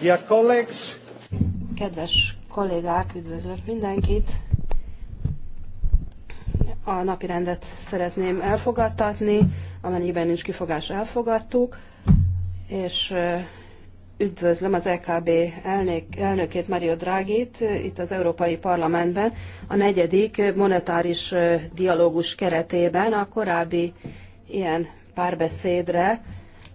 Dear colleagues. Kedves kollégák, üdvözlök mindenkit. A napi rendet szeretném elfogadtatni, amennyiben nincs kifogás elfogadtuk, és üdvözlöm az EKB elnök, elnökét, Mario Drágit itt az Európai Parlamentben, a negyedik monetáris dialógus keretében a korábbi ilyen párbeszédre,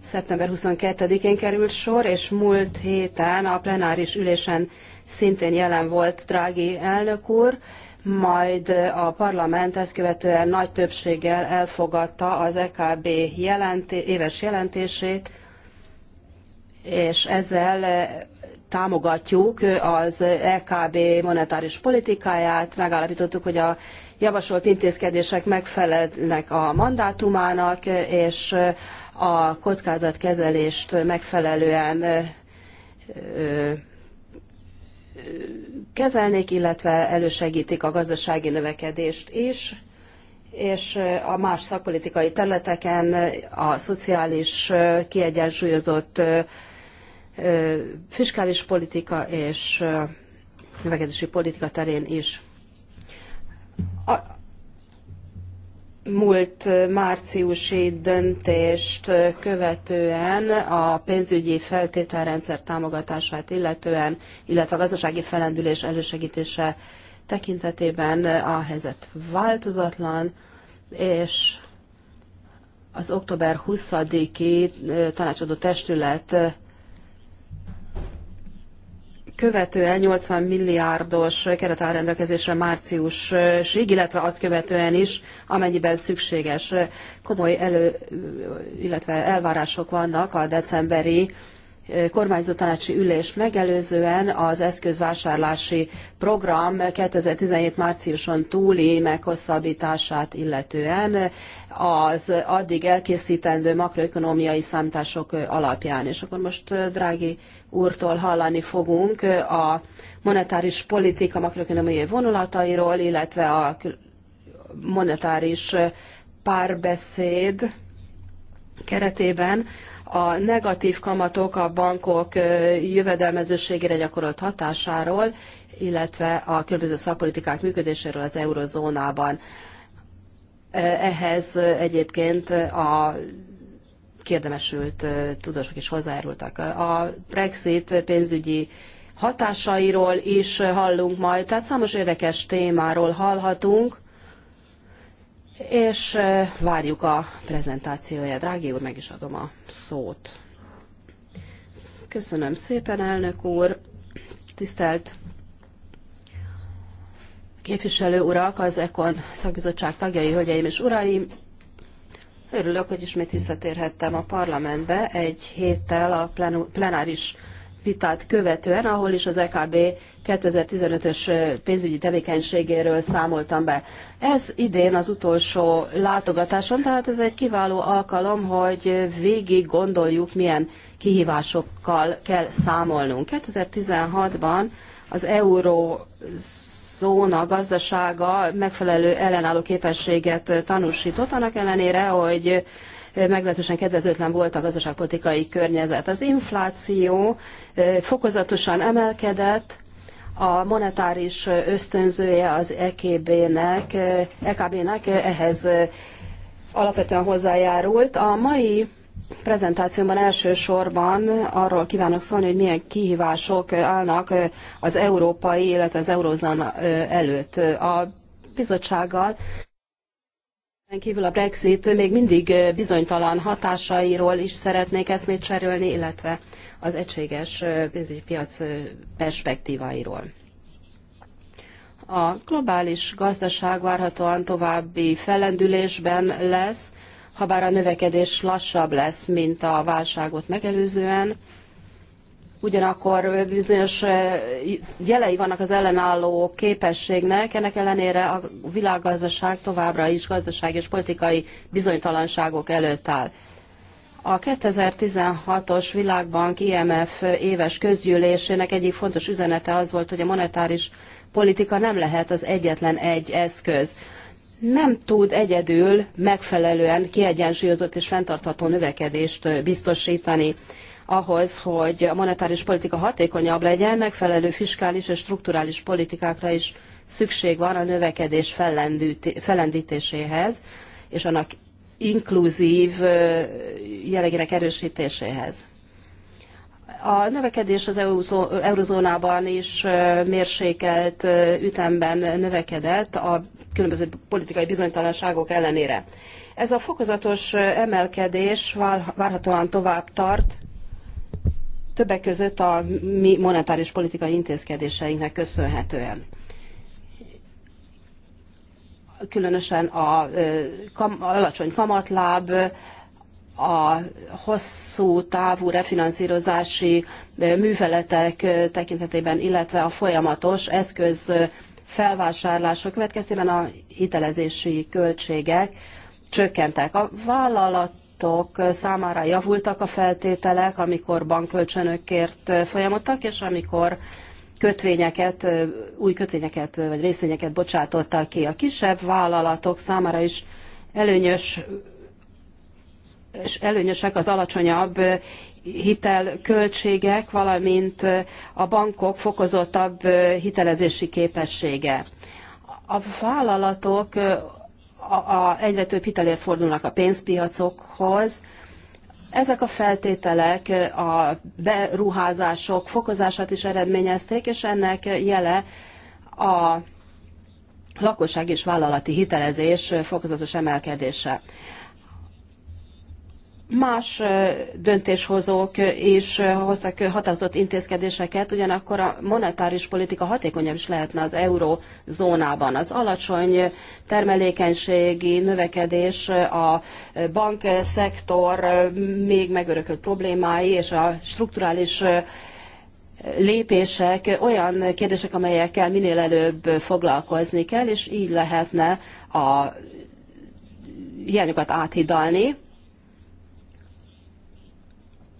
szeptember 22-én került sor, és múlt héten a plenáris ülésen szintén jelen volt Drági elnök úr, majd a parlament ezt követően nagy többséggel elfogadta az EKB jelenté éves jelentését, és ezzel támogatjuk az EKB monetáris politikáját, megállapítottuk, hogy a javasolt intézkedések megfelelnek a mandátumának, és a kockázatkezelést megfelelően kezelnék, illetve elősegítik a gazdasági növekedést is, és a más szakpolitikai területeken a szociális kiegyensúlyozott fiskális politika és növekedési politika terén is múlt márciusi döntést követően a pénzügyi feltételrendszer támogatását illetően, illetve a gazdasági felendülés elősegítése tekintetében a helyzet változatlan, és az október 20-i tanácsadó testület követően 80 milliárdos keret rendelkezésre márciusig, illetve azt követően is, amennyiben szükséges. Komoly elő, illetve elvárások vannak a decemberi kormányzó ülés megelőzően az eszközvásárlási program 2017 márciuson túli meghosszabbítását illetően az addig elkészítendő makroökonómiai számítások alapján. És akkor most Drági úrtól hallani fogunk a monetáris politika makroökonómiai vonulatairól, illetve a monetáris párbeszéd keretében a negatív kamatok a bankok jövedelmezőségére gyakorolt hatásáról, illetve a különböző szakpolitikák működéséről az eurozónában. Ehhez egyébként a kérdemesült tudósok is hozzájárultak. A Brexit pénzügyi hatásairól is hallunk majd, tehát számos érdekes témáról hallhatunk, és várjuk a prezentációját. Drági úr, meg is adom a szót. Köszönöm szépen, elnök úr. Tisztelt képviselő urak, az EKON szakbizottság tagjai, hölgyeim és uraim! Örülök, hogy ismét visszatérhettem a parlamentbe egy héttel a plenáris vitát követően, ahol is az EKB 2015-ös pénzügyi tevékenységéről számoltam be. Ez idén az utolsó látogatásom, tehát ez egy kiváló alkalom, hogy végig gondoljuk, milyen kihívásokkal kell számolnunk. 2016-ban az euró zóna gazdasága megfelelő ellenálló képességet tanúsított, annak ellenére, hogy meglehetősen kedvezőtlen volt a gazdaságpolitikai környezet. Az infláció fokozatosan emelkedett, a monetáris ösztönzője az EKB-nek, EKB-nek ehhez alapvetően hozzájárult. A mai prezentációmban elsősorban arról kívánok szólni, hogy milyen kihívások állnak az európai, illetve az eurozon előtt. A bizottsággal kívül a Brexit még mindig bizonytalan hatásairól is szeretnék eszmét cserélni, illetve az egységes piac perspektíváiról. A globális gazdaság várhatóan további fellendülésben lesz, habár a növekedés lassabb lesz, mint a válságot megelőzően. Ugyanakkor bizonyos eh, jelei vannak az ellenálló képességnek, ennek ellenére a világgazdaság továbbra is gazdaság és politikai bizonytalanságok előtt áll. A 2016-os Világbank IMF éves közgyűlésének egyik fontos üzenete az volt, hogy a monetáris politika nem lehet az egyetlen egy eszköz nem tud egyedül megfelelően kiegyensúlyozott és fenntartható növekedést biztosítani ahhoz, hogy a monetáris politika hatékonyabb legyen, megfelelő fiskális és strukturális politikákra is szükség van a növekedés fellendítéséhez, és annak inkluzív jellegének erősítéséhez. A növekedés az eurozónában is mérsékelt ütemben növekedett, a különböző politikai bizonytalanságok ellenére. Ez a fokozatos emelkedés várhatóan tovább tart, többek között a mi monetáris politikai intézkedéseinknek köszönhetően. Különösen a kam, alacsony kamatláb, a hosszú távú refinanszírozási műveletek tekintetében, illetve a folyamatos eszköz felvásárlások következtében a hitelezési költségek csökkentek. A vállalatok számára javultak a feltételek, amikor bankkölcsönökért folyamodtak, és amikor kötvényeket, új kötvényeket vagy részvényeket bocsátottak ki. A kisebb vállalatok számára is előnyös és előnyösek az alacsonyabb hitel költségek, valamint a bankok fokozottabb hitelezési képessége. A vállalatok a, egyre több hitelért fordulnak a pénzpiacokhoz. Ezek a feltételek a beruházások fokozását is eredményezték, és ennek jele a lakosság és vállalati hitelezés fokozatos emelkedése. Más döntéshozók is hoztak határozott intézkedéseket, ugyanakkor a monetáris politika hatékonyabb is lehetne az eurózónában. Az alacsony termelékenységi növekedés, a bankszektor még megörökölt problémái és a strukturális lépések olyan kérdések, amelyekkel minél előbb foglalkozni kell, és így lehetne a hiányokat áthidalni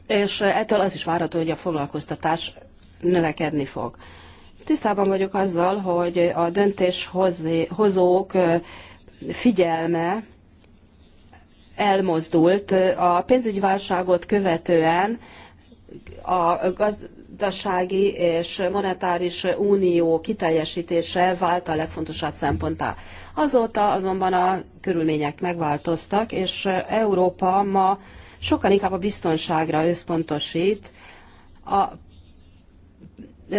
és ettől az is várható, hogy a foglalkoztatás növekedni fog. Tisztában vagyok azzal, hogy a döntéshozók figyelme elmozdult. A pénzügyi válságot követően a gazdasági és monetáris unió kiteljesítése vált a legfontosabb szemponttá. Azóta azonban a körülmények megváltoztak, és Európa ma sokkal inkább a biztonságra összpontosít. A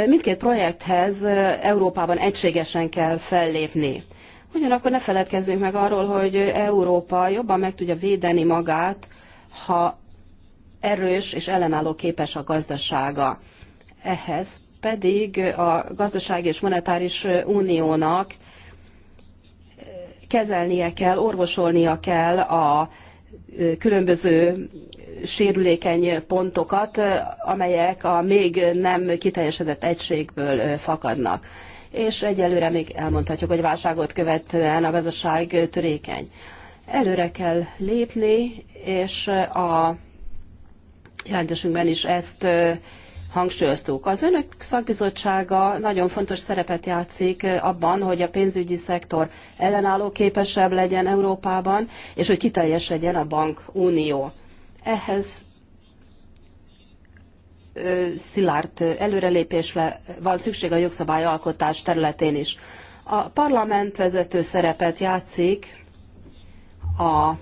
mindkét projekthez Európában egységesen kell fellépni. Ugyanakkor ne feledkezzünk meg arról, hogy Európa jobban meg tudja védeni magát, ha erős és ellenálló képes a gazdasága. Ehhez pedig a gazdaság és monetáris uniónak kezelnie kell, orvosolnia kell a különböző sérülékeny pontokat, amelyek a még nem kiteljesedett egységből fakadnak. És egyelőre még elmondhatjuk, hogy válságot követően a gazdaság törékeny. Előre kell lépni, és a jelentésünkben is ezt hangsúlyoztuk. Az önök szakbizottsága nagyon fontos szerepet játszik abban, hogy a pénzügyi szektor ellenálló képesebb legyen Európában, és hogy legyen a bankunió. Ehhez szilárd előrelépésre van szükség a jogszabályalkotás területén is. A parlament vezető szerepet játszik a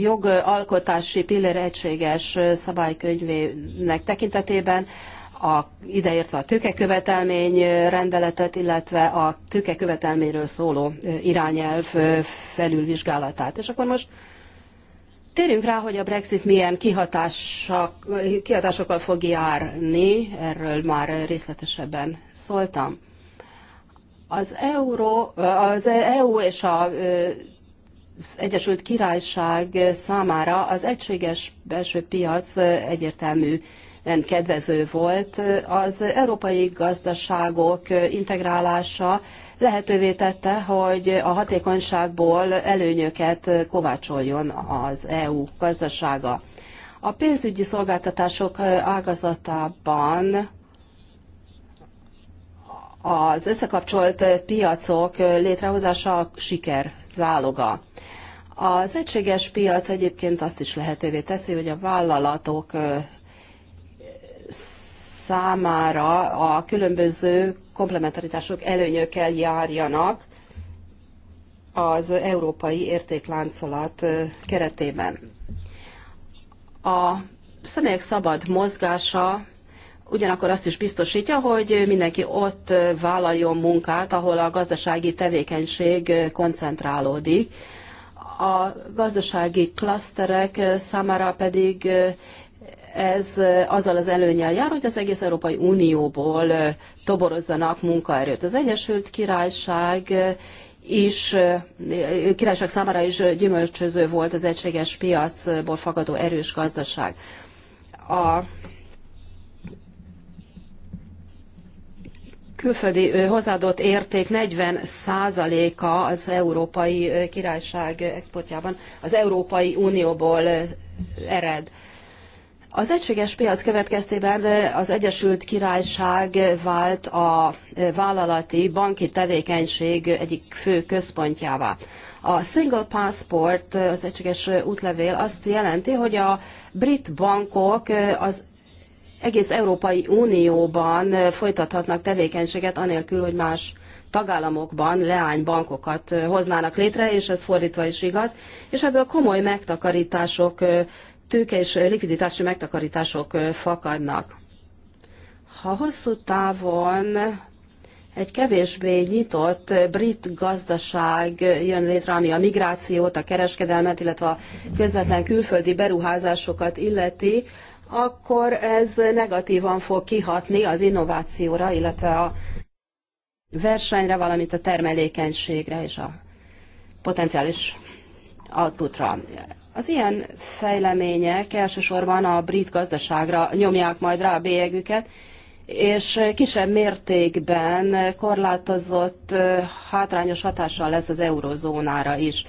jogalkotási pillér egységes szabálykönyvének tekintetében, a, ideértve a tőkekövetelmény rendeletet, illetve a tőkekövetelményről szóló irányelv felülvizsgálatát. És akkor most térjünk rá, hogy a Brexit milyen kihatások, kihatásokkal fog járni, erről már részletesebben szóltam. Az, euró, az e- EU és a Egyesült Királyság számára az egységes belső piac egyértelmű kedvező volt. Az európai gazdaságok integrálása lehetővé tette, hogy a hatékonyságból előnyöket kovácsoljon az EU gazdasága. A pénzügyi szolgáltatások ágazatában az összekapcsolt piacok létrehozása siker záloga. Az egységes piac egyébként azt is lehetővé teszi, hogy a vállalatok számára a különböző komplementaritások előnyökkel járjanak az európai értékláncolat keretében. A személyek szabad mozgása ugyanakkor azt is biztosítja, hogy mindenki ott vállaljon munkát, ahol a gazdasági tevékenység koncentrálódik. A gazdasági klaszterek számára pedig ez azzal az előnyel jár, hogy az egész Európai Unióból toborozzanak munkaerőt. Az Egyesült Királyság is, királyság számára is gyümölcsöző volt az egységes piacból fakadó erős gazdaság. A külföldi hozzáadott érték 40%-a az Európai Királyság exportjában az Európai Unióból ered. Az egységes piac következtében az Egyesült Királyság vált a vállalati banki tevékenység egyik fő központjává. A single passport, az egységes útlevél azt jelenti, hogy a brit bankok az egész Európai Unióban folytathatnak tevékenységet, anélkül, hogy más tagállamokban leánybankokat hoznának létre, és ez fordítva is igaz, és ebből komoly megtakarítások, tőke és likviditási megtakarítások fakadnak. Ha hosszú távon egy kevésbé nyitott brit gazdaság jön létre, ami a migrációt, a kereskedelmet, illetve a közvetlen külföldi beruházásokat illeti, akkor ez negatívan fog kihatni az innovációra, illetve a versenyre, valamint a termelékenységre és a potenciális outputra. Az ilyen fejlemények elsősorban a brit gazdaságra nyomják majd rá a bélyegüket, és kisebb mértékben korlátozott hátrányos hatással lesz az eurozónára is.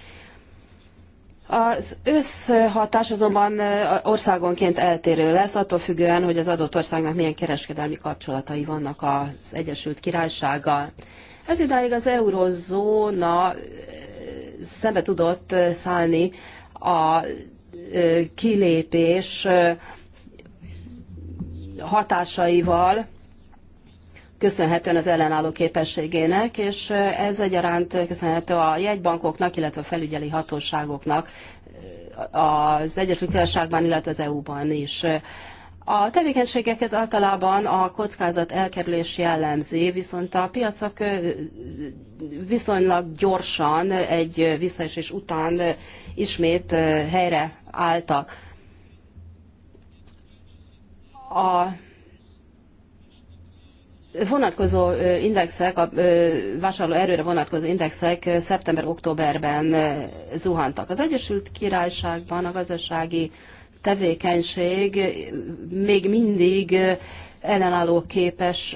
Az összhatás azonban országonként eltérő lesz, attól függően, hogy az adott országnak milyen kereskedelmi kapcsolatai vannak az Egyesült Királysággal. Ez idáig az eurozóna szembe tudott szállni a kilépés hatásaival, köszönhetően az ellenálló képességének, és ez egyaránt köszönhető a jegybankoknak, illetve a felügyeli hatóságoknak az Egyesült Királyságban, illetve az EU-ban is. A tevékenységeket általában a kockázat elkerülés jellemzi, viszont a piacok viszonylag gyorsan egy visszaesés után ismét helyre álltak. A vonatkozó indexek, a vásárló erőre vonatkozó indexek szeptember-októberben zuhantak. Az Egyesült Királyságban a gazdasági tevékenység még mindig ellenálló képes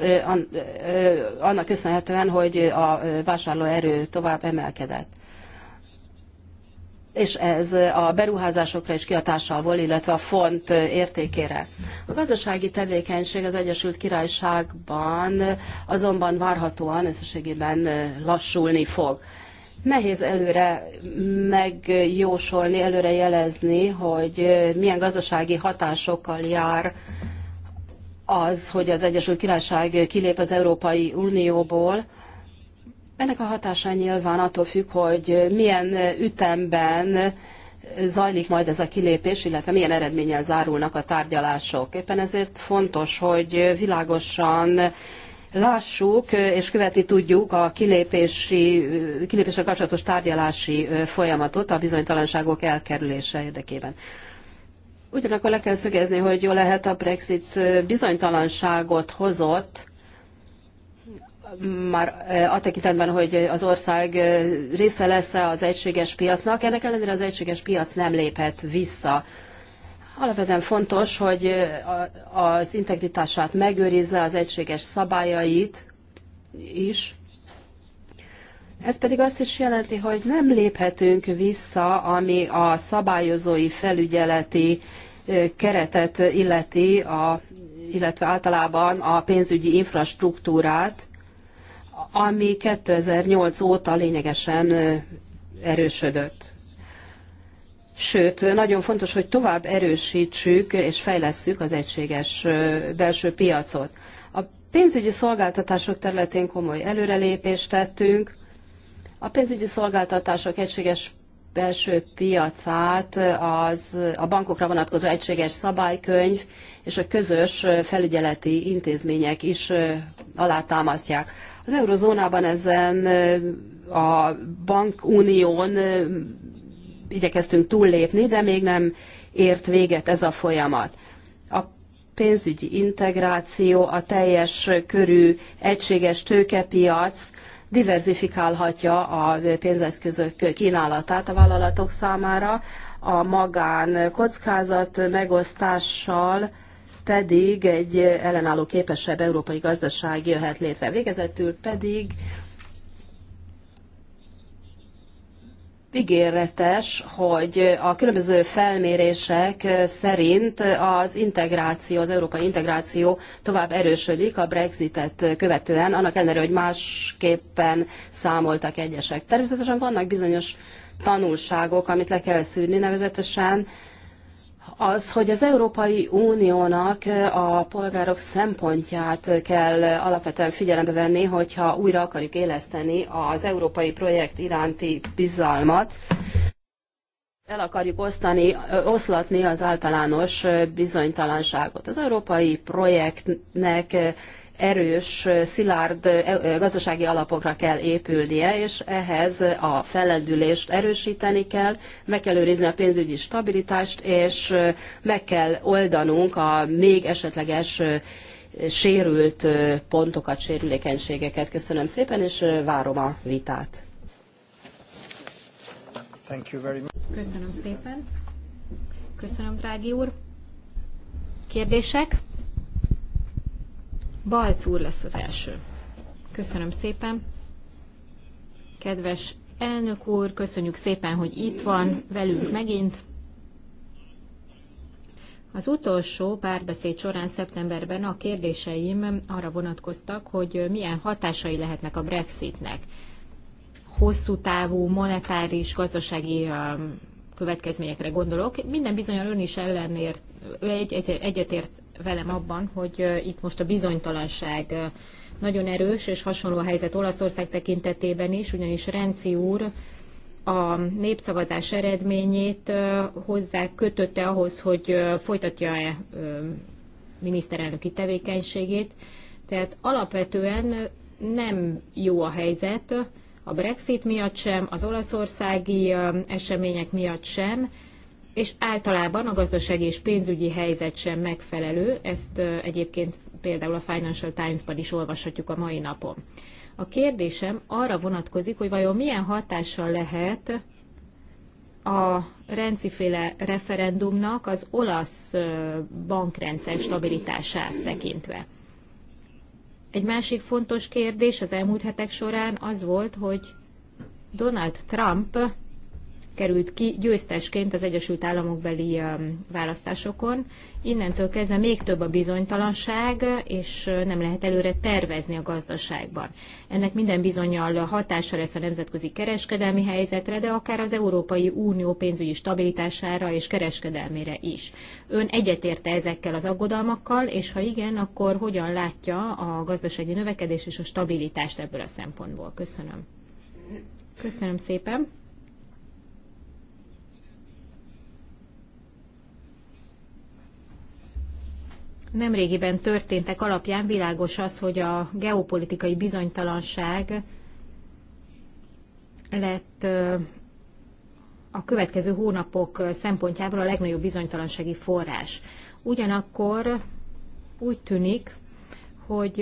annak köszönhetően, hogy a vásárlóerő tovább emelkedett és ez a beruházásokra is kiatással volt, illetve a font értékére. A gazdasági tevékenység az Egyesült Királyságban azonban várhatóan összességében lassulni fog. Nehéz előre megjósolni, előre jelezni, hogy milyen gazdasági hatásokkal jár az, hogy az Egyesült Királyság kilép az Európai Unióból, ennek a hatása nyilván attól függ, hogy milyen ütemben zajlik majd ez a kilépés, illetve milyen eredménnyel zárulnak a tárgyalások. Éppen ezért fontos, hogy világosan lássuk és követni tudjuk a kilépési, kilépésre kapcsolatos tárgyalási folyamatot a bizonytalanságok elkerülése érdekében. Ugyanakkor le kell szögezni, hogy jó lehet a Brexit bizonytalanságot hozott, már eh, a tekintetben, hogy az ország eh, része lesz-e az egységes piacnak, ennek ellenére az egységes piac nem léphet vissza. Alapvetően fontos, hogy eh, az integritását megőrizze, az egységes szabályait is. Ez pedig azt is jelenti, hogy nem léphetünk vissza, ami a szabályozói felügyeleti keretet illeti, a, illetve általában a pénzügyi infrastruktúrát, ami 2008 óta lényegesen erősödött. Sőt, nagyon fontos, hogy tovább erősítsük és fejlesszük az egységes belső piacot. A pénzügyi szolgáltatások területén komoly előrelépést tettünk. A pénzügyi szolgáltatások egységes belső piacát az a bankokra vonatkozó egységes szabálykönyv és a közös felügyeleti intézmények is alátámasztják. Az eurozónában ezen a bankunión igyekeztünk túllépni, de még nem ért véget ez a folyamat. A pénzügyi integráció, a teljes körű egységes tőkepiac diversifikálhatja a pénzeszközök kínálatát a vállalatok számára, a magán kockázat megosztással pedig egy ellenálló képesebb európai gazdaság jöhet létre. Végezetül pedig ígéretes, hogy a különböző felmérések szerint az integráció, az európai integráció tovább erősödik a Brexitet követően, annak ellenére, hogy másképpen számoltak egyesek. Természetesen vannak bizonyos tanulságok, amit le kell szűrni nevezetesen, az, hogy az Európai Uniónak a polgárok szempontját kell alapvetően figyelembe venni, hogyha újra akarjuk éleszteni az európai projekt iránti bizalmat. El akarjuk osztani, oszlatni az általános bizonytalanságot. Az európai projektnek erős, szilárd e, e, gazdasági alapokra kell épülnie, és ehhez a fellendülést erősíteni kell, meg kell őrizni a pénzügyi stabilitást, és meg kell oldanunk a még esetleges sérült pontokat, sérülékenységeket. Köszönöm szépen, és várom a vitát. Köszönöm szépen. Köszönöm, drági úr. Kérdések? Balc úr lesz az első. Köszönöm szépen. Kedves elnök úr, köszönjük szépen, hogy itt van velünk megint. Az utolsó párbeszéd során szeptemberben a kérdéseim arra vonatkoztak, hogy milyen hatásai lehetnek a Brexitnek. Hosszú távú, monetáris, gazdasági következményekre gondolok. Minden bizonyal ön is ellenért, egy, egy, egyetért velem abban, hogy itt most a bizonytalanság nagyon erős, és hasonló a helyzet Olaszország tekintetében is, ugyanis Renci úr a népszavazás eredményét hozzá kötötte ahhoz, hogy folytatja-e miniszterelnöki tevékenységét. Tehát alapvetően nem jó a helyzet a Brexit miatt sem, az olaszországi események miatt sem, és általában a gazdasági és pénzügyi helyzet sem megfelelő, ezt egyébként például a Financial Times-ban is olvashatjuk a mai napon. A kérdésem arra vonatkozik, hogy vajon milyen hatással lehet a renciféle referendumnak az olasz bankrendszer stabilitását tekintve. Egy másik fontos kérdés az elmúlt hetek során az volt, hogy Donald Trump került ki győztesként az Egyesült Államok beli választásokon. Innentől kezdve még több a bizonytalanság, és nem lehet előre tervezni a gazdaságban. Ennek minden bizonyal hatása lesz a nemzetközi kereskedelmi helyzetre, de akár az Európai Unió pénzügyi stabilitására és kereskedelmére is. Ön egyetérte ezekkel az aggodalmakkal, és ha igen, akkor hogyan látja a gazdasági növekedés és a stabilitást ebből a szempontból? Köszönöm. Köszönöm szépen. nemrégiben történtek alapján világos az, hogy a geopolitikai bizonytalanság lett a következő hónapok szempontjából a legnagyobb bizonytalansági forrás. Ugyanakkor úgy tűnik, hogy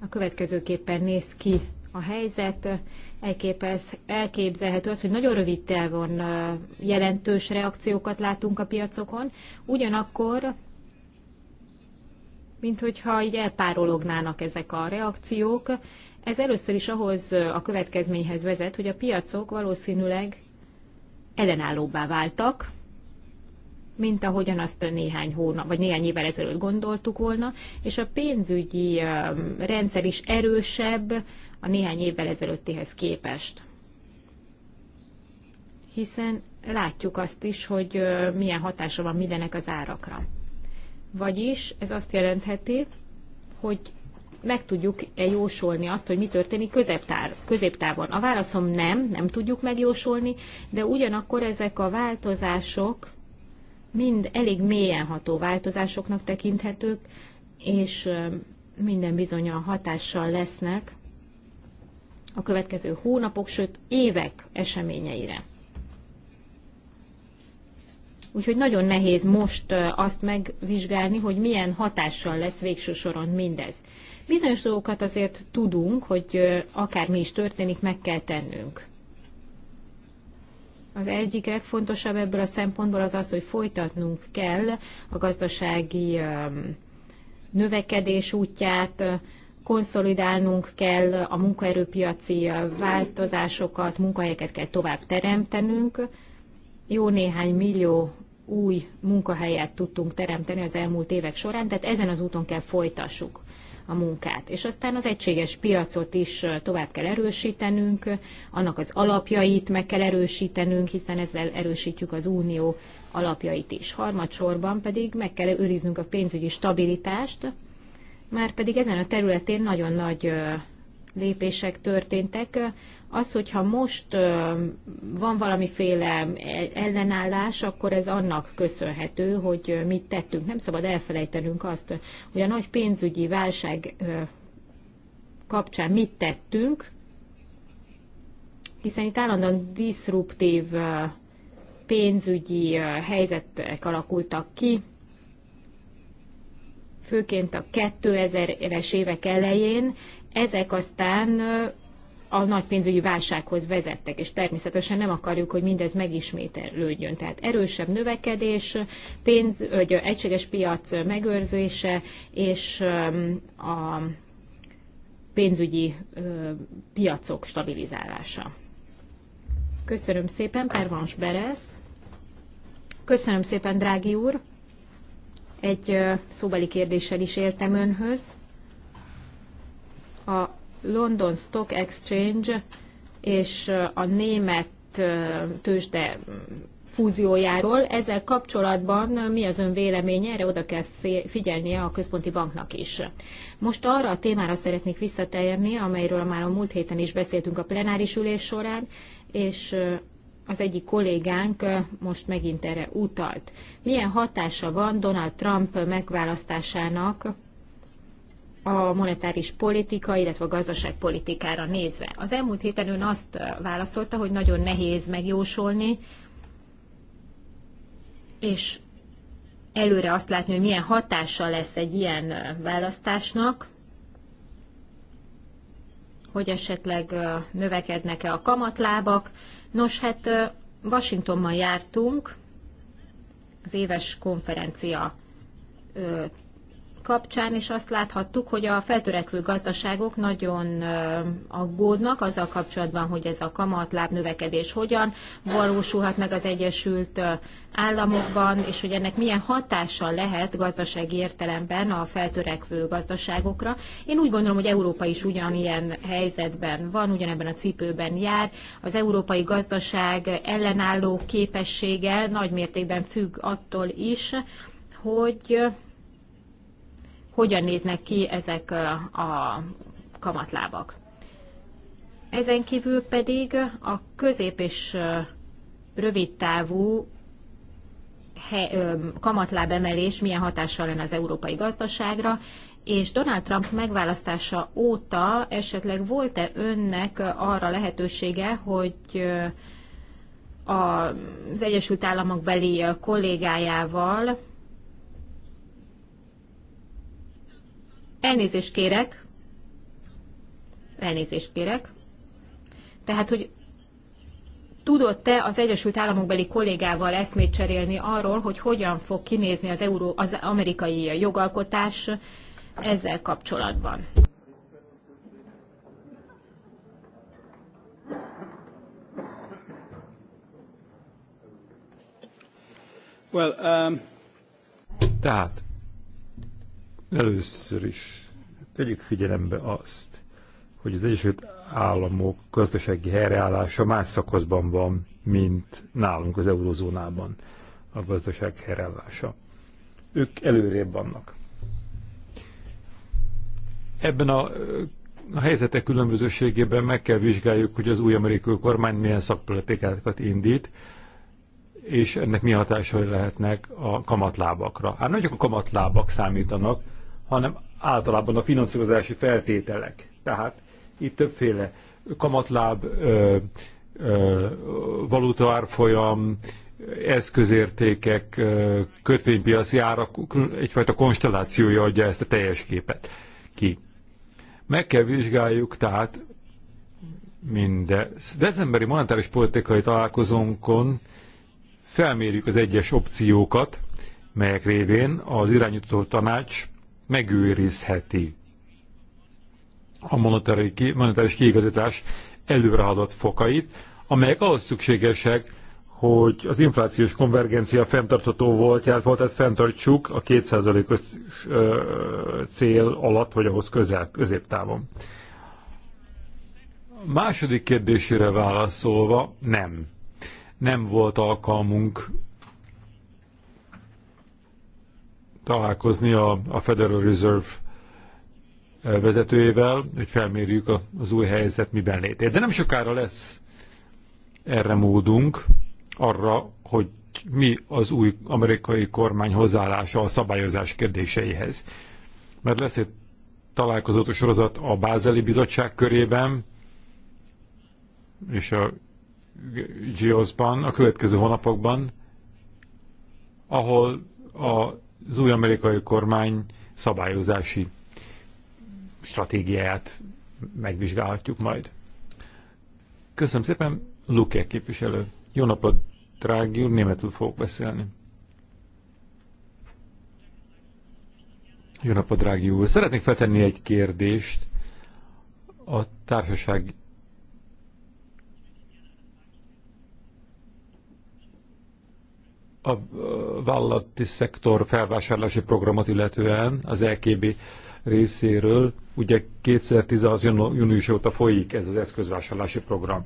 a következőképpen néz ki a helyzet, elképez, elképzelhető az, hogy nagyon rövid távon jelentős reakciókat látunk a piacokon, ugyanakkor mint hogyha így elpárolognának ezek a reakciók. Ez először is ahhoz a következményhez vezet, hogy a piacok valószínűleg ellenállóbbá váltak, mint ahogyan azt néhány hónap, vagy néhány évvel ezelőtt gondoltuk volna, és a pénzügyi um, rendszer is erősebb a néhány évvel ezelőttihez képest. Hiszen látjuk azt is, hogy uh, milyen hatása van mindenek az árakra. Vagyis ez azt jelentheti, hogy meg tudjuk-e jósolni azt, hogy mi történik középtár, középtávon. A válaszom nem, nem tudjuk megjósolni, de ugyanakkor ezek a változások mind elég mélyen ható változásoknak tekinthetők, és minden a hatással lesznek a következő hónapok, sőt évek eseményeire. Úgyhogy nagyon nehéz most azt megvizsgálni, hogy milyen hatással lesz végső soron mindez. Bizonyos dolgokat azért tudunk, hogy akármi is történik, meg kell tennünk. Az egyik legfontosabb ebből a szempontból az az, hogy folytatnunk kell a gazdasági növekedés útját, konszolidálnunk kell a munkaerőpiaci változásokat, munkahelyeket kell tovább teremtenünk. Jó néhány millió új munkahelyet tudtunk teremteni az elmúlt évek során, tehát ezen az úton kell folytassuk a munkát. És aztán az egységes piacot is tovább kell erősítenünk, annak az alapjait meg kell erősítenünk, hiszen ezzel erősítjük az unió alapjait is. Harmadsorban pedig meg kell őriznünk a pénzügyi stabilitást, már pedig ezen a területén nagyon nagy lépések történtek az, hogyha most van valamiféle ellenállás, akkor ez annak köszönhető, hogy mit tettünk. Nem szabad elfelejtenünk azt, hogy a nagy pénzügyi válság kapcsán mit tettünk, hiszen itt állandóan diszruptív pénzügyi helyzetek alakultak ki, főként a 2000-es évek elején, ezek aztán a nagy pénzügyi válsághoz vezettek, és természetesen nem akarjuk, hogy mindez megismételődjön. Tehát erősebb növekedés, pénz, vagy egységes piac megőrzése, és um, a pénzügyi piacok stabilizálása. Köszönöm szépen, Pervans Beresz. Köszönöm szépen, drági úr. Egy szóbeli kérdéssel is éltem önhöz. A London Stock Exchange és a német tőzsde fúziójáról. Ezzel kapcsolatban mi az ön véleménye? Erre oda kell figyelnie a központi banknak is. Most arra a témára szeretnék visszatérni, amelyről már a múlt héten is beszéltünk a plenáris ülés során, és az egyik kollégánk most megint erre utalt. Milyen hatása van Donald Trump megválasztásának a monetáris politika, illetve a gazdaságpolitikára nézve. Az elmúlt héten ön azt válaszolta, hogy nagyon nehéz megjósolni, és előre azt látni, hogy milyen hatása lesz egy ilyen választásnak, hogy esetleg növekednek-e a kamatlábak. Nos, hát Washingtonban jártunk, az éves konferencia kapcsán is azt láthattuk, hogy a feltörekvő gazdaságok nagyon aggódnak azzal kapcsolatban, hogy ez a kamatláb növekedés hogyan valósulhat meg az Egyesült Államokban, és hogy ennek milyen hatása lehet gazdasági értelemben a feltörekvő gazdaságokra. Én úgy gondolom, hogy Európa is ugyanilyen helyzetben van, ugyanebben a cipőben jár. Az európai gazdaság ellenálló képessége nagy mértékben függ attól is, hogy hogyan néznek ki ezek a kamatlábak. Ezen kívül pedig a közép és rövidtávú emelés milyen hatással lenne az európai gazdaságra, és Donald Trump megválasztása óta esetleg volt-e önnek arra lehetősége, hogy az Egyesült Államok beli kollégájával Elnézést kérek. Elnézést kérek. Tehát, hogy tudott te az Egyesült Államokbeli kollégával eszmét cserélni arról, hogy hogyan fog kinézni az, euró, az amerikai jogalkotás ezzel kapcsolatban? Well, um... Tehát Először is tegyük figyelembe azt, hogy az Egyesült Államok gazdasági helyreállása más szakaszban van, mint nálunk az eurozónában a gazdaság helyreállása. Ők előrébb vannak. Ebben a, a helyzetek különbözőségében meg kell vizsgáljuk, hogy az új amerikai kormány milyen szakpolitikákat indít, és ennek mi hatásai lehetnek a kamatlábakra. Hát nem csak a kamatlábak számítanak, hanem általában a finanszírozási feltételek. Tehát itt többféle kamatláb, ö, ö, valutaárfolyam, eszközértékek, kötvénypiaci árak, egyfajta konstellációja adja ezt a teljes képet ki. Meg kell vizsgáljuk tehát mindez. Decemberi monetáris politikai találkozónkon felmérjük az egyes opciókat, melyek révén az irányító tanács megőrizheti a monetáris kiigazítás előrehaladott fokait, amelyek ahhoz szükségesek, hogy az inflációs konvergencia fenntartható volt, volt, tehát fenntartsuk a 2%-os cél alatt, vagy ahhoz közel, középtávon. A második kérdésére válaszolva, nem. Nem volt alkalmunk találkozni a, a Federal Reserve vezetőjével, hogy felmérjük az új helyzet miben létét. De nem sokára lesz erre módunk, arra, hogy mi az új amerikai kormány hozzáállása a szabályozás kérdéseihez. Mert lesz egy a sorozat a Bázeli Bizottság körében, és a GIOS-ban, a következő hónapokban, ahol a az új amerikai kormány szabályozási stratégiáját megvizsgálhatjuk majd. Köszönöm szépen, Luke képviselő. Jó napot, drági úr, németül fogok beszélni. Jó napot, drági úr! Szeretnék feltenni egy kérdést a társaság a vállalati szektor felvásárlási programot illetően az LKB részéről, ugye 2016. június óta folyik ez az eszközvásárlási program.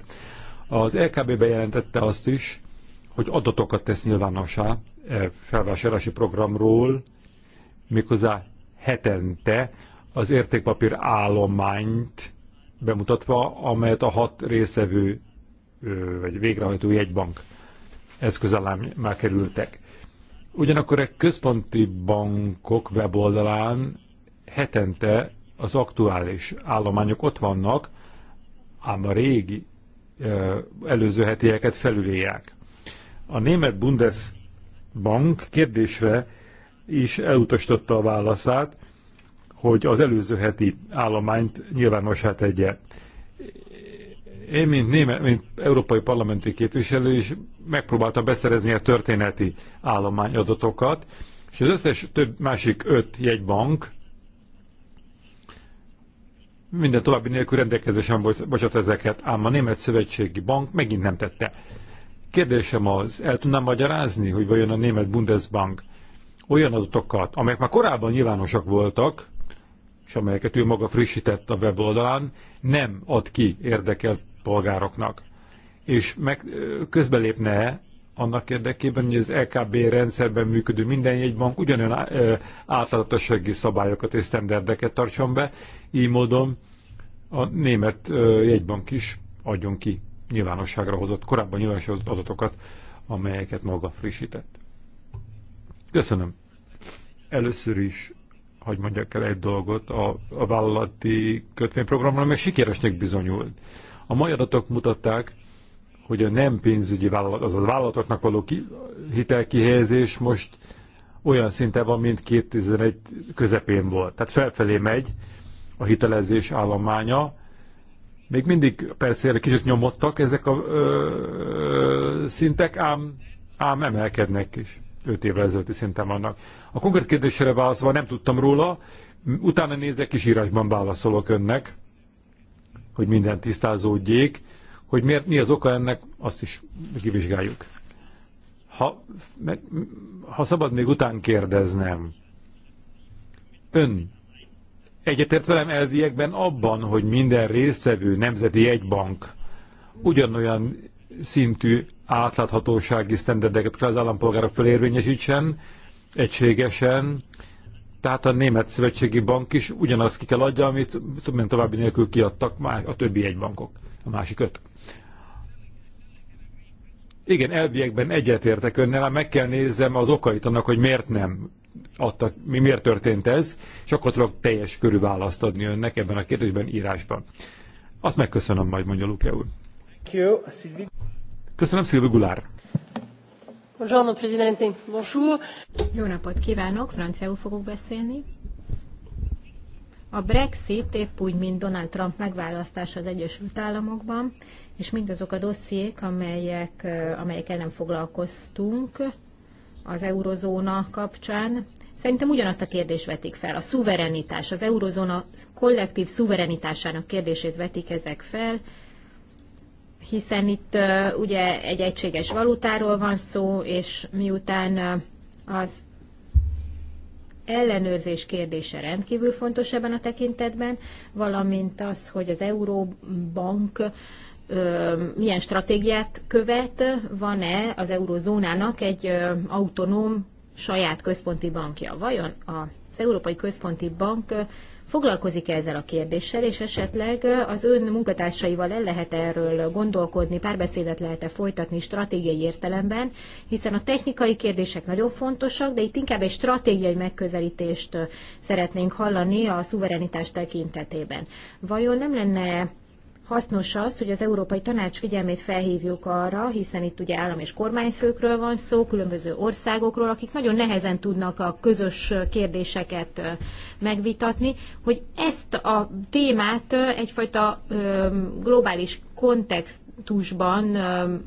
Az LKB bejelentette azt is, hogy adatokat tesz nyilvánossá e felvásárlási programról, méghozzá hetente az értékpapír állományt bemutatva, amelyet a hat részvevő vagy végrehajtó jegybank eszköz alá már kerültek. Ugyanakkor a központi bankok weboldalán hetente az aktuális állományok ott vannak, ám a régi előző hetieket felülélják. A német Bundesbank kérdésre is elutasította a válaszát, hogy az előző heti állományt nyilvánosát tegye. Én, mint, német, mint európai parlamenti képviselő is megpróbáltam beszerezni a történeti állományadatokat, és az összes több másik öt jegybank minden további nélkül rendelkezésen bocsát ezeket, ám a Német Szövetségi Bank megint nem tette. Kérdésem az, el tudnám magyarázni, hogy vajon a Német Bundesbank olyan adatokat, amelyek már korábban nyilvánosak voltak, és amelyeket ő maga frissített a weboldalán, nem ad ki érdekelt polgároknak, és meg, közbelépne annak érdekében, hogy az LKB rendszerben működő minden jegybank ugyanolyan átláthatósági szabályokat és sztenderdeket tartson be, így módon a német jegybank is adjon ki nyilvánosságra hozott, korábban hozott adatokat, amelyeket maga frissített. Köszönöm. Először is, hogy mondjak el egy dolgot, a, a vállalati kötvényprogramra, meg sikeresnek bizonyult. A mai adatok mutatták, hogy a nem pénzügyi vállalat, azaz vállalatoknak való ki, hitelkihelyezés most olyan szinten van, mint 2001 közepén volt. Tehát felfelé megy a hitelezés állománya. Még mindig persze kicsit nyomottak ezek a ö, szintek, ám, ám emelkednek is. 5 évvel ezelőtti szinten vannak. A konkrét kérdésre válaszolva nem tudtam róla, utána nézek és írásban válaszolok önnek hogy minden tisztázódjék, hogy miért, mi az oka ennek, azt is kivizsgáljuk. Ha, meg, ha szabad még után kérdeznem, ön egyetért velem elviekben abban, hogy minden résztvevő nemzeti egybank ugyanolyan szintű átláthatósági sztenderdeket kell az állampolgárok felérvényesítsen, egységesen, tehát a német szövetségi bank is ugyanazt ki kell adja, amit tudom, további nélkül kiadtak már a többi egy bankok, a másik öt. Igen, elviekben egyetértek önnel, hát meg kell nézzem az okait annak, hogy miért nem adtak, mi miért történt ez, és akkor tudok teljes körű választ adni önnek ebben a kérdésben írásban. Azt megköszönöm majd, mondja Luke úr. Köszönöm, Szilvi Gulár. Buongiorno, Presidente. Bonjour. Jó napot kívánok, franciául fogok beszélni. A Brexit épp úgy, mint Donald Trump megválasztása az Egyesült Államokban, és mindazok a dossziék, amelyek, amelyekkel nem foglalkoztunk az eurozóna kapcsán, szerintem ugyanazt a kérdést vetik fel. A szuverenitás, az eurozóna kollektív szuverenitásának kérdését vetik ezek fel, hiszen itt ugye egy egységes valutáról van szó, és miután az ellenőrzés kérdése rendkívül fontos ebben a tekintetben, valamint az, hogy az Euróbank milyen stratégiát követ, van-e az eurozónának egy autonóm saját központi bankja. Vajon az Európai Központi Bank Foglalkozik-e ezzel a kérdéssel, és esetleg az ön munkatársaival el lehet erről gondolkodni, párbeszédet lehet-e folytatni stratégiai értelemben, hiszen a technikai kérdések nagyon fontosak, de itt inkább egy stratégiai megközelítést szeretnénk hallani a szuverenitás tekintetében. Vajon nem lenne hasznos az, hogy az Európai Tanács figyelmét felhívjuk arra, hiszen itt ugye állam és kormányfőkről van szó, különböző országokról, akik nagyon nehezen tudnak a közös kérdéseket megvitatni, hogy ezt a témát egyfajta globális kontextusban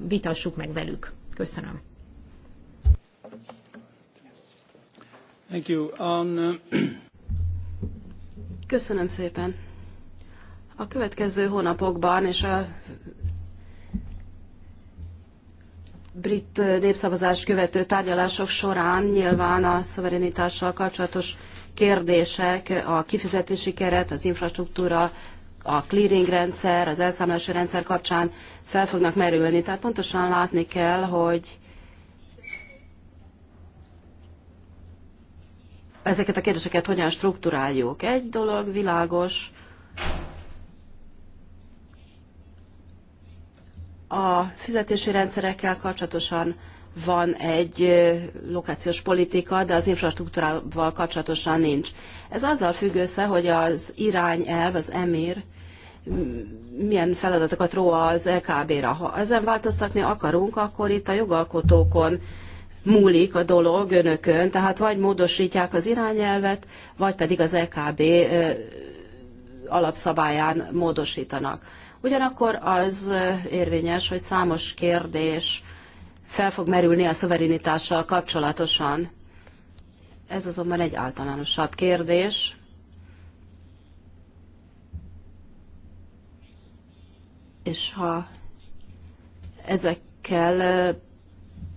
vitassuk meg velük. Köszönöm. Thank you. On... Köszönöm szépen. A következő hónapokban és a brit népszavazást követő tárgyalások során nyilván a szuverenitással kapcsolatos kérdések, a kifizetési keret, az infrastruktúra, a clearing rendszer, az elszámolási rendszer kapcsán fel fognak merülni. Tehát pontosan látni kell, hogy ezeket a kérdéseket hogyan strukturáljuk. Egy dolog világos, A fizetési rendszerekkel kapcsolatosan van egy lokációs politika, de az infrastruktúrával kapcsolatosan nincs. Ez azzal függ össze, hogy az irányelv, az emír, milyen feladatokat ró az LKB-ra. Ha ezen változtatni akarunk, akkor itt a jogalkotókon múlik a dolog önökön, tehát vagy módosítják az irányelvet, vagy pedig az LKB alapszabályán módosítanak. Ugyanakkor az érvényes, hogy számos kérdés fel fog merülni a szuverenitással kapcsolatosan. Ez azonban egy általánosabb kérdés. És ha ezekkel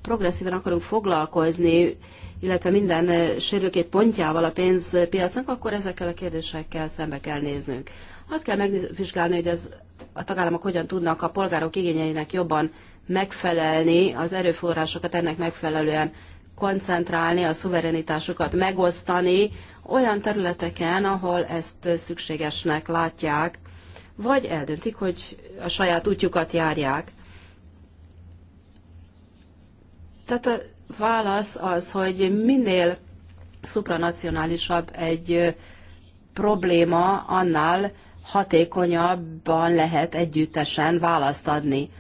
progresszíven akarunk foglalkozni, illetve minden sérülkét pontjával a pénzpiacnak, akkor ezekkel a kérdésekkel szembe kell néznünk. Azt kell megvizsgálni, hogy az a tagállamok hogyan tudnak a polgárok igényeinek jobban megfelelni, az erőforrásokat ennek megfelelően koncentrálni, a szuverenitásukat megosztani olyan területeken, ahol ezt szükségesnek látják, vagy eldöntik, hogy a saját útjukat járják. Tehát a válasz az, hogy minél szupranacionálisabb egy probléma, annál hatékonyabban lehet együttesen választ adni,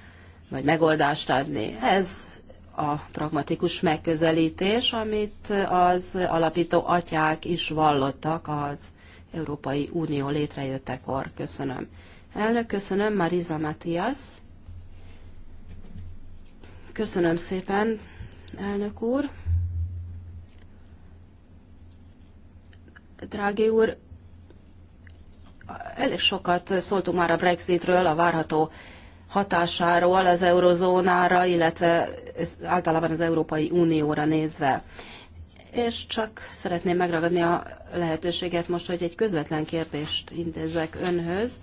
vagy megoldást adni. Ez a pragmatikus megközelítés, amit az alapító atyák is vallottak az Európai Unió létrejöttekor. Köszönöm. Elnök, köszönöm, Mariza Matias. Köszönöm szépen, elnök úr. Drági úr, Elég sokat szóltunk már a Brexitről, a várható hatásáról az eurozónára, illetve általában az Európai Unióra nézve. És csak szeretném megragadni a lehetőséget most, hogy egy közvetlen kérdést intézzek önhöz.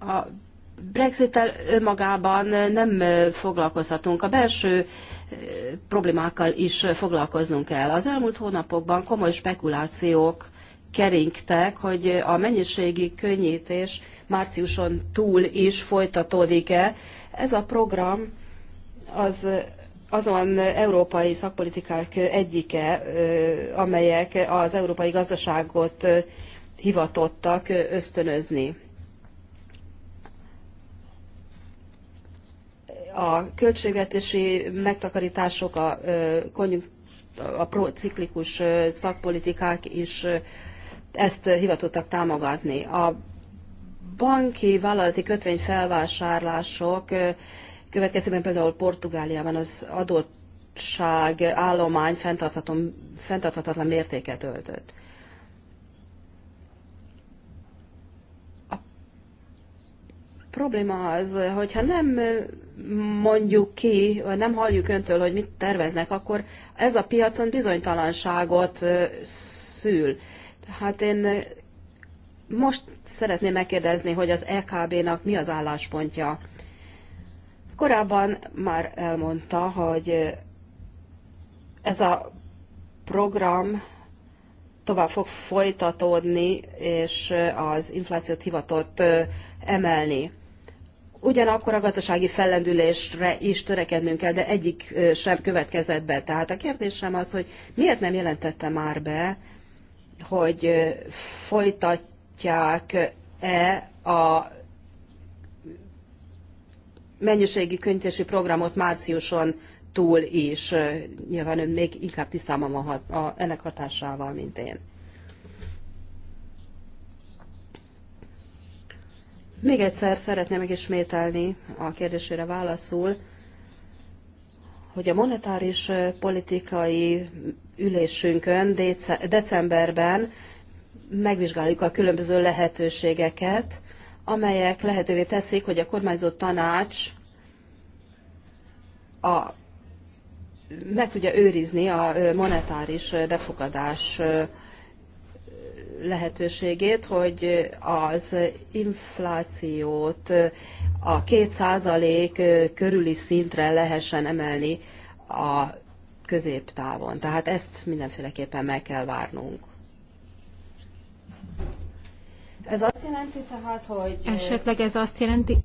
A Brexit-tel önmagában nem foglalkozhatunk. A belső eh, problémákkal is foglalkoznunk kell. Az elmúlt hónapokban komoly spekulációk keringtek, hogy a mennyiségi könnyítés márciuson túl is folytatódik-e. Ez a program az azon európai szakpolitikák egyike, amelyek az európai gazdaságot hivatottak ösztönözni. A költségvetési megtakarítások, a, a prociklikus szakpolitikák is ezt hivatottak támogatni. A banki vállalati kötvény felvásárlások következtében például Portugáliában az adottság állomány fenntarthatatlan mértéket öltött. A probléma az, hogyha nem mondjuk ki, vagy nem halljuk öntől, hogy mit terveznek, akkor ez a piacon bizonytalanságot szül. Tehát én eh, most szeretném megkérdezni, hogy az EKB-nak mi az álláspontja. Korábban már elmondta, hogy eh, ez a program tovább fog folytatódni, és eh, az inflációt hivatott emelni. Ugyanakkor a gazdasági fellendülésre is törekednünk kell, de egyik sem következett be. Tehát a kérdésem az, hogy miért nem jelentette már be hogy folytatják-e a mennyiségi könyvtési programot márciuson túl is. Nyilván ön még inkább tisztában van a, a, ennek hatásával, mint én. Még egyszer szeretném megismételni a kérdésére válaszul, hogy a monetáris politikai ülésünkön decemberben megvizsgáljuk a különböző lehetőségeket, amelyek lehetővé teszik, hogy a kormányzó tanács a, meg tudja őrizni a monetáris befogadás lehetőségét, hogy az inflációt a 2% körüli szintre lehessen emelni a középtávon. Tehát ezt mindenféleképpen meg kell várnunk. Ez azt jelenti tehát, hogy... Esetleg ez azt jelenti...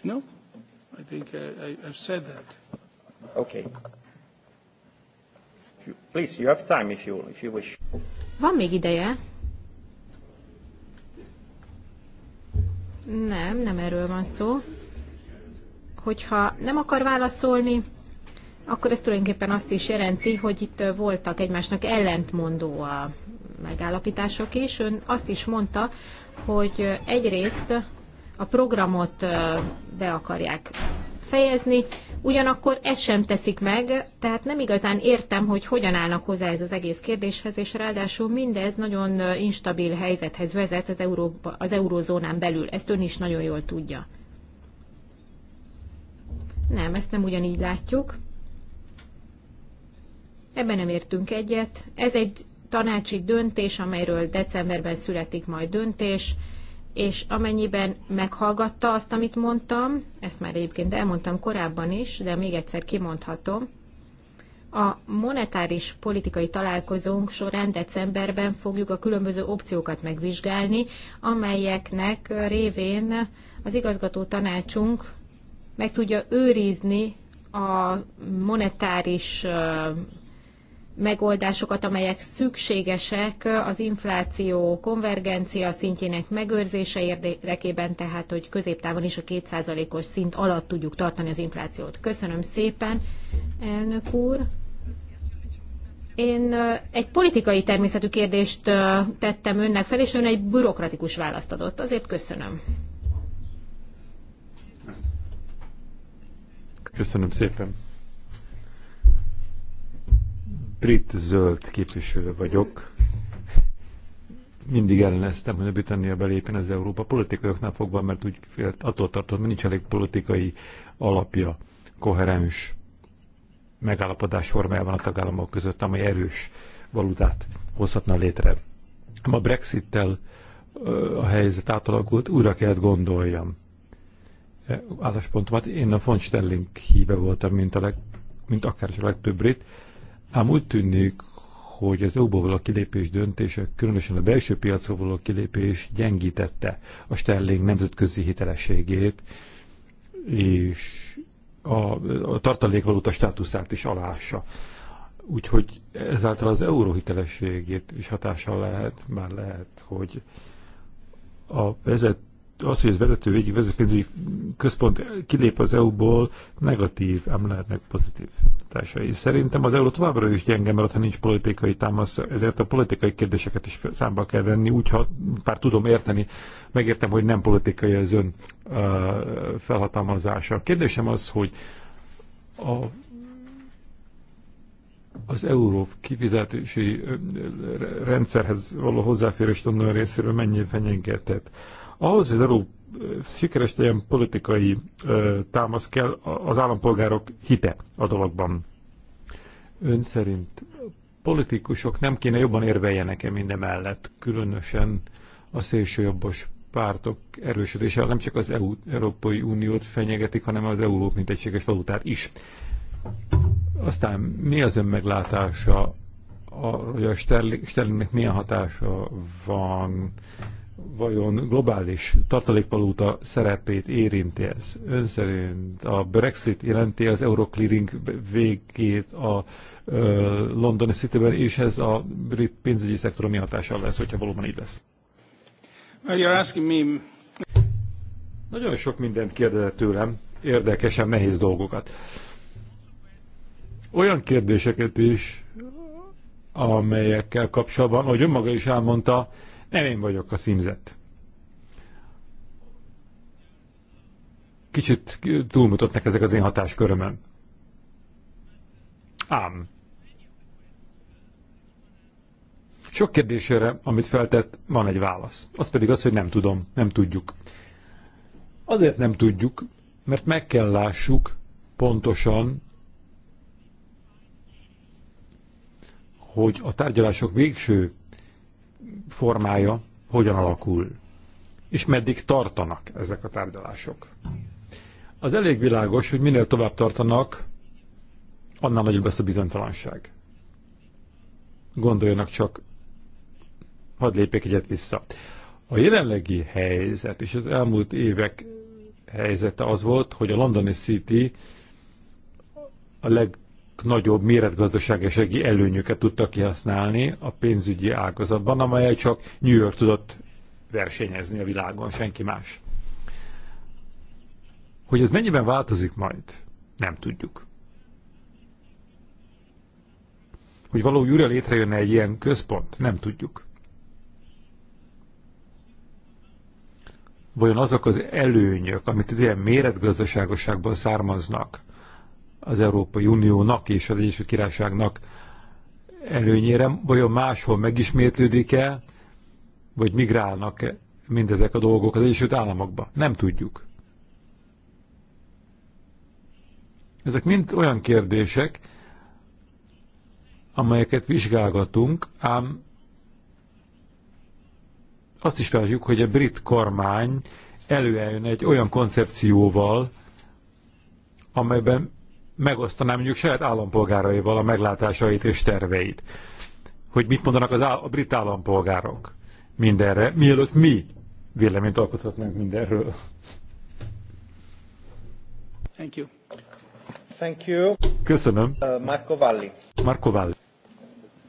No? I think I, I, I've said that. Okay. Please, you have time if you, if you wish. Van még ideje? Nem, nem erről van szó. Hogyha nem akar válaszolni, akkor ez tulajdonképpen azt is jelenti, hogy itt voltak egymásnak ellentmondó a megállapítások is. Ön azt is mondta, hogy egyrészt a programot be akarják fejezni, ugyanakkor ezt sem teszik meg, tehát nem igazán értem, hogy hogyan állnak hozzá ez az egész kérdéshez, és ráadásul mindez nagyon instabil helyzethez vezet az, Európa, az eurózónán belül. Ezt ön is nagyon jól tudja. Nem, ezt nem ugyanígy látjuk. Ebben nem értünk egyet. Ez egy tanácsi döntés, amelyről decemberben születik majd döntés és amennyiben meghallgatta azt, amit mondtam, ezt már egyébként elmondtam korábban is, de még egyszer kimondhatom, a monetáris politikai találkozónk során decemberben fogjuk a különböző opciókat megvizsgálni, amelyeknek révén az igazgató tanácsunk meg tudja őrizni a monetáris megoldásokat, amelyek szükségesek az infláció konvergencia szintjének megőrzése érdekében, tehát hogy középtávon is a 2%-os szint alatt tudjuk tartani az inflációt. Köszönöm szépen, elnök úr. Én egy politikai természetű kérdést tettem önnek fel, és ön egy bürokratikus választ adott. Azért köszönöm. Köszönöm szépen brit zöld képviselő vagyok. Mindig elleneztem, hogy a Britannia belépjen az Európa politikaiaknál fogva, mert úgy félt, attól tartott, hogy nincs elég politikai alapja, koherens megállapodás formájában a tagállamok között, amely erős valutát hozhatna létre. A Brexit-tel a helyzet átalakult, újra kellett gondoljam e, álláspontomat. Én a von Stelling híve voltam, mint, a leg, mint akár a legtöbb brit, Ám úgy tűnik, hogy az EU-ból való kilépés döntése, különösen a belső piacról való kilépés gyengítette a sterling nemzetközi hitelességét, és a, a tartalékvaluta státuszát is alássa. Úgyhogy ezáltal az euró hitelességét is hatással lehet, már lehet, hogy a vezet az, hogy az vezető egyik vezetőpénzügyi központ kilép az EU-ból, negatív, nem lehetnek pozitív társai. Szerintem az EU továbbra is gyenge mert ha nincs politikai támasz, ezért a politikai kérdéseket is számba kell venni, úgy, ha pár tudom érteni, megértem, hogy nem politikai az ön uh, felhatalmazása. A kérdésem az, hogy a az euró kifizetési rendszerhez való hozzáférést onnan részéről mennyire fenyegetett. Ahhoz, hogy az sikeres legyen politikai ö, támasz kell, az állampolgárok hite a dologban. Ön szerint politikusok nem kéne jobban érveljenek-e minden mellett, különösen a szélsőjobbos pártok erősödése nem csak az EU, Európai Uniót fenyegetik, hanem az EU mint egységes valutát is. Aztán mi az ön meglátása, a, hogy a sterlingnek milyen hatása van vajon globális tartalékpalóta szerepét érinti ez? Ön szerint a Brexit jelenti az Euroclearing végét a ö, Londoni Cityben, és ez a brit pénzügyi szektor mi hatással lesz, hogyha valóban így lesz? Nagyon sok mindent kérdezett tőlem, érdekesen nehéz dolgokat. Olyan kérdéseket is, amelyekkel kapcsolatban, ahogy önmaga is elmondta, nem én vagyok a címzett. Kicsit túlmutatnak ezek az én hatáskörömen. Ám. Sok kérdésére, amit feltett, van egy válasz. Az pedig az, hogy nem tudom, nem tudjuk. Azért nem tudjuk, mert meg kell lássuk pontosan, hogy a tárgyalások végső formája hogyan alakul, és meddig tartanak ezek a tárgyalások. Az elég világos, hogy minél tovább tartanak, annál nagyobb lesz a bizonytalanság. Gondoljanak csak, hadd lépjek egyet vissza. A jelenlegi helyzet és az elmúlt évek helyzete az volt, hogy a londoni City a leg nagyobb méretgazdaságesegi előnyöket tudtak kihasználni a pénzügyi ágazatban, amelyel csak New York tudott versenyezni a világon, senki más. Hogy ez mennyiben változik majd, nem tudjuk. Hogy való újra létrejönne egy ilyen központ, nem tudjuk. Vajon azok az előnyök, amit az ilyen méretgazdaságosságból származnak, az Európai Uniónak és az Egyesült Királyságnak előnyére, vajon máshol megismétlődik-e, vagy migrálnak -e mindezek a dolgok az Egyesült Államokba. Nem tudjuk. Ezek mind olyan kérdések, amelyeket vizsgálgatunk, ám azt is várjuk, hogy a brit kormány előeljön egy olyan koncepcióval, amelyben megosztaná mondjuk saját állampolgáraival a meglátásait és terveit. Hogy mit mondanak az áll- a brit állampolgárok mindenre, mielőtt mi véleményt alkothatnánk mindenről. Thank you. Thank you. Köszönöm. Uh, Marco Valli. Marco Valli.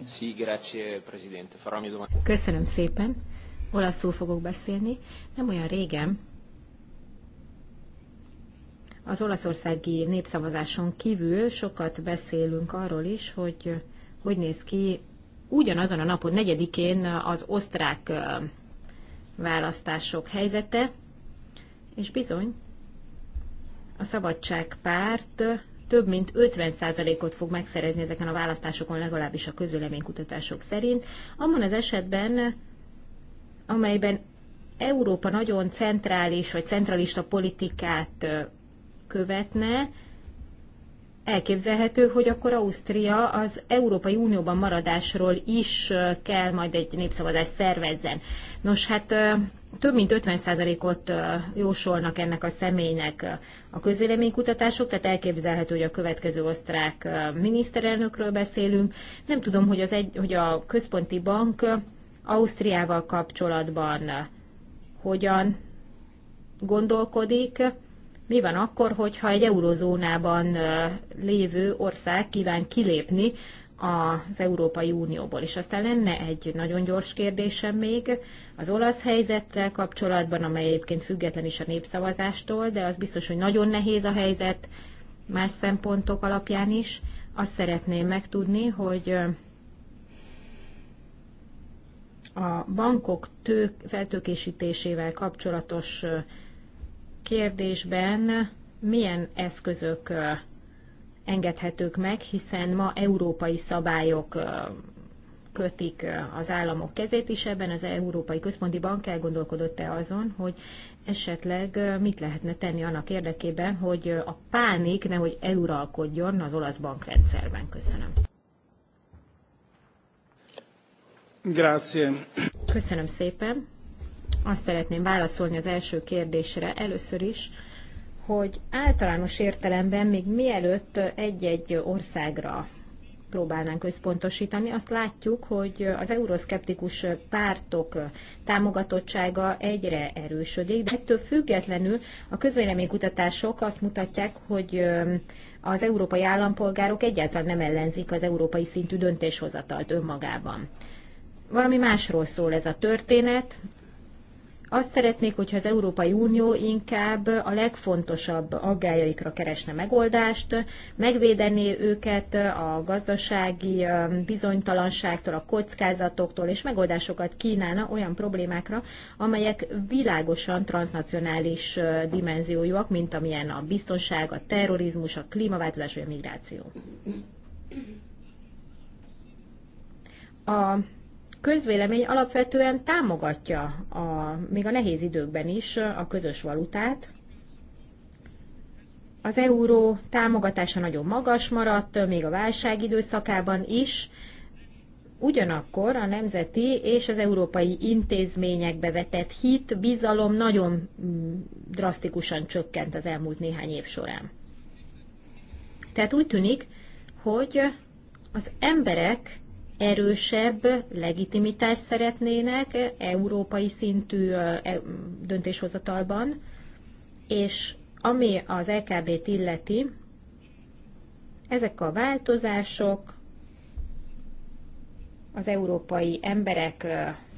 Sí, grazie, Presidente. Farò mia domanda. Köszönöm szépen. Olaszul fogok beszélni. Nem olyan régen az olaszországi népszavazáson kívül sokat beszélünk arról is, hogy hogy néz ki ugyanazon a napon, negyedikén az osztrák választások helyzete, és bizony a szabadságpárt több mint 50%-ot fog megszerezni ezeken a választásokon, legalábbis a közvéleménykutatások szerint. Abban az esetben, amelyben Európa nagyon centrális vagy centralista politikát követne, elképzelhető, hogy akkor Ausztria az Európai Unióban maradásról is kell majd egy népszavazást szervezzen. Nos, hát több mint 50%-ot jósolnak ennek a személynek a közvéleménykutatások, tehát elképzelhető, hogy a következő osztrák miniszterelnökről beszélünk. Nem tudom, hogy, az egy, hogy a központi bank Ausztriával kapcsolatban hogyan gondolkodik, mi van akkor, hogyha egy eurozónában lévő ország kíván kilépni az Európai Unióból. És aztán lenne egy nagyon gyors kérdésem még az olasz helyzettel kapcsolatban, amely egyébként független is a népszavazástól, de az biztos, hogy nagyon nehéz a helyzet más szempontok alapján is. Azt szeretném megtudni, hogy a bankok tők, feltőkésítésével kapcsolatos kérdésben milyen eszközök engedhetők meg, hiszen ma európai szabályok kötik az államok kezét is. Ebben az Európai Központi Bank elgondolkodott-e azon, hogy esetleg mit lehetne tenni annak érdekében, hogy a pánik nehogy eluralkodjon az olasz bankrendszerben. Köszönöm. Grazie. Köszönöm szépen. Azt szeretném válaszolni az első kérdésre először is, hogy általános értelemben még mielőtt egy-egy országra próbálnánk összpontosítani, azt látjuk, hogy az euroszkeptikus pártok támogatottsága egyre erősödik, de ettől függetlenül a közvéleménykutatások azt mutatják, hogy az európai állampolgárok egyáltalán nem ellenzik az európai szintű döntéshozatalt önmagában. Valami másról szól ez a történet, azt szeretnék, hogyha az Európai Unió inkább a legfontosabb aggájaikra keresne megoldást, megvédené őket a gazdasági bizonytalanságtól, a kockázatoktól, és megoldásokat kínálna olyan problémákra, amelyek világosan transnacionális dimenziójúak, mint amilyen a biztonság, a terrorizmus, a klímaváltozás vagy a migráció. A közvélemény alapvetően támogatja a, még a nehéz időkben is a közös valutát. Az euró támogatása nagyon magas maradt, még a válság időszakában is. Ugyanakkor a nemzeti és az európai intézményekbe vetett hit, bizalom nagyon mm, drasztikusan csökkent az elmúlt néhány év során. Tehát úgy tűnik, hogy az emberek erősebb legitimitást szeretnének európai szintű e, döntéshozatalban, és ami az LKB-t illeti, ezek a változások az európai emberek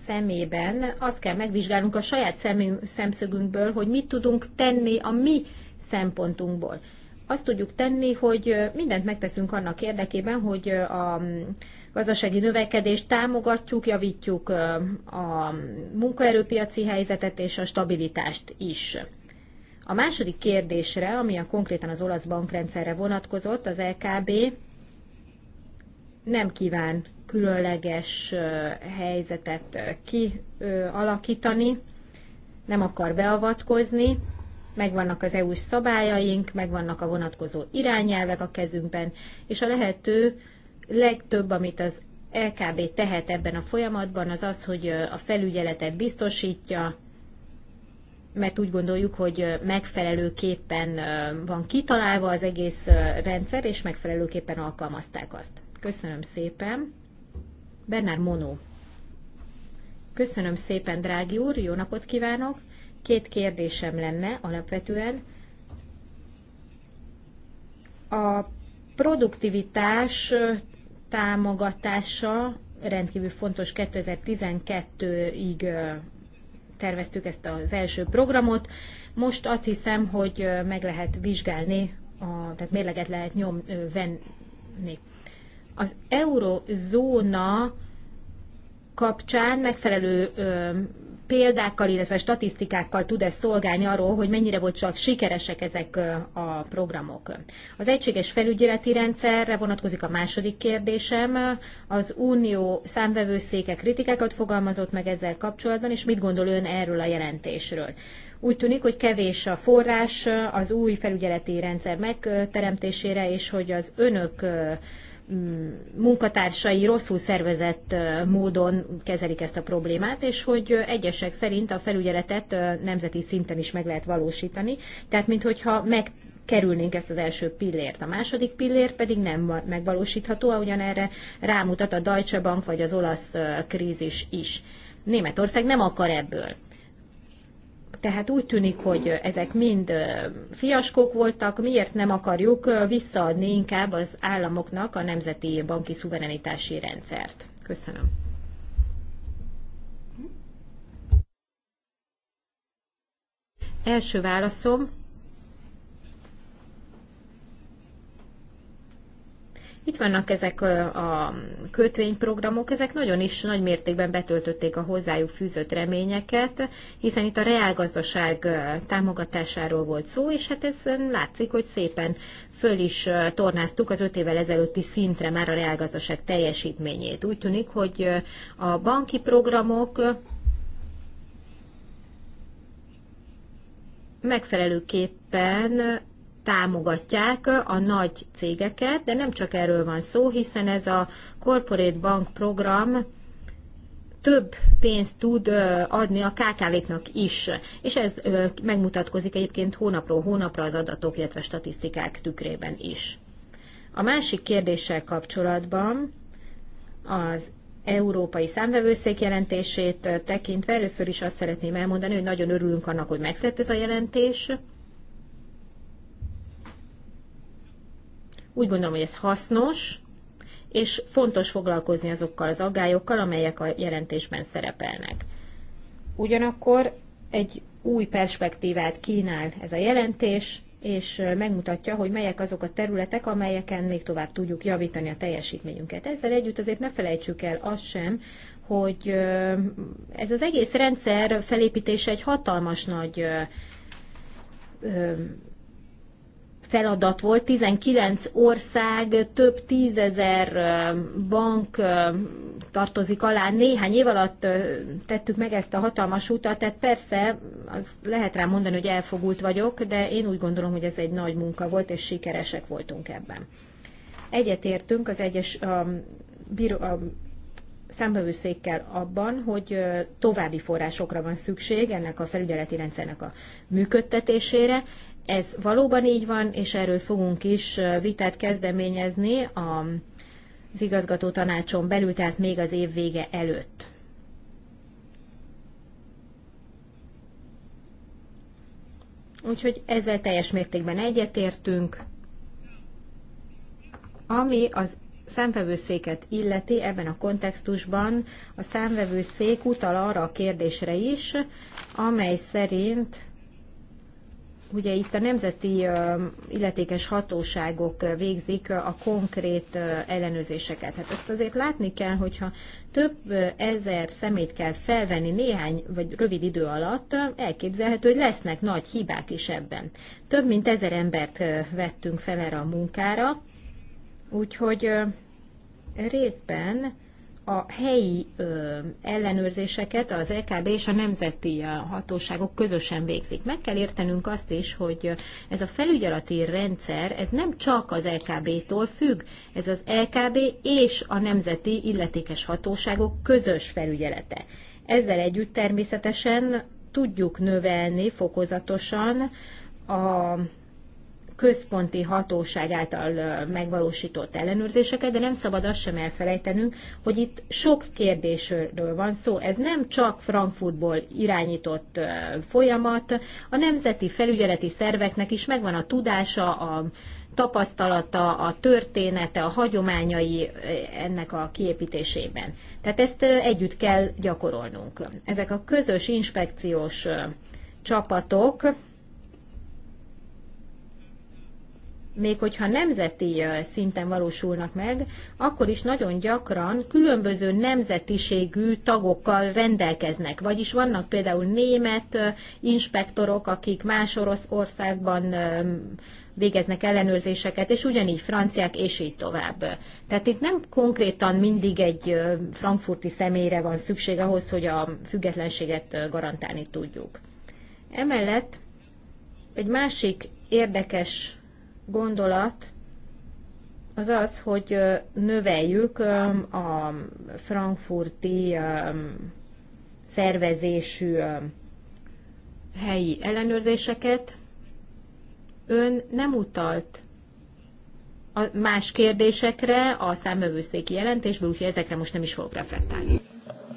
szemében azt kell megvizsgálnunk a saját szemszögünkből, hogy mit tudunk tenni a mi szempontunkból. Azt tudjuk tenni, hogy mindent megteszünk annak érdekében, hogy a gazdasági növekedést támogatjuk, javítjuk a munkaerőpiaci helyzetet és a stabilitást is. A második kérdésre, ami a konkrétan az olasz bankrendszerre vonatkozott, az LKB nem kíván különleges helyzetet kialakítani, nem akar beavatkozni, megvannak az EU-s szabályaink, megvannak a vonatkozó irányelvek a kezünkben, és a lehető legtöbb, amit az LKB tehet ebben a folyamatban, az az, hogy a felügyeletet biztosítja, mert úgy gondoljuk, hogy megfelelőképpen van kitalálva az egész rendszer, és megfelelőképpen alkalmazták azt. Köszönöm szépen. Bernár Monó. Köszönöm szépen, drági úr, jó napot kívánok. Két kérdésem lenne alapvetően. A produktivitás támogatása rendkívül fontos 2012-ig terveztük ezt az első programot. Most azt hiszem, hogy meg lehet vizsgálni, a, tehát mérleget lehet nyom venni. Az eurozóna kapcsán megfelelő példákkal, illetve statisztikákkal tud ez szolgálni arról, hogy mennyire volt csak sikeresek ezek a programok. Az egységes felügyeleti rendszerre vonatkozik a második kérdésem. Az Unió számvevőszéke kritikákat fogalmazott meg ezzel kapcsolatban, és mit gondol ön erről a jelentésről? Úgy tűnik, hogy kevés a forrás az új felügyeleti rendszer megteremtésére, és hogy az önök Mm, munkatársai rosszul szervezett módon kezelik ezt a problémát, és hogy egyesek szerint a felügyeletet nemzeti szinten is meg lehet valósítani, tehát minthogyha meg kerülnénk ezt az első pillért. A második pillér pedig nem megvalósítható, ahogyan erre rámutat a Deutsche Bank vagy az olasz krízis is. Németország nem akar ebből. Tehát úgy tűnik, hogy ezek mind fiaskók voltak, miért nem akarjuk visszaadni inkább az államoknak a nemzeti banki szuverenitási rendszert. Köszönöm. Első válaszom, Itt vannak ezek a kötvényprogramok, ezek nagyon is nagy mértékben betöltötték a hozzájuk fűzött reményeket, hiszen itt a reálgazdaság támogatásáról volt szó, és hát ez látszik, hogy szépen föl is tornáztuk az öt évvel ezelőtti szintre már a reálgazdaság teljesítményét. Úgy tűnik, hogy a banki programok megfelelőképpen támogatják a nagy cégeket, de nem csak erről van szó, hiszen ez a Corporate Bank program több pénzt tud adni a KKV-knak is, és ez megmutatkozik egyébként hónapról hónapra az adatok, illetve a statisztikák tükrében is. A másik kérdéssel kapcsolatban az európai számvevőszék jelentését tekintve először is azt szeretném elmondani, hogy nagyon örülünk annak, hogy megszett ez a jelentés, Úgy gondolom, hogy ez hasznos, és fontos foglalkozni azokkal az aggályokkal, amelyek a jelentésben szerepelnek. Ugyanakkor egy új perspektívát kínál ez a jelentés, és megmutatja, hogy melyek azok a területek, amelyeken még tovább tudjuk javítani a teljesítményünket. Ezzel együtt azért ne felejtsük el azt sem, hogy ez az egész rendszer felépítése egy hatalmas nagy feladat volt. 19 ország, több tízezer bank tartozik alá. Néhány év alatt tettük meg ezt a hatalmas utat, tehát persze lehet rám mondani, hogy elfogult vagyok, de én úgy gondolom, hogy ez egy nagy munka volt, és sikeresek voltunk ebben. Egyetértünk az egyes a, bíró, a, számbevőszékkel abban, hogy további forrásokra van szükség ennek a felügyeleti rendszernek a működtetésére, ez valóban így van, és erről fogunk is vitát kezdeményezni az igazgató tanácson belül, tehát még az év vége előtt. Úgyhogy ezzel teljes mértékben egyetértünk. Ami az számvevőszéket illeti ebben a kontextusban, a számvevőszék utal arra a kérdésre is, amely szerint Ugye itt a nemzeti illetékes hatóságok végzik a konkrét ellenőrzéseket. Hát ezt azért látni kell, hogyha több ezer szemét kell felvenni néhány vagy rövid idő alatt, elképzelhető, hogy lesznek nagy hibák is ebben. Több mint ezer embert vettünk fel erre a munkára, úgyhogy részben a helyi ellenőrzéseket az EKB és a nemzeti hatóságok közösen végzik. Meg kell értenünk azt is, hogy ez a felügyeleti rendszer, ez nem csak az LKB-tól e függ, ez az LKB e és a nemzeti illetékes hatóságok közös felügyelete. Ezzel együtt természetesen tudjuk növelni fokozatosan a központi hatóság által megvalósított ellenőrzéseket, de nem szabad azt sem elfelejtenünk, hogy itt sok kérdésről van szó. Ez nem csak Frankfurtból irányított folyamat, a nemzeti felügyeleti szerveknek is megvan a tudása, a tapasztalata, a története, a hagyományai ennek a kiépítésében. Tehát ezt együtt kell gyakorolnunk. Ezek a közös inspekciós csapatok, még hogyha nemzeti szinten valósulnak meg, akkor is nagyon gyakran különböző nemzetiségű tagokkal rendelkeznek. Vagyis vannak például német inspektorok, akik más orosz országban végeznek ellenőrzéseket, és ugyanígy franciák, és így tovább. Tehát itt nem konkrétan mindig egy frankfurti személyre van szükség ahhoz, hogy a függetlenséget garantálni tudjuk. Emellett egy másik érdekes gondolat az az, hogy növeljük a frankfurti szervezésű helyi ellenőrzéseket. Ön nem utalt a más kérdésekre a számövőszéki jelentésből, úgyhogy ezekre most nem is fogok reflektálni.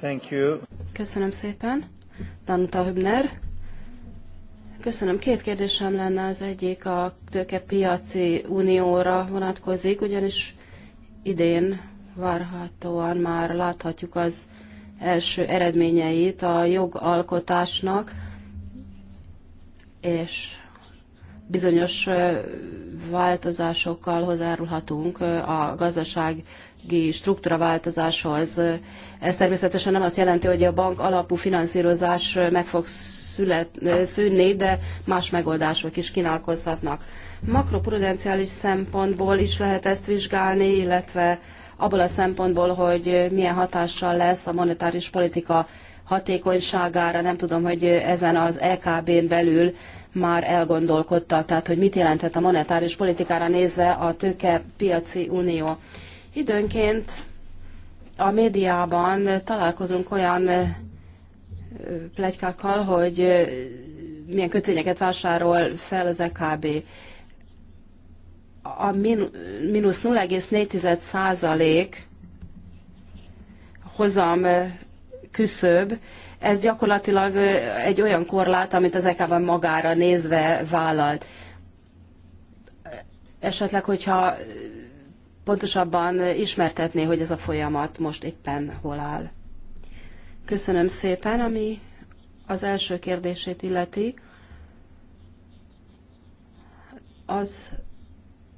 Thank you. Köszönöm szépen. Danuta Hübner. Köszönöm. Két kérdésem lenne. Az egyik a tőkepiaci unióra vonatkozik, ugyanis idén várhatóan már láthatjuk az első eredményeit a jogalkotásnak, és bizonyos változásokkal hozzárulhatunk a gazdasági struktúraváltozáshoz. Ez természetesen nem azt jelenti, hogy a bank alapú finanszírozás meg fog szület, szűnni, de más megoldások is kínálkozhatnak. Makroprudenciális szempontból is lehet ezt vizsgálni, illetve abból a szempontból, hogy milyen hatással lesz a monetáris politika hatékonyságára, nem tudom, hogy ezen az EKB-n belül már elgondolkodtak, tehát hogy mit jelenthet a monetáris politikára nézve a tőkepiaci unió. Időnként a médiában találkozunk olyan plegykákkal, hogy milyen kötvényeket vásárol fel az EKB. A mínusz 0,4 százalék hozam küszöb, ez gyakorlatilag egy olyan korlát, amit az EKB magára nézve vállalt. Esetleg, hogyha pontosabban ismertetné, hogy ez a folyamat most éppen hol áll. Köszönöm szépen, ami az első kérdését illeti. Az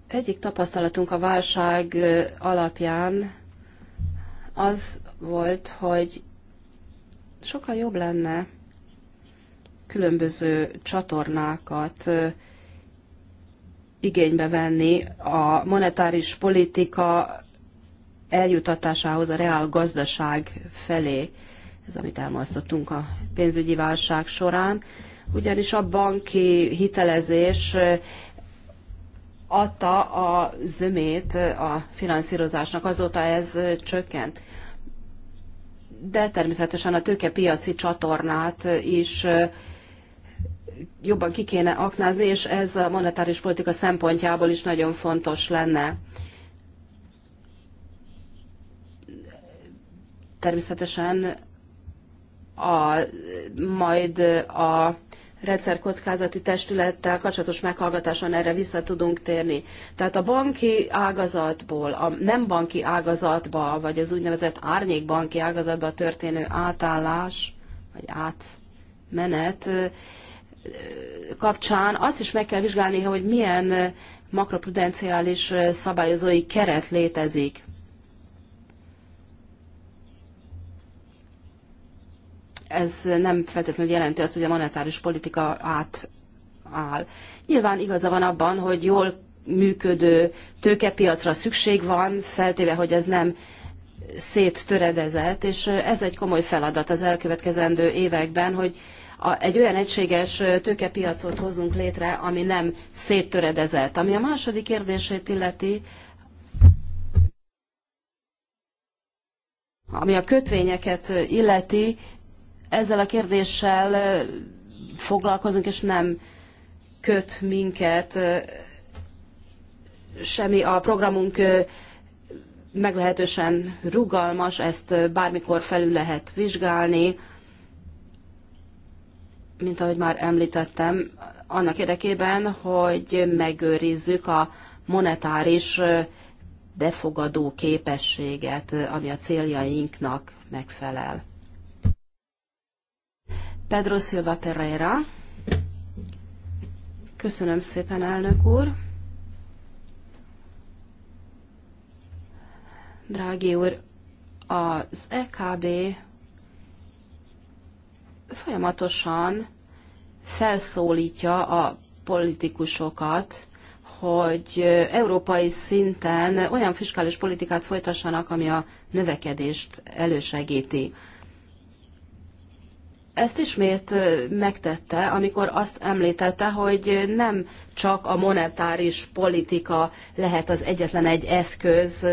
egyik tapasztalatunk a válság alapján az volt, hogy sokkal jobb lenne különböző csatornákat igénybe venni a monetáris politika eljutatásához a reál gazdaság felé ez amit elmasztottunk a pénzügyi válság során, ugyanis a banki hitelezés eh, adta a zömét a finanszírozásnak, azóta ez eh, csökkent. De természetesen a tőkepiaci csatornát eh, is jobban ki kéne aknázni, és ez a monetáris politika szempontjából is nagyon fontos lenne. Természetesen a, majd a rendszerkockázati testülettel kapcsolatos meghallgatáson erre vissza tudunk térni. Tehát a banki ágazatból, a nem banki ágazatba, vagy az úgynevezett árnyékbanki ágazatba történő átállás, vagy átmenet kapcsán azt is meg kell vizsgálni, hogy milyen makroprudenciális szabályozói keret létezik. ez nem feltétlenül jelenti azt, hogy a monetáris politika átáll. Nyilván igaza van abban, hogy jól működő tőkepiacra szükség van, feltéve, hogy ez nem széttöredezett, és ez egy komoly feladat az elkövetkezendő években, hogy a, egy olyan egységes tőkepiacot hozzunk létre, ami nem széttöredezett. Ami a második kérdését illeti, ami a kötvényeket illeti, ezzel a kérdéssel foglalkozunk, és nem köt minket semmi. A programunk meglehetősen rugalmas, ezt bármikor felül lehet vizsgálni, mint ahogy már említettem, annak érdekében, hogy megőrizzük a monetáris befogadó képességet, ami a céljainknak megfelel. Pedro Silva Pereira. Köszönöm szépen, elnök úr. Drági úr, az EKB folyamatosan felszólítja a politikusokat, hogy európai szinten olyan fiskális politikát folytassanak, ami a növekedést elősegíti ezt ismét megtette, amikor azt említette, hogy nem csak a monetáris politika lehet az egyetlen egy eszköz,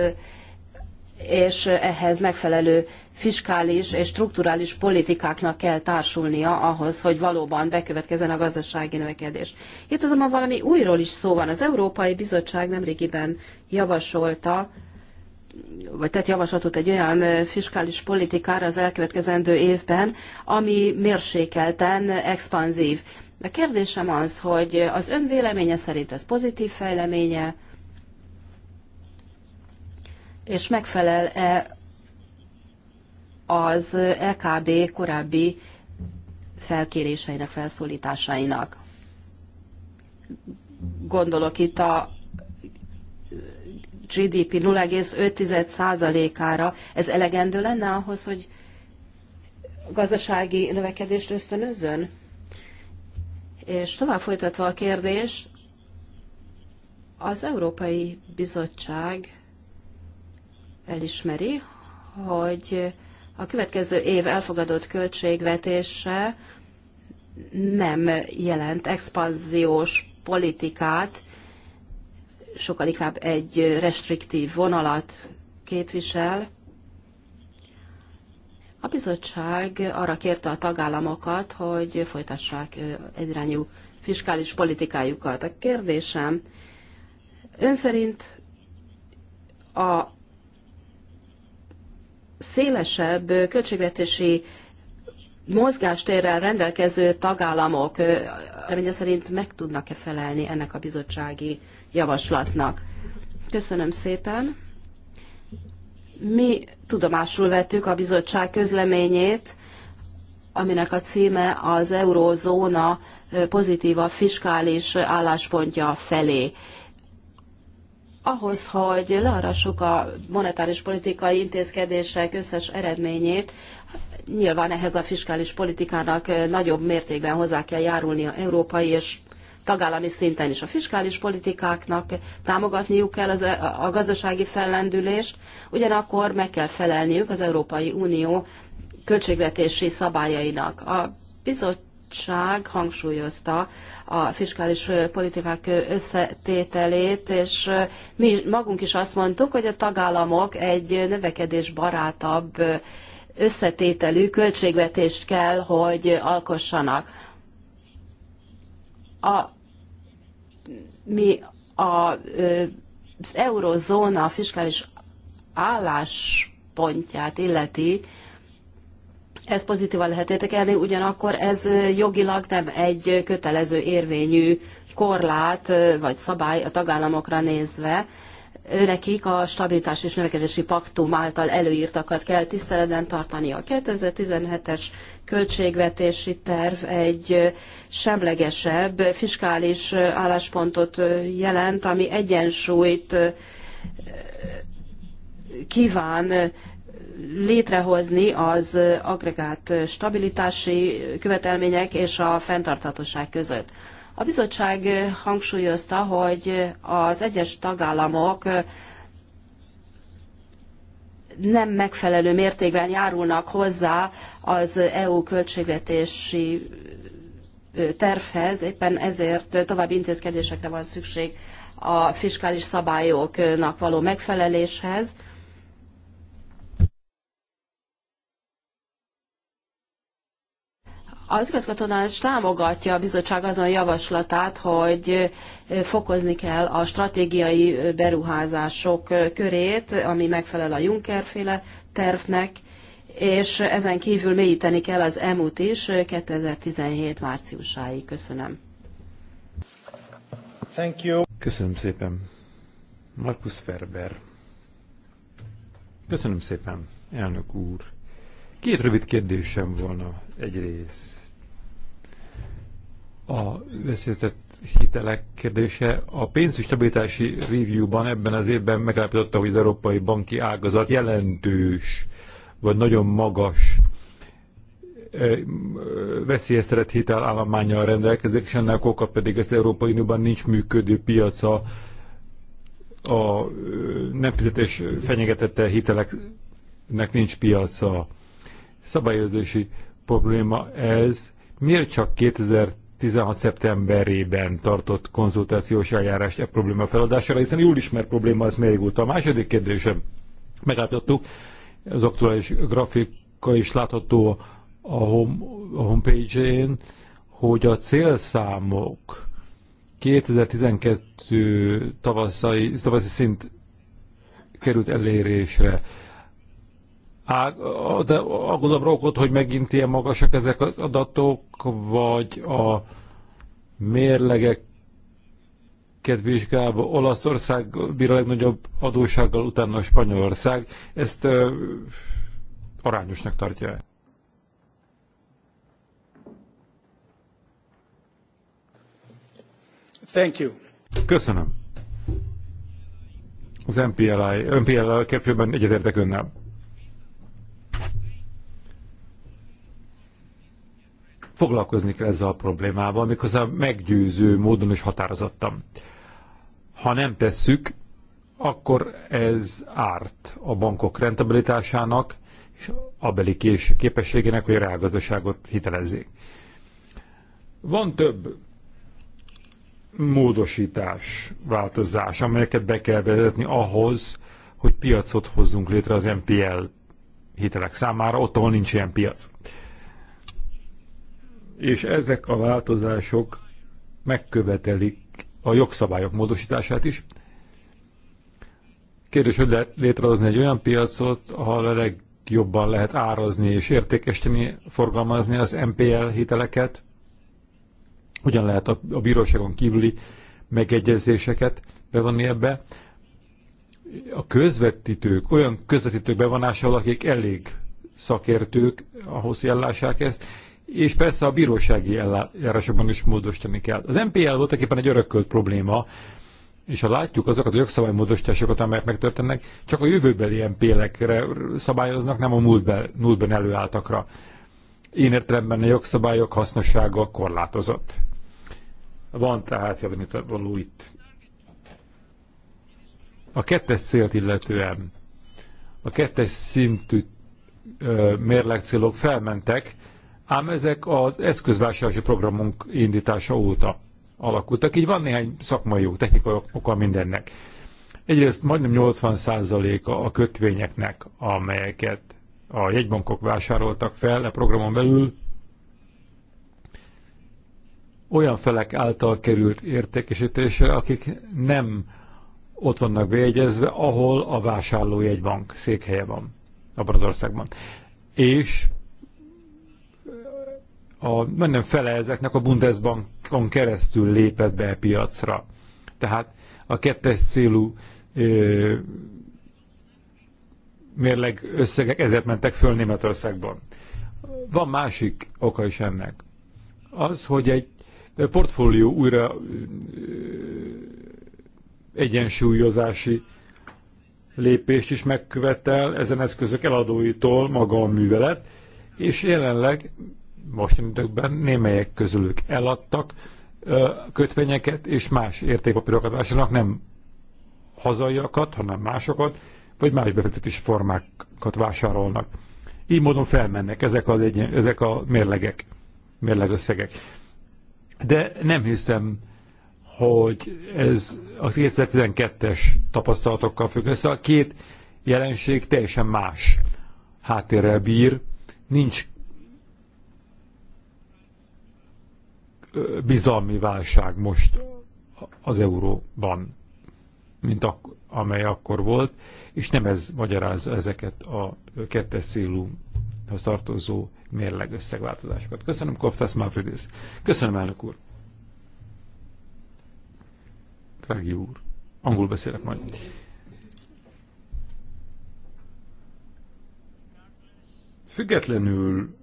és ehhez megfelelő fiskális és strukturális politikáknak kell társulnia ahhoz, hogy valóban bekövetkezzen a gazdasági növekedés. Itt azonban valami újról is szó van. Az Európai Bizottság nemrégiben javasolta, vagy tett javaslatot egy olyan fiskális politikára az elkövetkezendő évben, ami mérsékelten expanzív. A kérdésem az, hogy az ön véleménye szerint ez pozitív fejleménye, és megfelel-e az EKB korábbi felkéréseinek, felszólításainak? Gondolok itt a GDP 0,5%-ára, ez elegendő lenne ahhoz, hogy gazdasági növekedést ösztönözzön? És tovább folytatva a kérdést, az Európai Bizottság elismeri, hogy a következő év elfogadott költségvetése nem jelent expanziós politikát, sokkal inkább egy restriktív vonalat képvisel. A bizottság arra kérte a tagállamokat, hogy folytassák egyirányú fiskális politikájukat. A kérdésem, ön szerint a szélesebb költségvetési mozgástérrel rendelkező tagállamok reménye szerint meg tudnak-e felelni ennek a bizottsági javaslatnak. Köszönöm szépen. Mi tudomásul vettük a bizottság közleményét, aminek a címe az eurózóna pozitív a fiskális álláspontja felé. Ahhoz, hogy learassuk a monetáris politikai intézkedések összes eredményét, nyilván ehhez a fiskális politikának nagyobb mértékben hozzá kell járulni a európai és tagállami szinten is. A fiskális politikáknak támogatniuk kell az, a gazdasági fellendülést, ugyanakkor meg kell felelniük az Európai Unió költségvetési szabályainak. A bizottság hangsúlyozta a fiskális politikák összetételét, és mi magunk is azt mondtuk, hogy a tagállamok egy növekedésbarátabb összetételű költségvetést kell, hogy alkossanak a, mi a, az eurozóna fiskális álláspontját illeti, ez pozitívan lehet értékelni, ugyanakkor ez jogilag nem egy kötelező érvényű korlát vagy szabály a tagállamokra nézve, nekik a stabilitás és növekedési paktum által előírtakat kell tiszteletben tartani. A 2017-es költségvetési terv egy semlegesebb fiskális álláspontot jelent, ami egyensúlyt kíván létrehozni az agregát stabilitási követelmények és a fenntarthatóság között. A bizottság hangsúlyozta, hogy az egyes tagállamok nem megfelelő mértékben járulnak hozzá az EU költségvetési tervhez, éppen ezért további intézkedésekre van szükség a fiskális szabályoknak való megfeleléshez. Az igazgatónács támogatja a bizottság azon javaslatát, hogy fokozni kell a stratégiai beruházások körét, ami megfelel a Juncker-féle tervnek, és ezen kívül mélyíteni kell az EMU-t is 2017 márciusáig. Köszönöm. Thank you. Köszönöm szépen. Markus Ferber. Köszönöm szépen, elnök úr. Két rövid kérdésem volna egyrészt a veszélyeztetett hitelek kérdése. A pénzügyi stabilitási review-ban ebben az évben meglepődött, hogy az európai banki ágazat jelentős, vagy nagyon magas veszélyeztetett hitelállományjal rendelkezik, és ennek oka pedig az Európai Unióban nincs működő piaca a nem fizetés fenyegetette hiteleknek nincs piaca. Szabályozási probléma ez. Miért csak 2000 16. szeptemberében tartott konzultációs eljárást e probléma feladására, hiszen jól ismert probléma ez volt A második kérdésem, megállapítottuk, az aktuális grafika is látható a, home, a homepage-én, hogy a célszámok 2012 tavaszai, tavaszi szint került elérésre aggódom de okot, hogy megint ilyen magasak ezek az adatok, vagy a mérlegeket vizsgálva Olaszország bír a legnagyobb adósággal, utána a Spanyolország. Ezt ö, arányosnak tartja -e? Thank you. Köszönöm. Az MPLI, MPLI kettőben egyetértek önnel. Foglalkozni kell ezzel a problémával, méghozzá meggyőző módon és határozottan. Ha nem tesszük, akkor ez árt a bankok rentabilitásának és abeli kés képességének, hogy a reálgazdaságot hitelezzék. Van több módosítás, változás, amelyeket be kell vezetni ahhoz, hogy piacot hozzunk létre az MPL hitelek számára, ott, ahol nincs ilyen piac és ezek a változások megkövetelik a jogszabályok módosítását is. Kérdés, hogy lehet létrehozni egy olyan piacot, ahol a legjobban lehet árazni és értékesíteni, forgalmazni az MPL hiteleket, hogyan lehet a, a bíróságon kívüli megegyezéseket bevonni ebbe. A közvetítők, olyan közvetítők bevonásával, akik elég szakértők ahhoz jellássák ezt, és persze a bírósági eljárásokban is módosítani kell. Az MPL volt éppen egy örökkölt probléma, és ha látjuk azokat a jogszabálymódosításokat, amelyek megtörténnek, csak a jövőbeli MPL-ekre szabályoznak, nem a múltben, múltben előálltakra. Én értelemben a jogszabályok hasznossága korlátozott. Van tehát javani való itt. A kettes célt illetően a kettes szintű mérlegcélok felmentek, ám ezek az eszközvásárlási programunk indítása óta alakultak. Így van néhány szakmai jó, technikai oka mindennek. Egyrészt majdnem 80%-a a kötvényeknek, amelyeket a jegybankok vásároltak fel a programon belül, olyan felek által került értékesítésre, akik nem ott vannak bejegyezve, ahol a vásárló jegybank székhelye van abban az országban. És a majdnem fele ezeknek a Bundesbankon keresztül lépett be a piacra. Tehát a kettes célú ö, mérleg összegek ezért mentek föl Németországban. Van másik oka is ennek. Az, hogy egy portfólió újra egyensúlyozási lépést is megkövetel ezen eszközök eladóitól maga a művelet, és jelenleg mostani némelyek közülük eladtak kötvényeket, és más értékpapírokat vásárolnak, nem hazaiakat, hanem másokat, vagy más befektetési formákat vásárolnak. Így módon felmennek ezek, a, legyen, ezek a mérlegek, mérlegösszegek. De nem hiszem, hogy ez a 2012-es tapasztalatokkal függ össze. A két jelenség teljesen más háttérrel bír, nincs bizalmi válság most az euróban, mint ak amely akkor volt, és nem ez magyarázza ezeket a kettes szélúhoz tartozó mérlegösszegváltozásokat. Köszönöm, Koptász Mafridis. Köszönöm, elnök úr. Drági úr. Angol beszélek majd. Függetlenül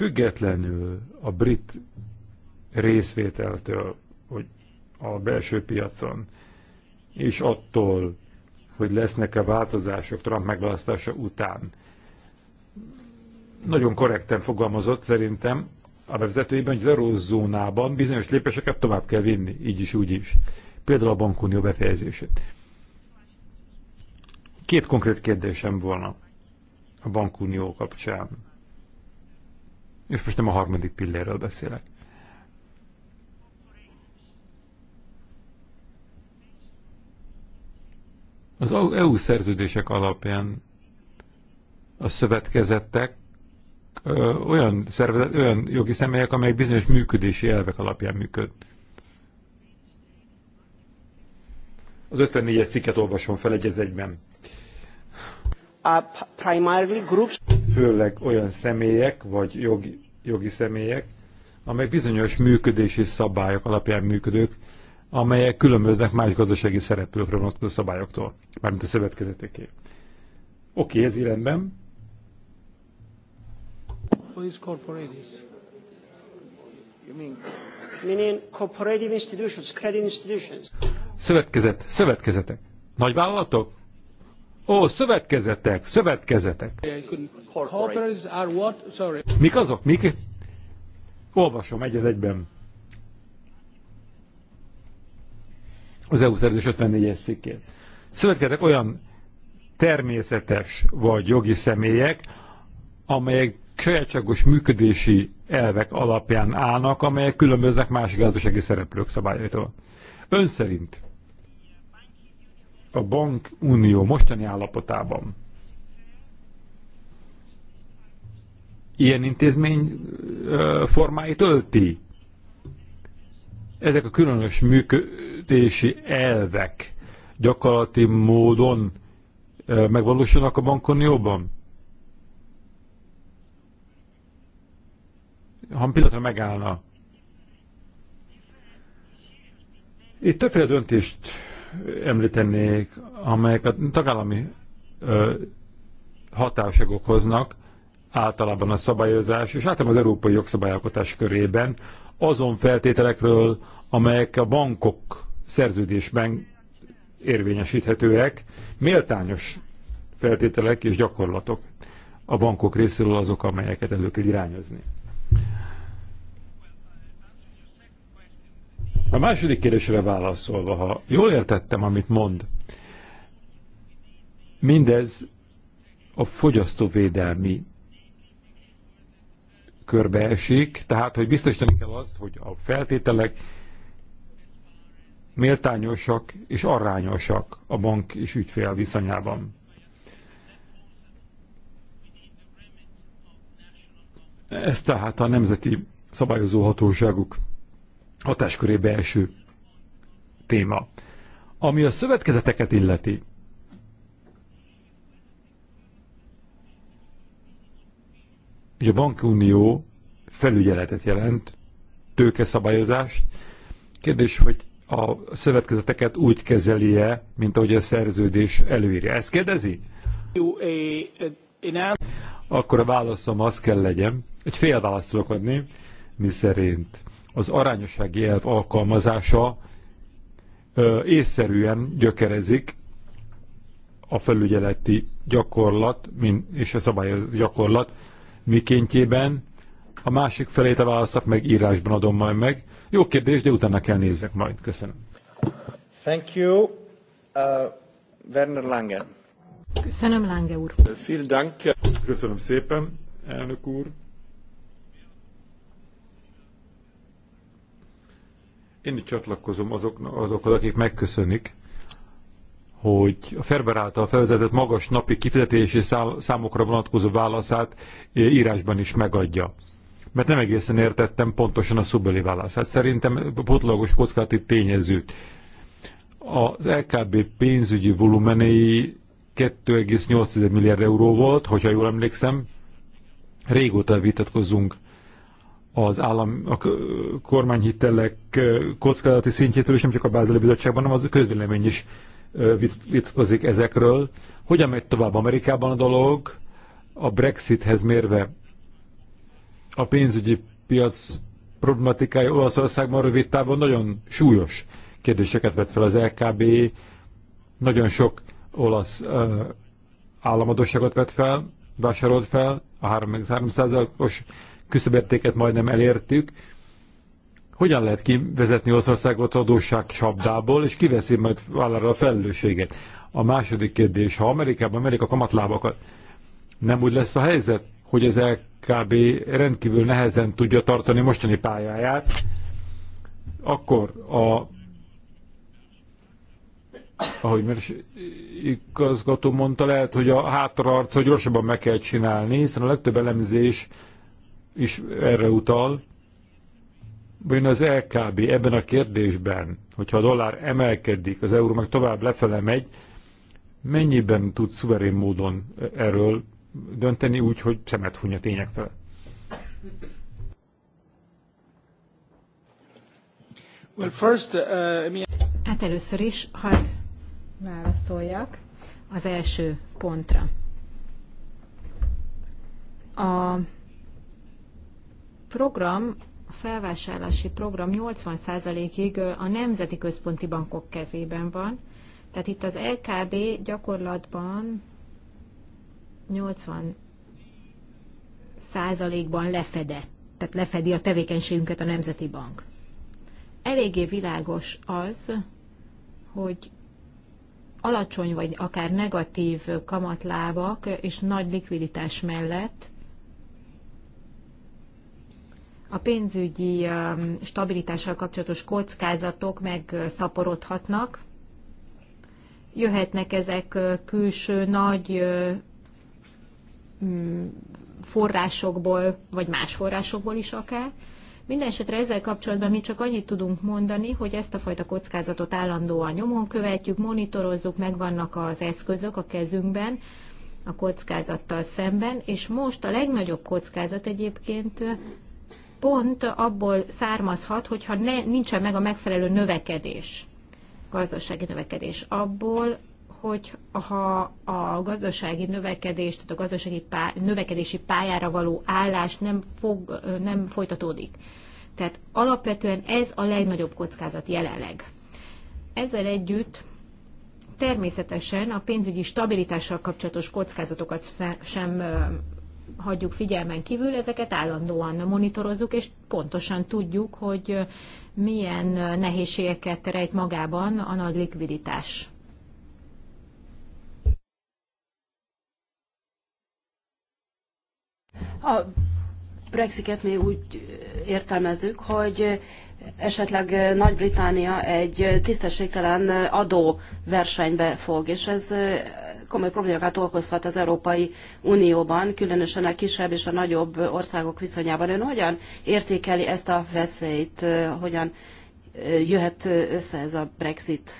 Függetlenül a brit részvételtől, hogy a belső piacon, és attól, hogy lesznek-e változások Trump megválasztása után. Nagyon korrekten fogalmazott szerintem a vezetőiben, hogy az eurózónában bizonyos lépéseket tovább kell vinni, így is, úgy is. Például a bankunió befejezését. Két konkrét kérdésem volna a bankunió kapcsán. És most nem a harmadik pillérről beszélek. Az EU szerződések alapján a szövetkezettek ö, olyan, szervezet, olyan jogi személyek, amelyek bizonyos működési elvek alapján működ. Az 54-es cikket olvasom fel egy egyben. A primarily groups... Főleg olyan személyek vagy jogi jogi személyek, amelyek bizonyos működési szabályok alapján működők, amelyek különböznek más gazdasági szereplőkre vonatkozó szabályoktól, mármint a szövetkezeteké. Oké, ez irányben. What is corporatis? You mean... Meaning cooperative institutions, credit institutions. Szövetkezet, szövetkezetek. Nagyvállalatok? Ó, szövetkezetek, szövetkezetek. Yeah, Corporates are what? Sorry. Mik azok? Mik? Olvasom egy az egyben. Az EU szerződés 54 cikkét. Szövetkezetek olyan természetes vagy jogi személyek, amelyek sajátságos működési elvek alapján állnak, amelyek különböznek más gazdasági szereplők szabályaitól. Ön szerint a bankunió mostani állapotában ilyen intézmény formáit ölti. Ezek a különös működési elvek gyakorlati módon megvalósulnak a bankon jobban? Ha pillanatra megállna. Itt többféle döntést említenék, amelyek a tagállami határságok hoznak, általában a szabályozás, és általában az európai jogszabályalkotás körében azon feltételekről, amelyek a bankok szerződésben érvényesíthetőek, méltányos feltételek és gyakorlatok a bankok részéről azok, amelyeket elő kell irányozni. A második kérdésre válaszolva, ha jól értettem, amit mond, mindez a fogyasztóvédelmi körbeesik, tehát hogy biztosítani kell azt, hogy a feltételek méltányosak és arányosak a bank és ügyfél viszonyában. Ez tehát a nemzeti szabályozó hatóságuk hatáskörébe eső téma. Ami a szövetkezeteket illeti, hogy a bankunió felügyeletet jelent, tőkeszabályozást. Kérdés, hogy a szövetkezeteket úgy kezeli-e, mint ahogy a szerződés előírja. Ezt kérdezi? Akkor a válaszom az kell legyen, egy fél választ adni, mi szerint az arányossági elv alkalmazása ö, észszerűen gyökerezik a felügyeleti gyakorlat mint, és a szabályozó gyakorlat mikéntjében, a másik felét a választok meg írásban adom majd meg. Jó kérdés, de utána kell nézzek majd. Köszönöm. Thank you, uh, Werner Lange. Köszönöm, Lange úr. Vielen Dank. Köszönöm szépen, elnök úr. Én is csatlakozom azok, azokhoz, akik megköszönik hogy a Ferber által felvezetett magas napi kifizetési számokra vonatkozó válaszát eh, írásban is megadja. Mert nem egészen értettem pontosan a szubeli válaszát. Szerintem potlagos kockázati tényezőt. Az LKB pénzügyi volumenei 2,8 milliárd euró volt, hogyha jól emlékszem. Régóta vitatkozunk az állam, a kormányhitelek eh, kockázati szintjétől, és nem csak a Bázeli Bizottságban, hanem a közvélemény is vitatkozik ezekről. Hogyan megy tovább Amerikában a dolog? A Brexithez mérve a pénzügyi piac problematikája Olaszországban rövid távon nagyon súlyos kérdéseket vett fel az LKB, nagyon sok olasz uh, államadóságot vett fel, vásárolt fel, a 3,3%-os küszöbértéket majdnem elértük, hogyan lehet kivezetni Oroszországot adósság csapdából, és kiveszi majd vállalra a felelősséget? A második kérdés, ha Amerikában Amerika kamatlábakat, nem úgy lesz a helyzet, hogy az LKB rendkívül nehezen tudja tartani mostani pályáját, akkor a ahogy mert igazgató mondta, lehet, hogy a hogy gyorsabban meg kell csinálni, hiszen a legtöbb elemzés is erre utal, vajon az LKB ebben a kérdésben, hogyha a dollár emelkedik, az euró meg tovább lefele megy, mennyiben tud szuverén módon erről dönteni úgy, hogy szemet huny a tények fel? Well, first, uh, mi... Hát először is hadd válaszoljak az első pontra. A program felvásárlási program 80%-ig a nemzeti központi bankok kezében van. Tehát itt az LKB gyakorlatban 80 ban lefedett, tehát lefedi a tevékenységünket a Nemzeti Bank. Eléggé világos az, hogy alacsony vagy akár negatív kamatlábak és nagy likviditás mellett a pénzügyi um, stabilitással kapcsolatos kockázatok megszaporodhatnak. Jöhetnek ezek uh, külső nagy uh, forrásokból, vagy más forrásokból is akár. Mindenesetre ezzel kapcsolatban mi csak annyit tudunk mondani, hogy ezt a fajta kockázatot állandóan nyomon követjük, monitorozzuk, megvannak az eszközök a kezünkben a kockázattal szemben, és most a legnagyobb kockázat egyébként pont abból származhat, hogyha ne, nincsen meg a megfelelő növekedés, gazdasági növekedés. Abból, hogy ha a gazdasági növekedés, tehát a gazdasági pá, növekedési pályára való állás nem, fog, nem folytatódik. Tehát alapvetően ez a legnagyobb kockázat jelenleg. Ezzel együtt természetesen a pénzügyi stabilitással kapcsolatos kockázatokat sem hagyjuk figyelmen kívül, ezeket állandóan monitorozzuk, és pontosan tudjuk, hogy milyen nehézségeket rejt magában a nagy likviditás. A Brexitet mi úgy értelmezzük, hogy esetleg Nagy-Británia egy tisztességtelen adóversenybe fog, és ez komoly problémákat okozhat az Európai Unióban, különösen a kisebb és a nagyobb országok viszonyában. Ön hogyan értékeli ezt a veszélyt, hogyan jöhet össze ez a Brexit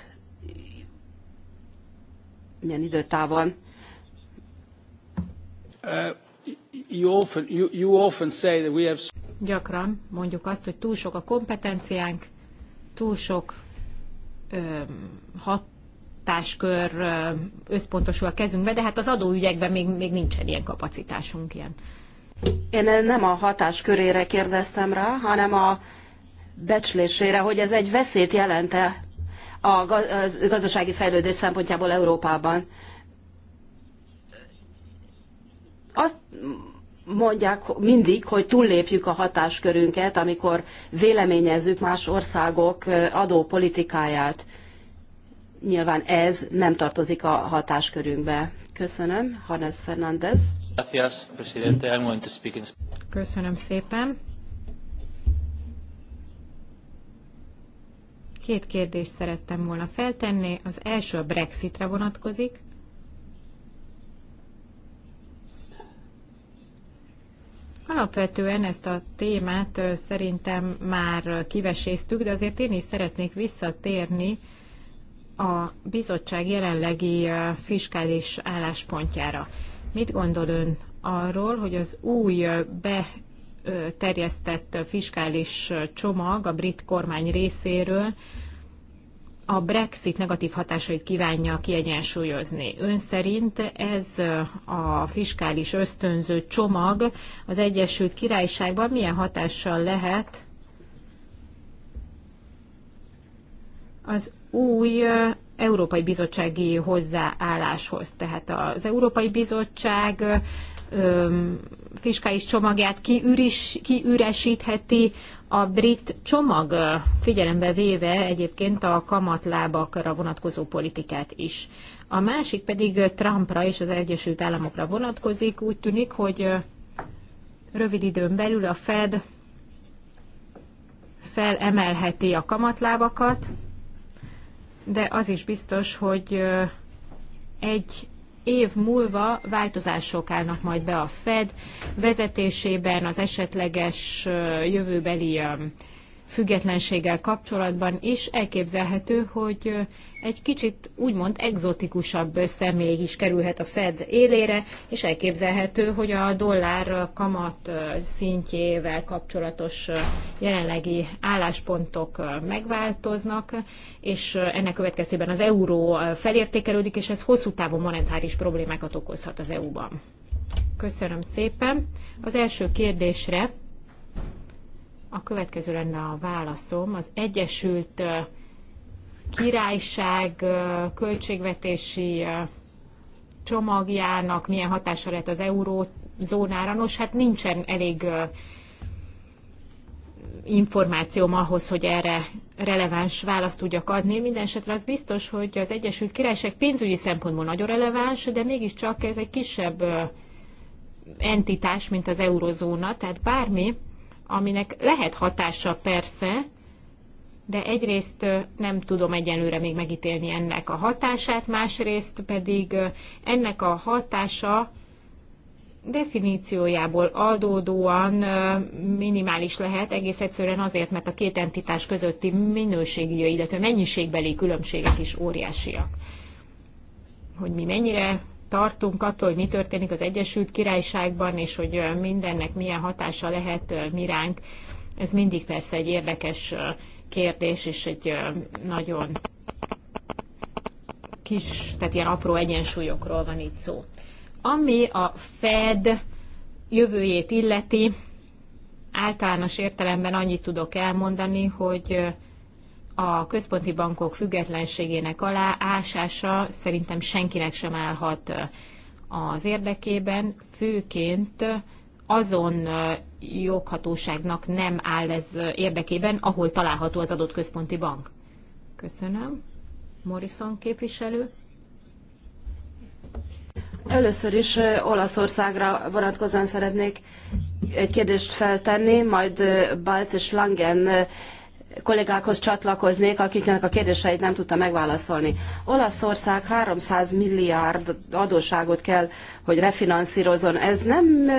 milyen időtávon? Uh, Gyakran mondjuk azt, hogy túl sok a kompetenciánk, túl sok ö, hat, hatáskör összpontosul a kezünkbe, de hát az adóügyekben még, még nincsen ilyen kapacitásunk ilyen. Én nem a hatáskörére kérdeztem rá, hanem a becslésére, hogy ez egy veszélyt jelente a gazdasági fejlődés szempontjából Európában. Azt mondják mindig, hogy túllépjük a hatáskörünket, amikor véleményezzük más országok adópolitikáját nyilván ez nem tartozik a hatáskörünkbe. Köszönöm. Hannes Fernández. Köszönöm szépen. Két kérdést szerettem volna feltenni. Az első a Brexitre vonatkozik. Alapvetően ezt a témát szerintem már kiveséztük, de azért én is szeretnék visszatérni a bizottság jelenlegi fiskális álláspontjára. Mit gondol ön arról, hogy az új beterjesztett fiskális csomag a brit kormány részéről a Brexit negatív hatásait kívánja kiegyensúlyozni. Ön szerint ez a fiskális ösztönző csomag az Egyesült Királyságban milyen hatással lehet az új Európai Bizottsági hozzáálláshoz. Tehát az Európai Bizottság fiskális csomagját kiüris, kiüresítheti a brit csomag, figyelembe véve egyébként a kamatlábakra vonatkozó politikát is. A másik pedig Trumpra és az Egyesült Államokra vonatkozik. Úgy tűnik, hogy rövid időn belül a Fed felemelheti a kamatlábakat, de az is biztos, hogy egy év múlva változások állnak majd be a Fed vezetésében, az esetleges jövőbeli függetlenséggel kapcsolatban is elképzelhető, hogy egy kicsit úgymond egzotikusabb személy is kerülhet a Fed élére, és elképzelhető, hogy a dollár kamat szintjével kapcsolatos jelenlegi álláspontok megváltoznak, és ennek következtében az euró felértékelődik, és ez hosszú távon monetáris problémákat okozhat az EU-ban. Köszönöm szépen. Az első kérdésre a következő lenne a válaszom. Az Egyesült Királyság költségvetési csomagjának milyen hatása lett az eurózónára. Nos, hát nincsen elég információm ahhoz, hogy erre releváns választ tudjak adni. Mindenesetre az biztos, hogy az Egyesült Királyság pénzügyi szempontból nagyon releváns, de mégiscsak ez egy kisebb entitás, mint az eurozóna, tehát bármi, aminek lehet hatása persze, de egyrészt nem tudom egyenlőre még megítélni ennek a hatását, másrészt pedig ennek a hatása definíciójából adódóan minimális lehet, egész egyszerűen azért, mert a két entitás közötti minőségi, illetve mennyiségbeli különbségek is óriásiak. Hogy mi mennyire tartunk attól, hogy mi történik az Egyesült Királyságban, és hogy mindennek milyen hatása lehet miránk, Ez mindig persze egy érdekes kérdés, és egy nagyon kis, tehát ilyen apró egyensúlyokról van itt szó. Ami a Fed jövőjét illeti, általános értelemben annyit tudok elmondani, hogy a központi bankok függetlenségének alá ásása szerintem senkinek sem állhat az érdekében, főként azon joghatóságnak nem áll ez érdekében, ahol található az adott központi bank. Köszönöm. Morrison képviselő. Először is Olaszországra vonatkozóan szeretnék egy kérdést feltenni, majd Balc és Langen kollégákhoz csatlakoznék, akiknek a kérdéseit nem tudta megválaszolni. Olaszország 300 milliárd adóságot kell, hogy refinanszírozon. Ez nem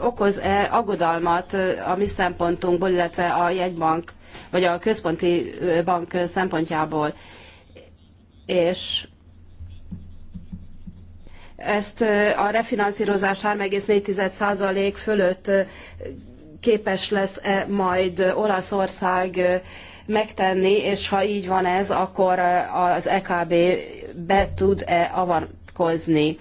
okoz-e aggodalmat a mi szempontunkból, illetve a jegybank, vagy a központi bank szempontjából? És ezt a refinanszírozást 3,4% fölött képes lesz-e majd Olaszország megtenni, és ha így van ez, akkor az EKB be tud-e avatkozni.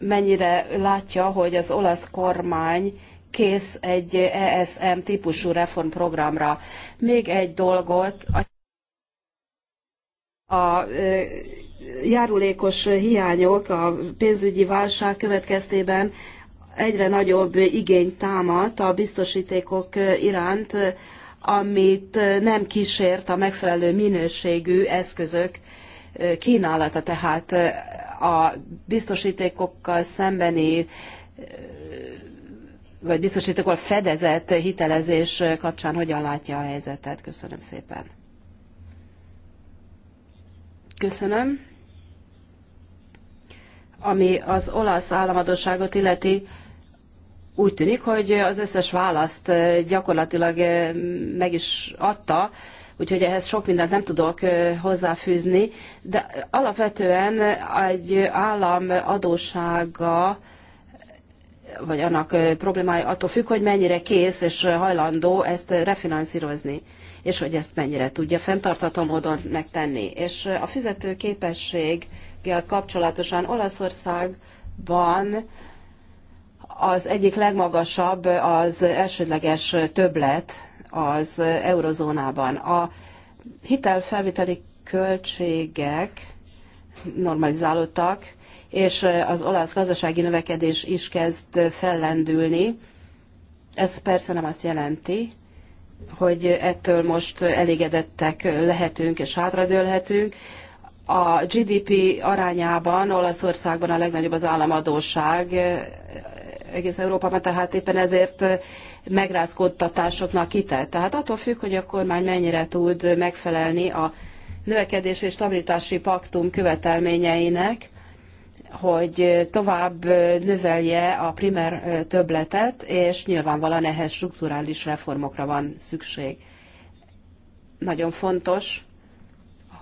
Mennyire látja, hogy az olasz kormány kész egy ESM típusú reformprogramra. Még egy dolgot, a járulékos hiányok a pénzügyi válság következtében egyre nagyobb igény támadt a biztosítékok iránt, amit nem kísért a megfelelő minőségű eszközök kínálata. Tehát a biztosítékokkal szembeni vagy biztosítókkal fedezett hitelezés kapcsán hogyan látja a helyzetet. Köszönöm szépen. Köszönöm. Ami az olasz államadóságot illeti, úgy tűnik, hogy az összes választ eh, gyakorlatilag eh, meg is adta, úgyhogy ehhez sok mindent nem tudok eh, hozzáfűzni, de alapvetően egy állam adóssága vagy annak problémája attól függ, hogy mennyire kész és hajlandó ezt refinanszírozni, és hogy ezt mennyire tudja fenntartható módon megtenni. És a fizetőképességgel kapcsolatosan Olaszországban az egyik legmagasabb az elsődleges többlet az eurozónában. A hitelfelviteli költségek normalizálódtak, és az olasz gazdasági növekedés is kezd fellendülni. Ez persze nem azt jelenti, hogy ettől most elégedettek lehetünk és hátradőlhetünk. A GDP arányában Olaszországban a legnagyobb az államadóság, egész Európában, tehát éppen ezért eh, megrázkódtatásoknak kitett. Tehát attól függ, hogy a kormány mennyire tud megfelelni a növekedés és stabilitási paktum követelményeinek, hogy eh, tovább eh, növelje a primer többletet, és nyilvánvalóan ehhez strukturális reformokra van szükség. Nagyon fontos,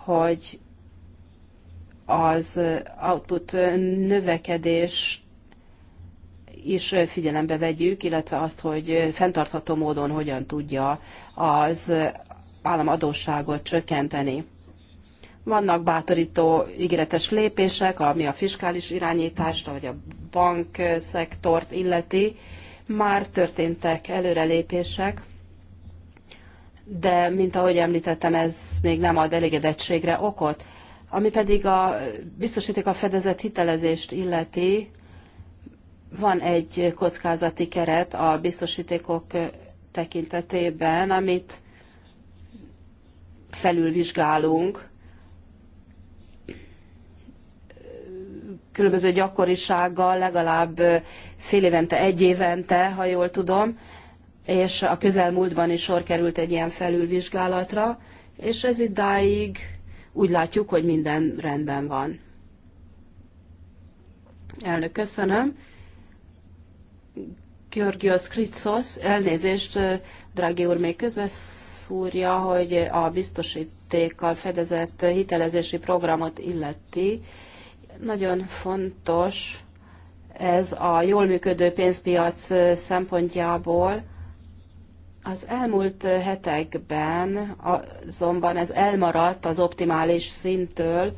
hogy az output növekedést is figyelembe vegyük, illetve azt, hogy fenntartható módon hogyan tudja az államadósságot csökkenteni. Vannak bátorító ígéretes lépések, ami a fiskális irányítást vagy a bankszektort illeti. Már történtek előrelépések, de mint ahogy említettem, ez még nem ad elégedettségre okot. Ami pedig a biztosíték a fedezett hitelezést illeti, van egy kockázati keret a biztosítékok tekintetében, amit felülvizsgálunk. Különböző gyakorisággal legalább fél évente, egy évente, ha jól tudom, és a közelmúltban is sor került egy ilyen felülvizsgálatra, és ez idáig úgy látjuk, hogy minden rendben van. Elnök, köszönöm. Györgyos Kritsos, elnézést, drági úr, még közben szúrja, hogy a biztosítékkal fedezett hitelezési programot illeti. Nagyon fontos ez a jól működő pénzpiac szempontjából. Az elmúlt hetekben azonban ez elmaradt az optimális szintől,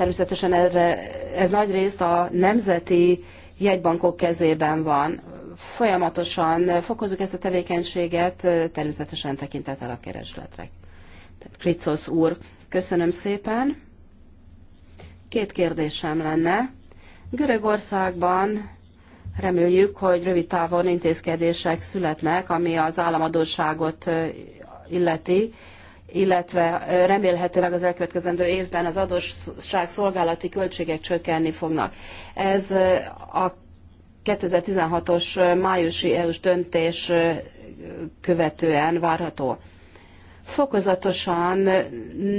Természetesen erre, ez nagy részt a nemzeti jegybankok kezében van. Folyamatosan fokozzuk ezt a tevékenységet, természetesen tekintettel a keresletre. Tehát úr, köszönöm szépen. Két kérdésem lenne. Görögországban reméljük, hogy rövid távon intézkedések születnek, ami az államadóságot illeti illetve remélhetőleg az elkövetkezendő évben az adósság szolgálati költségek csökkenni fognak. Ez a 2016-os májusi EU-s döntés követően várható. Fokozatosan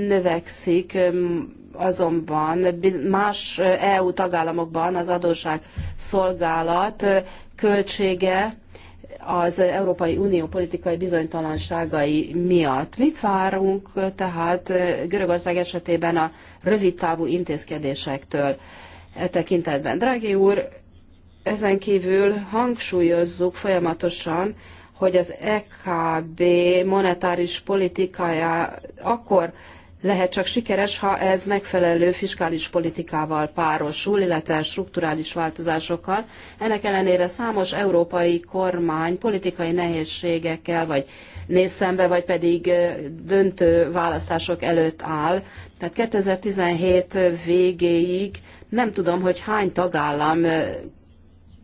növekszik azonban más EU tagállamokban az adósság szolgálat költsége, az Európai Unió politikai bizonytalanságai miatt. Mit várunk tehát Görögország esetében a rövid távú intézkedésektől e tekintetben? Drági úr, ezen kívül hangsúlyozzuk folyamatosan, hogy az EKB monetáris politikája akkor lehet csak sikeres, ha ez megfelelő fiskális politikával párosul, illetve strukturális változásokkal. Ennek ellenére számos európai kormány politikai nehézségekkel vagy néz szembe, vagy pedig döntő választások előtt áll. Tehát 2017 végéig nem tudom, hogy hány tagállam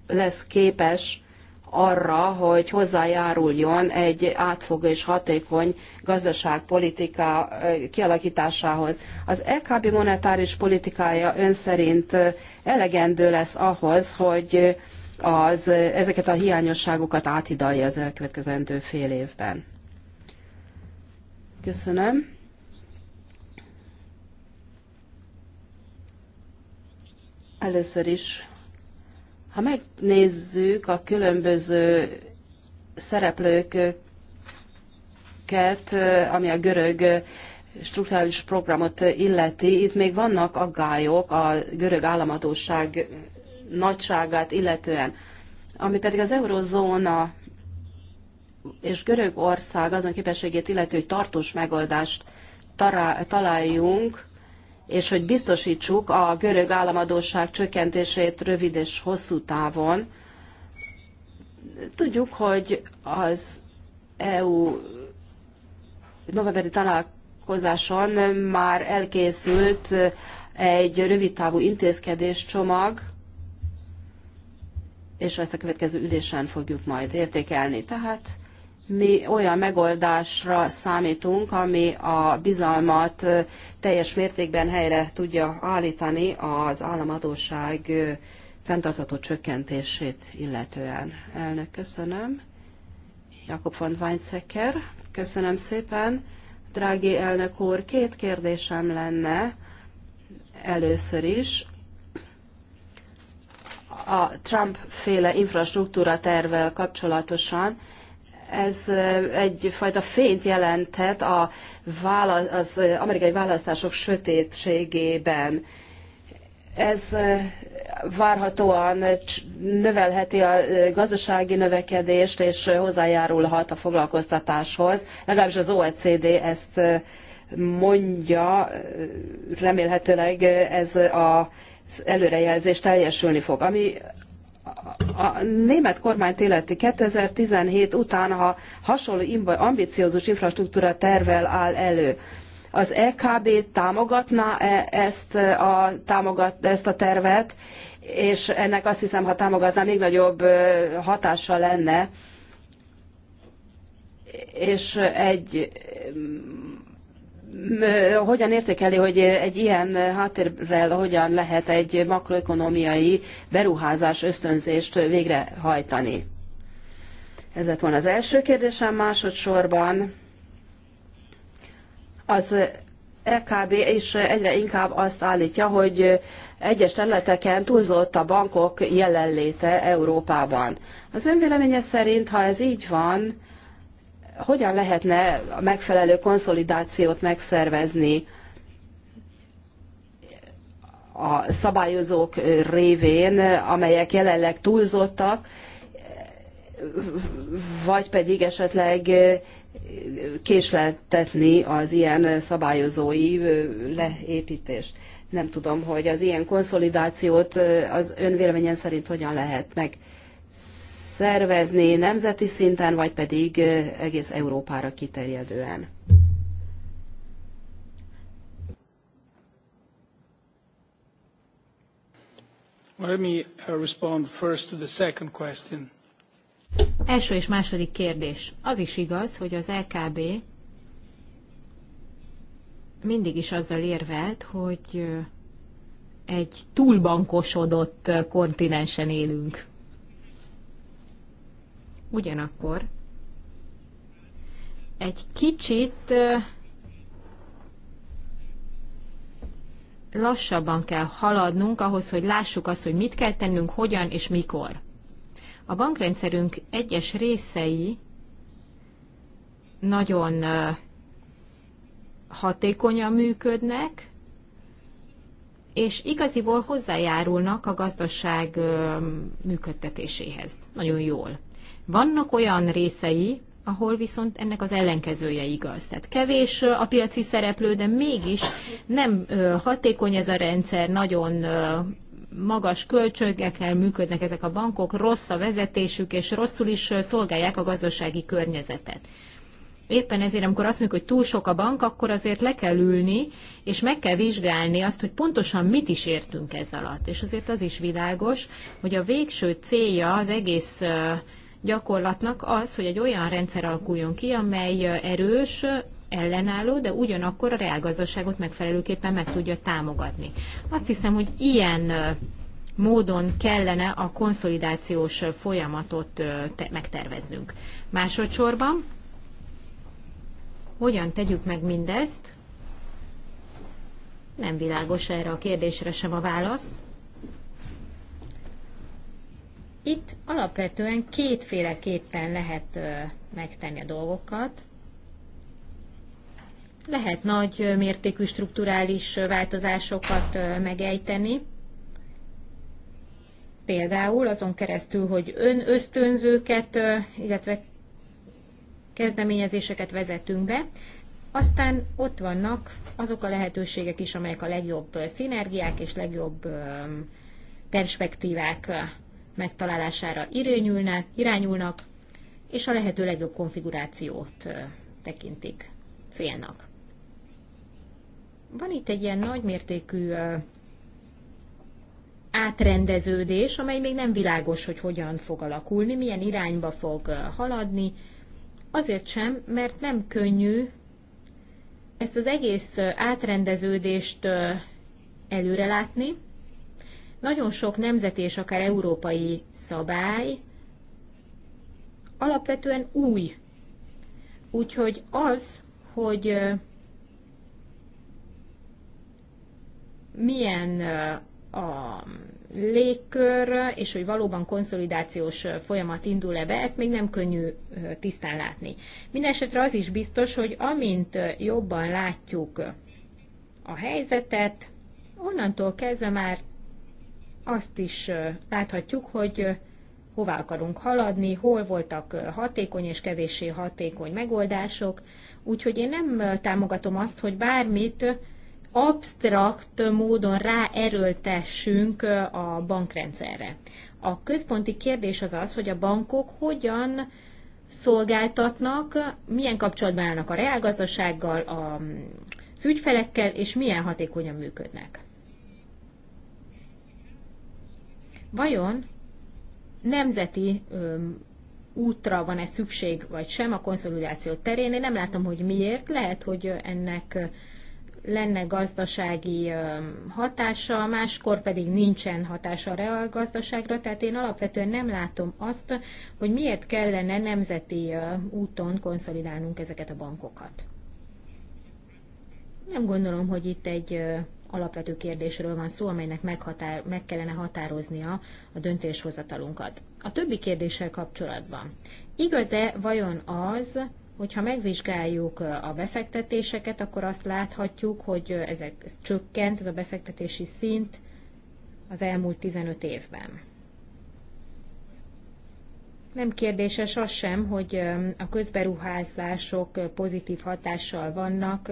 lesz képes arra, hogy hozzájáruljon egy átfogó és hatékony gazdaságpolitika eh, kialakításához. Az EKB monetáris politikája ön szerint eh, elegendő lesz ahhoz, hogy eh, az, ezeket a hiányosságokat áthidalja az elkövetkezendő fél évben. Köszönöm. Először is ha megnézzük a különböző szereplőket, ami a görög strukturális programot illeti, itt még vannak aggályok a görög államadóság nagyságát illetően. Ami pedig az eurozóna és Görögország azon képességét illető, hogy tartós megoldást találjunk, és hogy biztosítsuk a görög államadóság csökkentését rövid és hosszú távon. Tudjuk, hogy az EU novemberi találkozáson már elkészült egy rövidtávú intézkedés csomag, és ezt a következő ülésen fogjuk majd értékelni. Tehát mi olyan megoldásra számítunk, ami a bizalmat teljes mértékben helyre tudja állítani az államadóság fenntartható csökkentését illetően. Elnök, köszönöm. Jakob von Weizsäcker, köszönöm szépen. Drági elnök úr, két kérdésem lenne először is. A Trump féle infrastruktúra tervvel kapcsolatosan ez egyfajta fényt jelenthet a vála- az amerikai választások sötétségében. Ez várhatóan növelheti a gazdasági növekedést, és hozzájárulhat a foglalkoztatáshoz. Legalábbis az OECD ezt mondja, remélhetőleg ez az előrejelzés teljesülni fog. Ami a német kormányt illeti 2017 után, ha hasonló ambiciózus infrastruktúra tervel áll elő, az EKB támogatná -e ezt a, támogat, ezt a tervet, és ennek azt hiszem, ha támogatná, még nagyobb hatása lenne, és egy hogyan értékeli, hogy egy ilyen háttérrel hogyan lehet egy makroekonomiai beruházás ösztönzést végrehajtani? Ez lett volna az első kérdésem, másodszorban az EKB is egyre inkább azt állítja, hogy egyes területeken túlzott a bankok jelenléte Európában. Az önvéleménye szerint, ha ez így van, hogyan lehetne a megfelelő konszolidációt megszervezni a szabályozók révén, amelyek jelenleg túlzottak, vagy pedig esetleg késleltetni az ilyen szabályozói leépítést. Nem tudom, hogy az ilyen konszolidációt az ön véleményen szerint hogyan lehet meg szervezni nemzeti szinten, vagy pedig egész Európára kiterjedően? Let me uh, respond first to the second question. Első és második kérdés. Az is igaz, hogy az LKB mindig is azzal érvelt, hogy egy túlbankosodott kontinensen élünk. Ugyanakkor egy kicsit lassabban kell haladnunk ahhoz, hogy lássuk azt, hogy mit kell tennünk, hogyan és mikor. A bankrendszerünk egyes részei nagyon hatékonyan működnek, és igaziból hozzájárulnak a gazdaság működtetéséhez. Nagyon jól. Vannak olyan részei, ahol viszont ennek az ellenkezője igaz. Tehát kevés a piaci szereplő, de mégis nem hatékony ez a rendszer, nagyon magas költségekkel működnek ezek a bankok, rossz a vezetésük, és rosszul is szolgálják a gazdasági környezetet. Éppen ezért, amikor azt mondjuk, hogy túl sok a bank, akkor azért le kell ülni, és meg kell vizsgálni azt, hogy pontosan mit is értünk ez alatt. És azért az is világos, hogy a végső célja az egész gyakorlatnak az, hogy egy olyan rendszer alakuljon ki, amely erős, ellenálló, de ugyanakkor a reálgazdaságot megfelelőképpen meg tudja támogatni. Azt hiszem, hogy ilyen módon kellene a konszolidációs folyamatot megterveznünk. Másodszorban, hogyan tegyük meg mindezt? Nem világos erre a kérdésre sem a válasz. Itt alapvetően kétféleképpen lehet megtenni a dolgokat. Lehet nagy mértékű strukturális változásokat megejteni, például azon keresztül, hogy ön ösztönzőket, illetve kezdeményezéseket vezetünk be, aztán ott vannak azok a lehetőségek is, amelyek a legjobb szinergiák és legjobb perspektívák megtalálására irányulnak, irányulnak és a lehető legjobb konfigurációt tekintik célnak. Van itt egy ilyen nagymértékű átrendeződés, amely még nem világos, hogy hogyan fog alakulni, milyen irányba fog haladni. Azért sem, mert nem könnyű ezt az egész átrendeződést előrelátni, nagyon sok nemzeti és akár európai szabály alapvetően új. Úgyhogy az, hogy milyen a légkör, és hogy valóban konszolidációs folyamat indul-e be, ezt még nem könnyű tisztán látni. Mindenesetre az is biztos, hogy amint jobban látjuk a helyzetet, onnantól kezdve már azt is láthatjuk, hogy hová akarunk haladni, hol voltak hatékony és kevéssé hatékony megoldások. Úgyhogy én nem támogatom azt, hogy bármit absztrakt módon ráerőltessünk a bankrendszerre. A központi kérdés az az, hogy a bankok hogyan szolgáltatnak, milyen kapcsolatban állnak a reálgazdasággal, a, mm, az ügyfelekkel, és milyen hatékonyan működnek. Vajon nemzeti öm, útra van-e szükség, vagy sem a konszolidáció terén. Én nem látom, hogy miért. Lehet, hogy ennek lenne gazdasági hatása, máskor pedig nincsen hatása a reálgazdaságra, tehát én alapvetően nem látom azt, hogy miért kellene nemzeti úton konszolidálnunk ezeket a bankokat. Nem gondolom, hogy itt egy alapvető kérdésről van szó, amelynek meghatár, meg kellene határoznia a döntéshozatalunkat. A többi kérdéssel kapcsolatban. Igaz-e vajon az, hogyha megvizsgáljuk a befektetéseket, akkor azt láthatjuk, hogy ezek ez csökkent, ez a befektetési szint az elmúlt 15 évben. Nem kérdéses az sem, hogy a közberuházások pozitív hatással vannak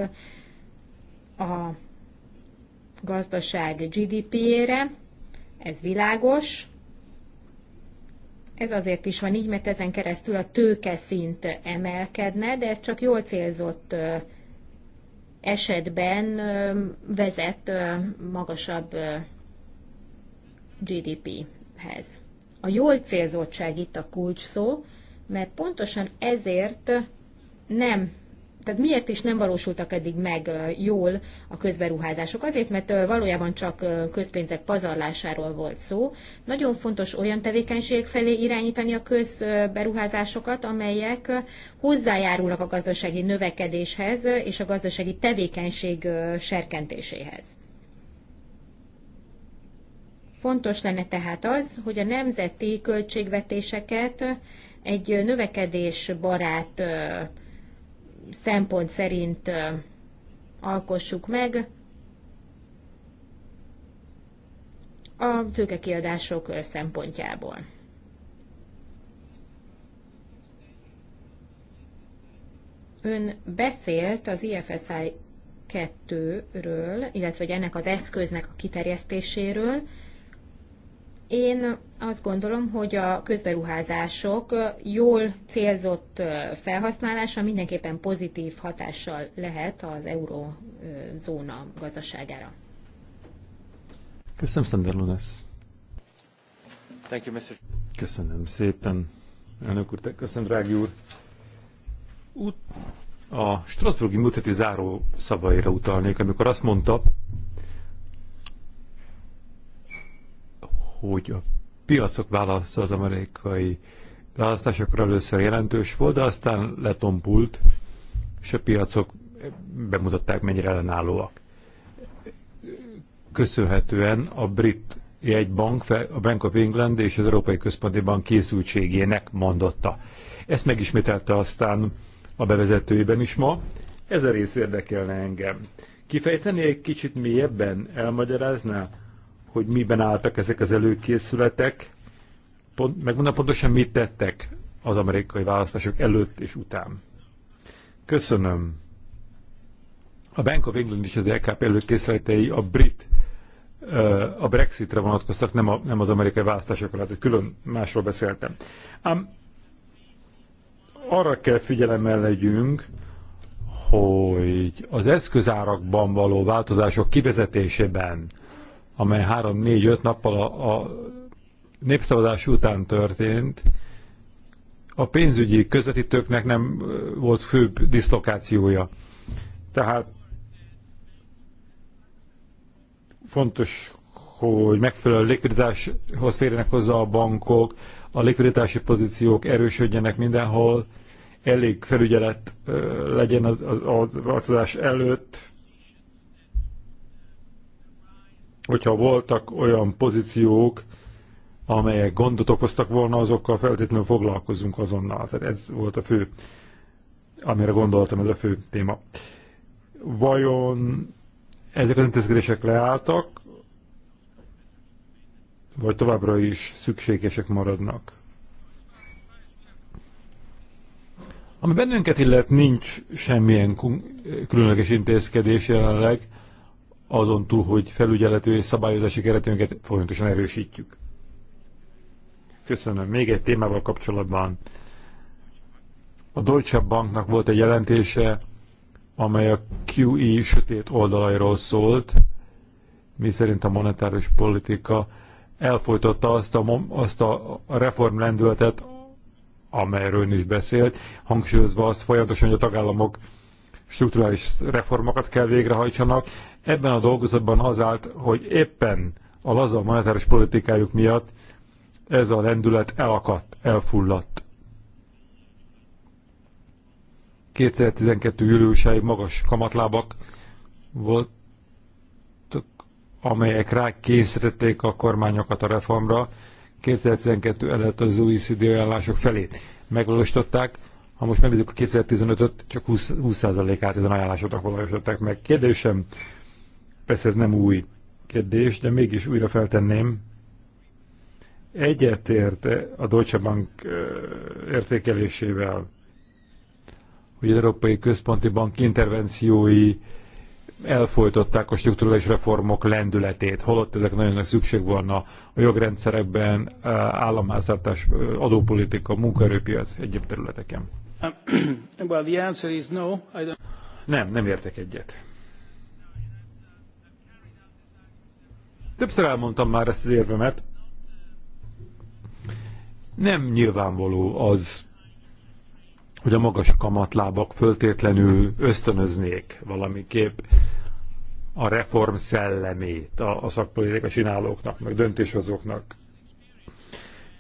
a gazdaság GDP-ére, ez világos. Ez azért is van így, mert ezen keresztül a tőke szint emelkedne, de ez csak jól célzott esetben vezet magasabb GDP-hez. A jól célzottság itt a kulcs szó, mert pontosan ezért nem tehát miért is nem valósultak eddig meg jól a közberuházások? Azért, mert valójában csak közpénzek pazarlásáról volt szó. Nagyon fontos olyan tevékenységek felé irányítani a közberuházásokat, amelyek hozzájárulnak a gazdasági növekedéshez és a gazdasági tevékenység serkentéséhez. Fontos lenne tehát az, hogy a nemzeti költségvetéseket egy növekedésbarát barát szempont szerint alkossuk meg. a tőkekiadások szempontjából. Ön beszélt az IFSI 2-ről, illetve ennek az eszköznek a kiterjesztéséről, én azt gondolom, hogy a közberuházások jól célzott felhasználása mindenképpen pozitív hatással lehet az eurózóna gazdaságára. Köszönöm, Sander Lunes. Thank you, Mr. Köszönöm szépen. Elnök úr, köszönöm, drági úr. a Strasburgi múlt záró szavaira utalnék, amikor azt mondta, hogy a piacok válasza az amerikai választásokra először jelentős volt, de aztán letompult, és a piacok bemutatták, mennyire ellenállóak. Köszönhetően a brit jegybank, a Bank of England és az Európai Központi Bank készültségének mondotta. Ezt megismételte aztán a bevezetőjében is ma. Ez a rész érdekelne engem. Kifejteni egy kicsit mélyebben, elmagyarázná, hogy miben álltak ezek az előkészületek, pont, megmondom pontosan, mit tettek az amerikai választások előtt és után. Köszönöm. A Bank of England és az LKP előkészületei a brit, a Brexitre vonatkoztak, nem, a, nem az amerikai választásokra, tehát külön másról beszéltem. Ám arra kell figyelemmel legyünk, hogy az eszközárakban való változások kivezetésében amely 3-4-5 nappal a, a népszavazás után történt, a pénzügyi közvetítőknek nem volt főbb diszlokációja. Tehát fontos, hogy megfelelő likviditáshoz férjenek hozzá a bankok, a likviditási pozíciók erősödjenek mindenhol, elég felügyelet legyen az, az, az változás előtt, hogyha voltak olyan pozíciók, amelyek gondot okoztak volna, azokkal feltétlenül foglalkozunk azonnal. Tehát ez volt a fő, amire gondoltam, ez a fő téma. Vajon ezek az intézkedések leálltak, vagy továbbra is szükségesek maradnak? Ami bennünket illet, nincs semmilyen különleges intézkedés jelenleg, azon túl, hogy felügyelető és szabályozási keretünket folyamatosan erősítjük. Köszönöm. Még egy témával kapcsolatban. A Deutsche Banknak volt egy jelentése, amely a QE sötét oldalairól szólt, miszerint a monetáris politika elfolytotta azt a, azt a reformlendületet, amelyről is beszélt, hangsúlyozva azt folyamatosan, hogy a tagállamok strukturális reformokat kell végrehajtsanak, Ebben a dolgozatban az állt, hogy éppen a laza monetáris politikájuk miatt ez a lendület elakadt, elfulladt. 2012 júliusáig magas kamatlábak voltak, amelyek rá kényszerítették a kormányokat a reformra. 2012 előtt az OECD ajánlások felét megvalósították. Ha most megnézzük a 2015-öt, csak 20%-át 20 ezen ajánlásoknak valósították meg. Kérdésem, Persze ez nem új kérdés, de mégis újra feltenném. Egyetért -e a Deutsche Bank értékelésével, hogy az Európai Központi Bank intervenciói elfolytották a struktúrális reformok lendületét, holott ezek nagyon nagy szükség volna a jogrendszerekben, államháztartás, adópolitika, munkaerőpiac, egyéb területeken. Well, the answer is no. I don't... Nem, nem értek egyet. Többször elmondtam már ezt az érvemet. Nem nyilvánvaló az, hogy a magas kamatlábak föltétlenül ösztönöznék valamiképp a reform szellemét a, a szakpolitika csinálóknak, meg döntéshozóknak.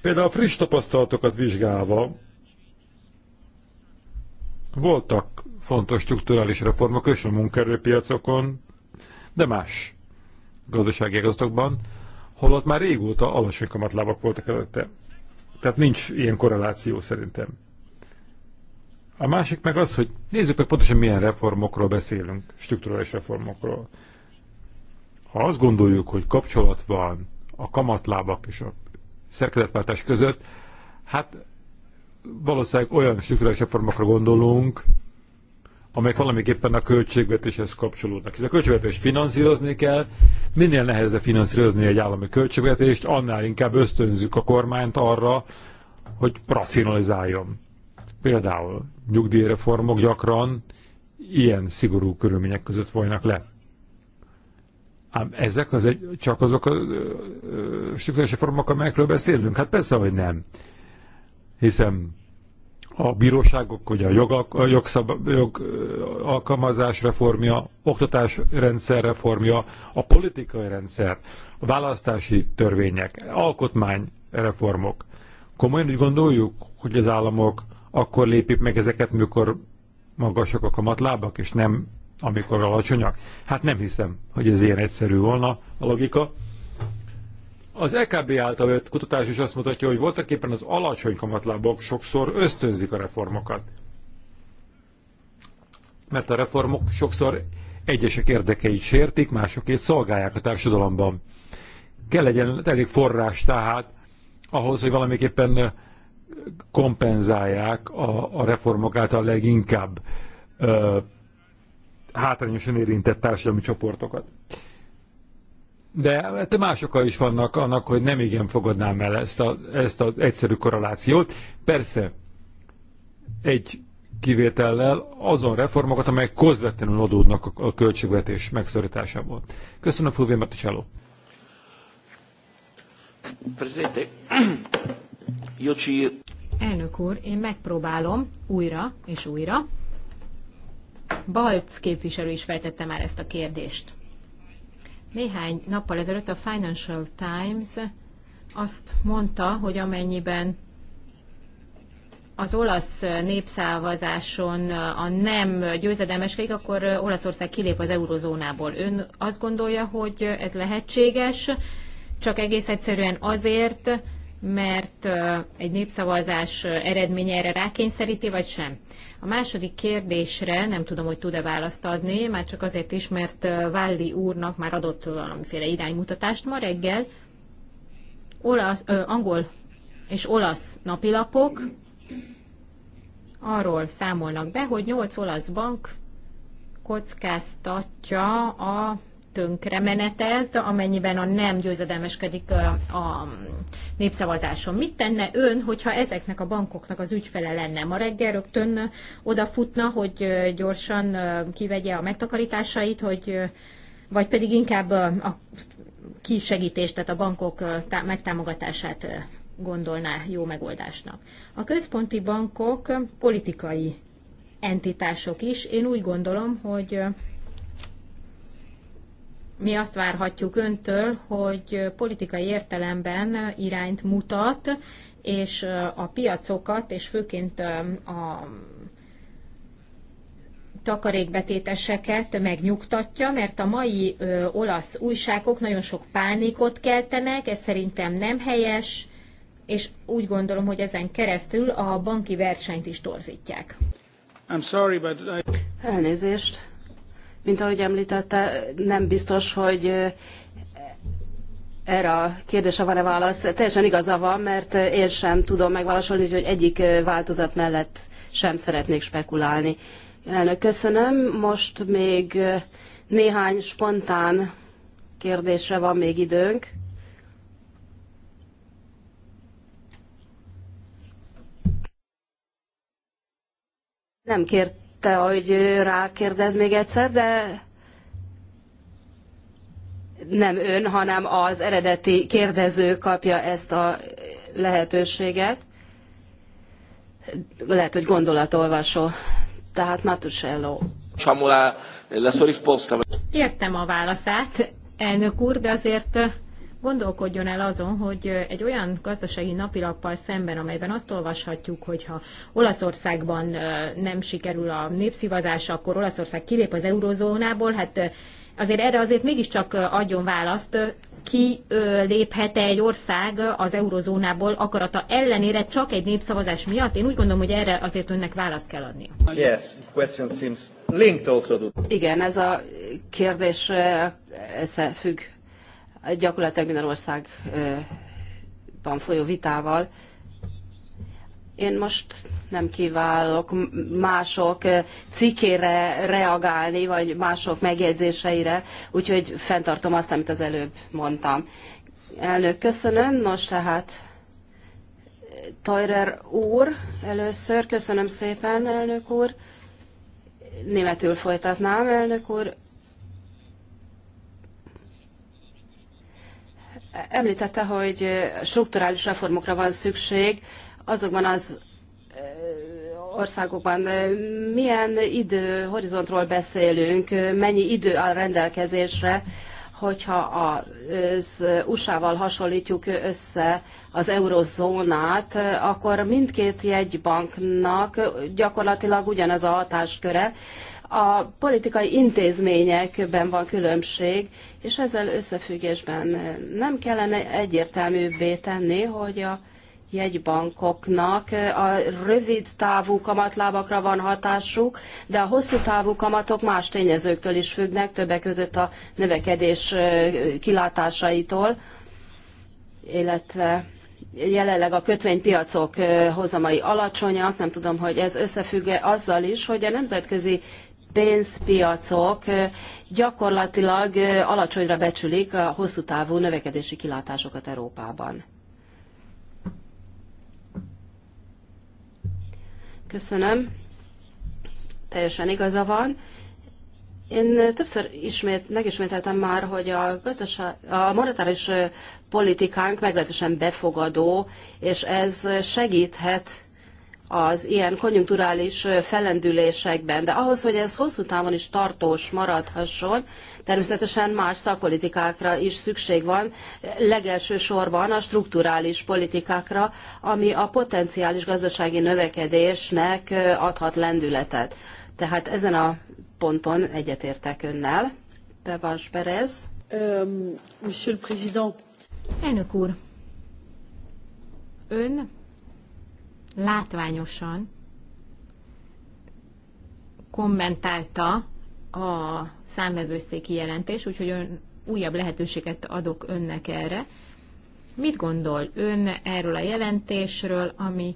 Például a friss tapasztalatokat vizsgálva voltak fontos strukturális reformok és a munkerőpiacokon, de más gazdasági ágazatokban, holott már régóta alacsony kamatlábak voltak előtte. Tehát nincs ilyen korreláció szerintem. A másik meg az, hogy nézzük meg pontosan milyen reformokról beszélünk, strukturális reformokról. Ha azt gondoljuk, hogy kapcsolat van a kamatlábak és a szerkezetváltás között, hát valószínűleg olyan struktúrális reformokra gondolunk, amelyek valamiképpen a költségvetéshez kapcsolódnak. Ez a költségvetést finanszírozni kell, minél nehezebb finanszírozni egy állami költségvetést, annál inkább ösztönzük a kormányt arra, hogy racionalizáljon. Például nyugdíjreformok gyakran ilyen szigorú körülmények között folynak le. Ám ezek az egy, csak azok a struktúrási formák, amelyekről beszélünk? Hát persze, hogy nem. Hiszen a bíróságok, hogy a jogak, a jogszab, jog alkalmazás reformja, oktatás rendszer reformja, a politikai rendszer, a választási törvények, alkotmány reformok. Komolyan úgy gondoljuk, hogy az államok akkor lépik meg ezeket, mikor magasak a kamatlábak, és nem amikor alacsonyak? Hát nem hiszem, hogy ez ilyen egyszerű volna a logika. Az EKB által vett kutatás is azt mutatja, hogy voltak éppen az alacsony kamatlábok sokszor ösztönzik a reformokat. Mert a reformok sokszor egyesek érdekeit sértik, másokét szolgálják a társadalomban. Kell legyen elég forrás tehát ahhoz, hogy valamiképpen kompenzálják a, a reformok által leginkább ö, hátrányosan érintett társadalmi csoportokat. De hát más oka is vannak annak, hogy nem igen fogadnám el ezt, a, ezt az egyszerű korrelációt. Persze, egy kivétellel azon reformokat, amelyek közvetlenül adódnak a költségvetés megszorításából. Köszönöm, Fulvio Marticello. Elnök úr, én megpróbálom újra és újra. Balc képviselő is feltette már ezt a kérdést. Néhány nappal ezelőtt a Financial Times azt mondta, hogy amennyiben az olasz népszávazáson a nem győzedelmeskedik, akkor Olaszország kilép az eurozónából. Ön azt gondolja, hogy ez lehetséges, csak egész egyszerűen azért, mert egy népszavazás eredménye erre rákényszeríti, vagy sem? A második kérdésre nem tudom, hogy tud-e választ adni, már csak azért is, mert Valli úrnak már adott valamiféle iránymutatást ma reggel. Olasz, ö, angol és olasz napilapok arról számolnak be, hogy 8 olasz bank kockáztatja a tönkre menetelt, amennyiben a nem győzedelmeskedik a népszavazáson. Mit tenne ön, hogyha ezeknek a bankoknak az ügyfele lenne? Ma reggel rögtön odafutna, hogy gyorsan kivegye a megtakarításait, hogy vagy pedig inkább a kisegítést, tehát a bankok megtámogatását gondolná jó megoldásnak. A központi bankok politikai entitások is. Én úgy gondolom, hogy mi azt várhatjuk öntől, hogy politikai értelemben irányt mutat, és a piacokat, és főként a takarékbetéteseket megnyugtatja, mert a mai ö, olasz újságok nagyon sok pánikot keltenek, ez szerintem nem helyes, és úgy gondolom, hogy ezen keresztül a banki versenyt is torzítják. I'm sorry, but I... Elnézést, mint ahogy említette, nem biztos, hogy erre a kérdésre van-e válasz. Teljesen igaza van, mert én sem tudom megválaszolni, hogy egyik változat mellett sem szeretnék spekulálni. Elnök, köszönöm. Most még néhány spontán kérdésre van még időnk. Nem kért ígérte, hogy rákérdez még egyszer, de nem ön, hanem az eredeti kérdező kapja ezt a lehetőséget. Lehet, hogy gondolatolvasó. Tehát Matusello. Értem a válaszát, elnök úr, de azért gondolkodjon el azon, hogy egy olyan gazdasági napilappal szemben, amelyben azt olvashatjuk, hogyha Olaszországban nem sikerül a népszivazás, akkor Olaszország kilép az eurozónából, hát azért erre azért mégiscsak adjon választ, ki léphet-e egy ország az eurozónából akarata ellenére csak egy népszavazás miatt? Én úgy gondolom, hogy erre azért önnek választ kell adnia. Yes, question seems linked also Igen, ez a kérdés összefügg gyakorlatilag minden országban folyó vitával. Én most nem kívánok mások cikére reagálni, vagy mások megjegyzéseire, úgyhogy fenntartom azt, amit az előbb mondtam. Elnök, köszönöm. Nos, tehát Tajrer úr először, köszönöm szépen, elnök úr. Németül folytatnám, elnök úr. Említette, hogy strukturális reformokra van szükség azokban az országokban. Milyen időhorizontról beszélünk, mennyi idő áll rendelkezésre, hogyha az USA-val hasonlítjuk össze az eurozónát, akkor mindkét jegybanknak gyakorlatilag ugyanaz a hatásköre, a politikai intézményekben van különbség, és ezzel összefüggésben nem kellene egyértelművé tenni, hogy a jegybankoknak a rövid távú kamatlábakra van hatásuk, de a hosszú távú kamatok más tényezőktől is függnek, többek között a növekedés kilátásaitól, illetve jelenleg a kötvénypiacok hozamai alacsonyak, nem tudom, hogy ez összefügg -e azzal is, hogy a nemzetközi pénzpiacok gyakorlatilag alacsonyra becsülik a hosszú távú növekedési kilátásokat Európában. Köszönöm. Teljesen igaza van. Én többször ismét, megismételtem már, hogy a, gazdaság, a monetáris politikánk meglehetősen befogadó, és ez segíthet az ilyen konjunkturális fellendülésekben, de ahhoz, hogy ez hosszú távon is tartós maradhasson, természetesen más szakpolitikákra is szükség van, legelső sorban a strukturális politikákra, ami a potenciális gazdasági növekedésnek adhat lendületet. Tehát ezen a ponton egyetértek önnel. Bevans Perez. Um, Monsieur le Président. Elnök úr, ön látványosan kommentálta a számvevőszéki jelentés, úgyhogy ön, újabb lehetőséget adok önnek erre. Mit gondol ön erről a jelentésről, ami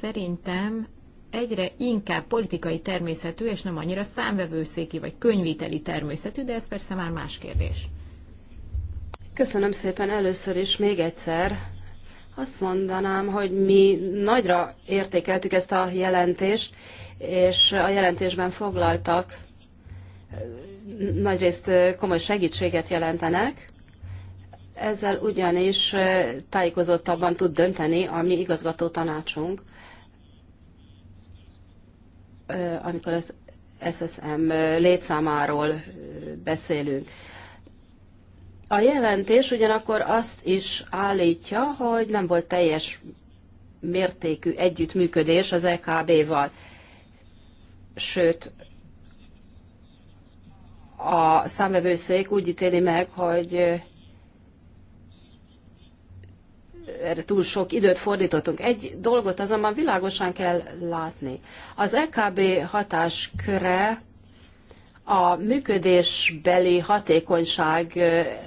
szerintem egyre inkább politikai természetű, és nem annyira számvevőszéki vagy könyviteli természetű, de ez persze már más kérdés. Köszönöm szépen először is még egyszer azt mondanám, hogy mi nagyra értékeltük ezt a jelentést, és a jelentésben foglaltak nagyrészt komoly segítséget jelentenek, ezzel ugyanis tájékozottabban tud dönteni a mi igazgató tanácsunk, amikor az SSM létszámáról beszélünk. A jelentés ugyanakkor azt is állítja, hogy nem volt teljes mértékű együttműködés az EKB-val. Sőt, a számvevőszék úgy ítéli meg, hogy erre túl sok időt fordítottunk. Egy dolgot azonban világosan kell látni. Az EKB hatásköre a működésbeli hatékonyság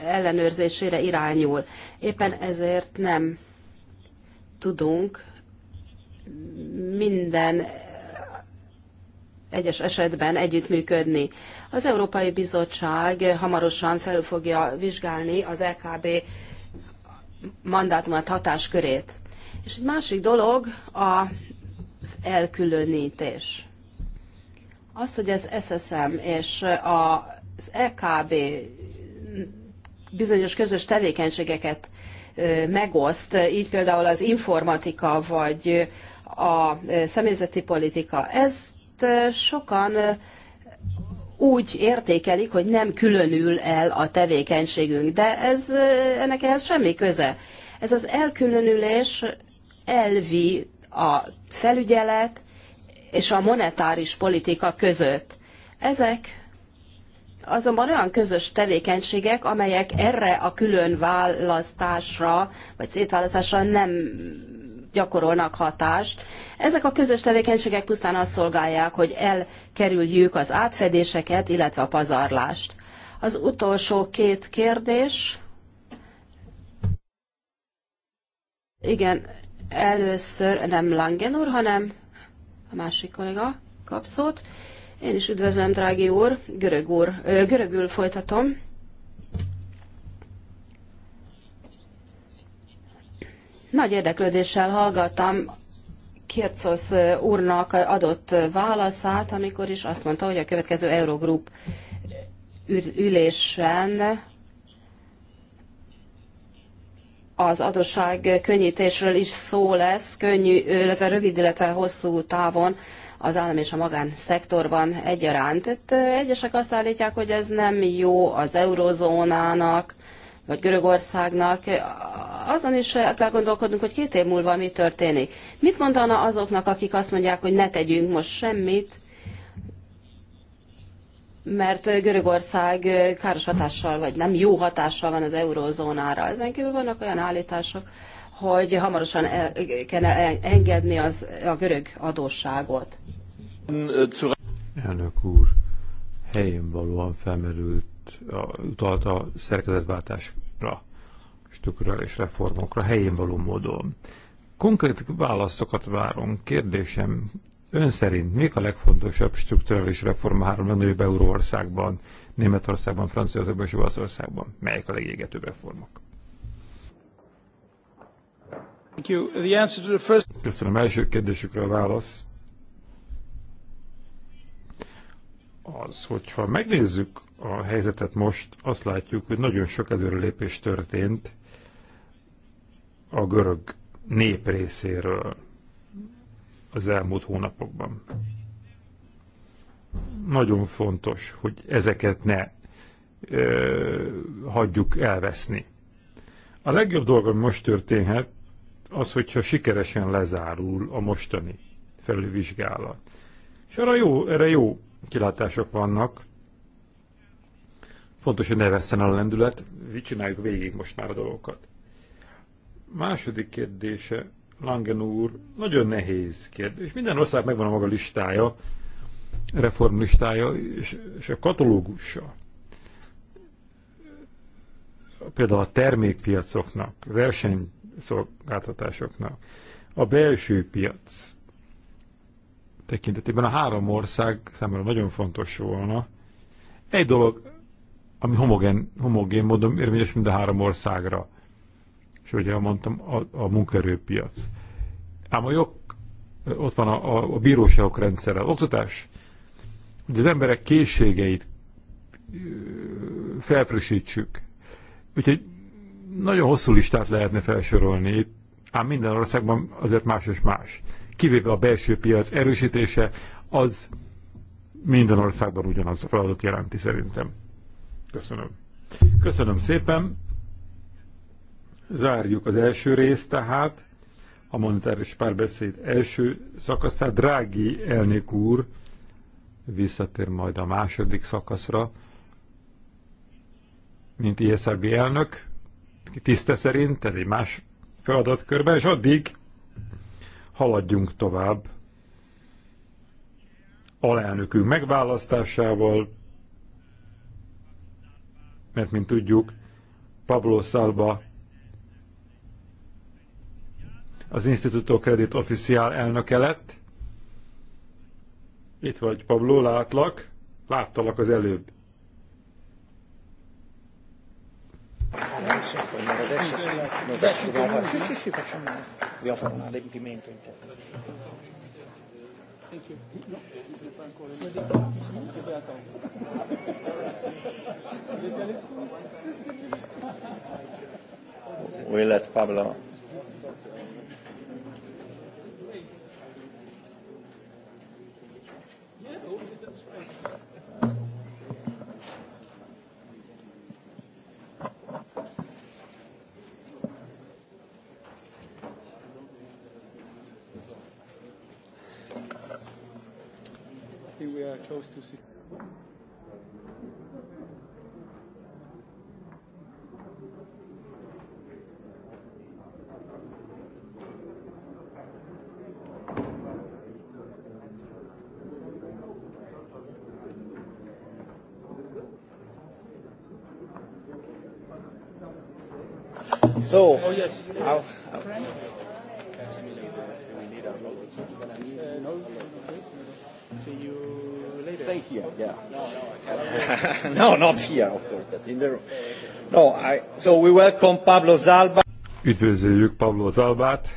ellenőrzésére irányul. Éppen ezért nem tudunk minden egyes esetben együttműködni. Az Európai Bizottság hamarosan fel fogja vizsgálni az EKB mandátumát, hatáskörét. És egy másik dolog az elkülönítés. Az, hogy az SSM és az EKB bizonyos közös tevékenységeket megoszt, így például az informatika vagy a személyzeti politika, ezt sokan úgy értékelik, hogy nem különül el a tevékenységünk, de ez, ennek ehhez semmi köze. Ez az elkülönülés elvi a felügyelet és a monetáris politika között. Ezek azonban olyan közös tevékenységek, amelyek erre a külön választásra, vagy szétválasztásra nem gyakorolnak hatást. Ezek a közös tevékenységek pusztán azt szolgálják, hogy elkerüljük az átfedéseket, illetve a pazarlást. Az utolsó két kérdés. Igen, először nem Langen úr, hanem a másik kollega kap szót. Én is üdvözlöm, drági úr, görög úr, görögül folytatom. Nagy érdeklődéssel hallgattam Kircosz úrnak adott válaszát, amikor is azt mondta, hogy a következő Eurogroup ülésen az adósság könnyítésről is szó lesz, könnyű, illetve rövid, illetve hosszú távon az állam és a magánszektorban egyaránt. Itt egyesek azt állítják, hogy ez nem jó az eurozónának, vagy Görögországnak, azon is kell gondolkodnunk, hogy két év múlva mi történik. Mit mondana azoknak, akik azt mondják, hogy ne tegyünk most semmit, mert Görögország káros hatással, vagy nem jó hatással van az eurózónára. Ezen kívül vannak olyan állítások, hogy hamarosan el, kell engedni az, a görög adósságot. Elnök úr, helyén valóan felmerült, a, utalt a szerkezetváltásra, és reformokra, helyén való módon. Konkrét válaszokat várom. Kérdésem Ön szerint mik a legfontosabb strukturális reform a három legnagyobb euróországban, Németországban, Franciaországban és Olaszországban? Melyek a legégetőbb reformok? Köszönöm. Első kérdésükre a válasz az, hogyha megnézzük a helyzetet most, azt látjuk, hogy nagyon sok előrelépés történt a görög nép részéről az elmúlt hónapokban. Nagyon fontos, hogy ezeket ne ö, hagyjuk elveszni. A legjobb dolog, ami most történhet, az, hogyha sikeresen lezárul a mostani felülvizsgálat. És arra jó, erre jó kilátások vannak. Fontos, hogy ne veszzen el a lendület, csináljuk végig most már a dolgokat. Második kérdése Langen úr, nagyon nehéz kérdés. Minden ország megvan a maga listája, reformlistája és, és a katalógusa. Például a termékpiacoknak, versenyszolgáltatásoknak, a belső piac tekintetében a három ország számára nagyon fontos volna. Egy dolog, ami homogén, homogén módon érvényes mind a három országra ahogy elmondtam, a, a munkaerőpiac. Ám a jog, ott van a, a, a bíróságok rendszere, oktatás, hogy az emberek készségeit felfrissítsük. Úgyhogy nagyon hosszú listát lehetne felsorolni, ám minden országban azért más és más. Kivéve a belső piac erősítése, az minden országban ugyanaz a feladat jelenti szerintem. Köszönöm. Köszönöm szépen zárjuk az első részt tehát, a monetáris párbeszéd első szakaszát. Drági elnök úr visszatér majd a második szakaszra, mint ISRB elnök, tiszte szerint, tehát egy más feladatkörben, és addig haladjunk tovább alelnökünk megválasztásával, mert mint tudjuk, Pablo Szalba az Instituto Credit Official elnöke lett. Itt vagy, Pablo, látlak. Láttalak az előbb. Adesso, adesso, adesso, let Pablo. are chose to see. So, oh, yes. I'll, here, yeah. no, not here, of course, but in the room. No, I, so we welcome Pablo Zalba. Üdvözöljük Pablo Zalbát,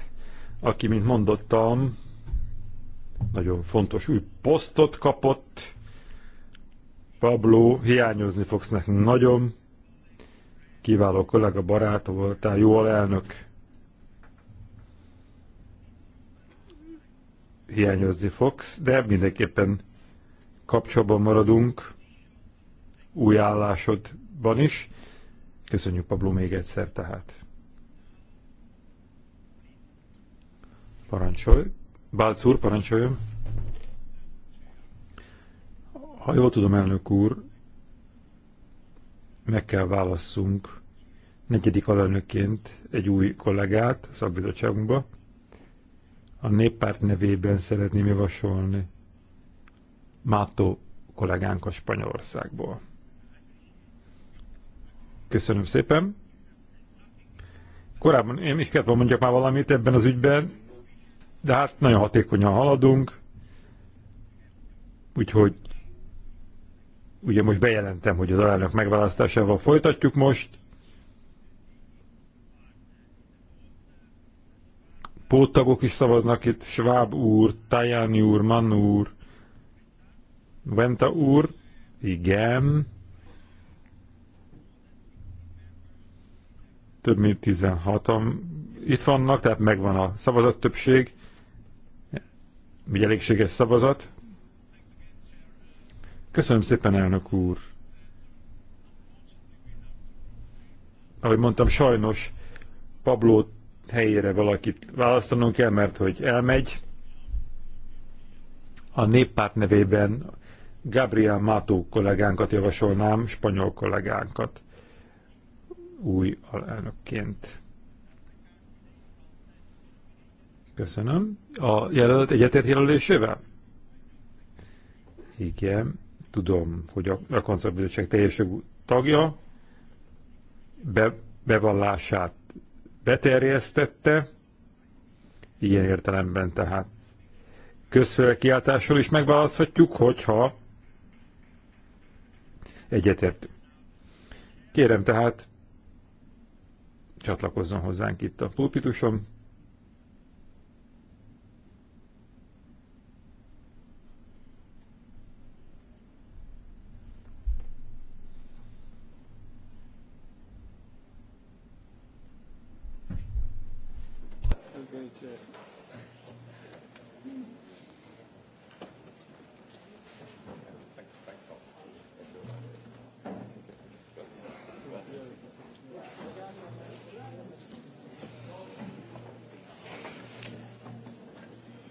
aki, mint mondottam, nagyon fontos új posztot kapott. Pablo, hiányozni fogsz nekünk nagyon. Kiváló kollega, barát voltál, jó elnök. Hiányozni fogsz, de mindenképpen kapcsolatban maradunk, új állásodban is. Köszönjük, Pablo, még egyszer tehát. Parancsolj. Bálc úr, parancsoljon. Ha jól tudom, elnök úr, meg kell válasszunk negyedik alelnökként egy új kollégát szakbizottságunkba. A néppárt nevében szeretném javasolni Mátó kollégánk a Spanyolországból. Köszönöm szépen. Korábban én is kellett mondjak már valamit ebben az ügyben, de hát nagyon hatékonyan haladunk, úgyhogy ugye most bejelentem, hogy az alelnök megválasztásával folytatjuk most. Póttagok is szavaznak itt, Schwab úr, Tajani úr, Mann úr, Venta úr, igen. Több mint 16-an itt vannak, tehát megvan a szavazat többség. Egy elégséges szavazat. Köszönöm szépen, elnök úr. Ahogy mondtam, sajnos Pablo helyére valakit választanunk kell, mert hogy elmegy. A néppárt nevében Gabriel Mato kollégánkat javasolnám, spanyol kollégánkat új alelnökként. Köszönöm. A jelölt egyetért jelölésével? Igen, tudom, hogy a, a koncertbizottság teljes tagja be, bevallását beterjesztette, ilyen értelemben tehát közfélkiáltással is megválaszthatjuk, hogyha egyetértünk. Kérem tehát, csatlakozzon hozzánk itt a pulpitusom,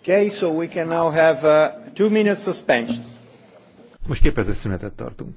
Okay, so we can now have a uh, two minute suspension. Most képező szünetet tartunk.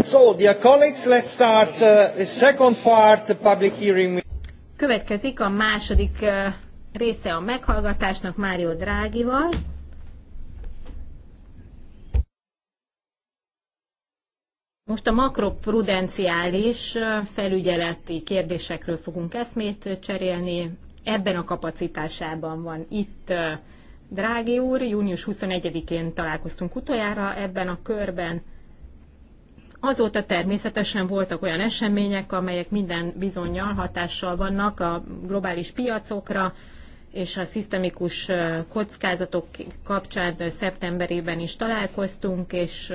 So, dear colleagues, let's start uh, the second part, the public hearing. Következik a második uh, része a meghallgatásnak Mário Drágival. Most a makroprudenciális uh, felügyeleti kérdésekről fogunk eszmét uh, cserélni. Ebben a kapacitásában van itt uh, Drági úr. Június 21-én találkoztunk utoljára ebben a körben. Azóta természetesen voltak olyan események, amelyek minden bizonyal hatással vannak a globális piacokra, és a szisztemikus kockázatok kapcsán szeptemberében is találkoztunk, és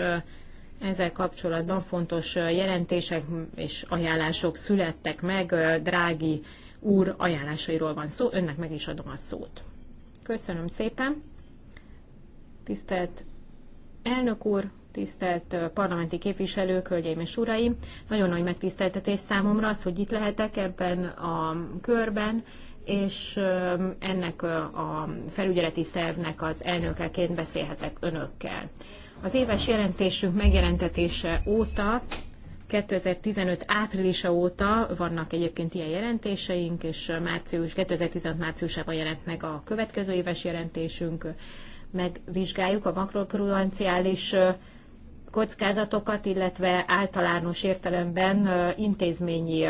ezzel kapcsolatban fontos jelentések és ajánlások születtek meg. Drági úr ajánlásairól van szó, önnek meg is adom a szót. Köszönöm szépen. Tisztelt elnök úr, tisztelt parlamenti képviselők, hölgyeim és uraim! Nagyon nagy megtiszteltetés számomra az, hogy itt lehetek ebben a körben, és ennek a felügyeleti szervnek az elnökeként beszélhetek önökkel. Az éves jelentésünk megjelentetése óta 2015 áprilisa óta vannak egyébként ilyen jelentéseink, és március, 2016 márciusában jelent meg a következő éves jelentésünk. Megvizsgáljuk a makroprudenciális kockázatokat, illetve általános értelemben intézményi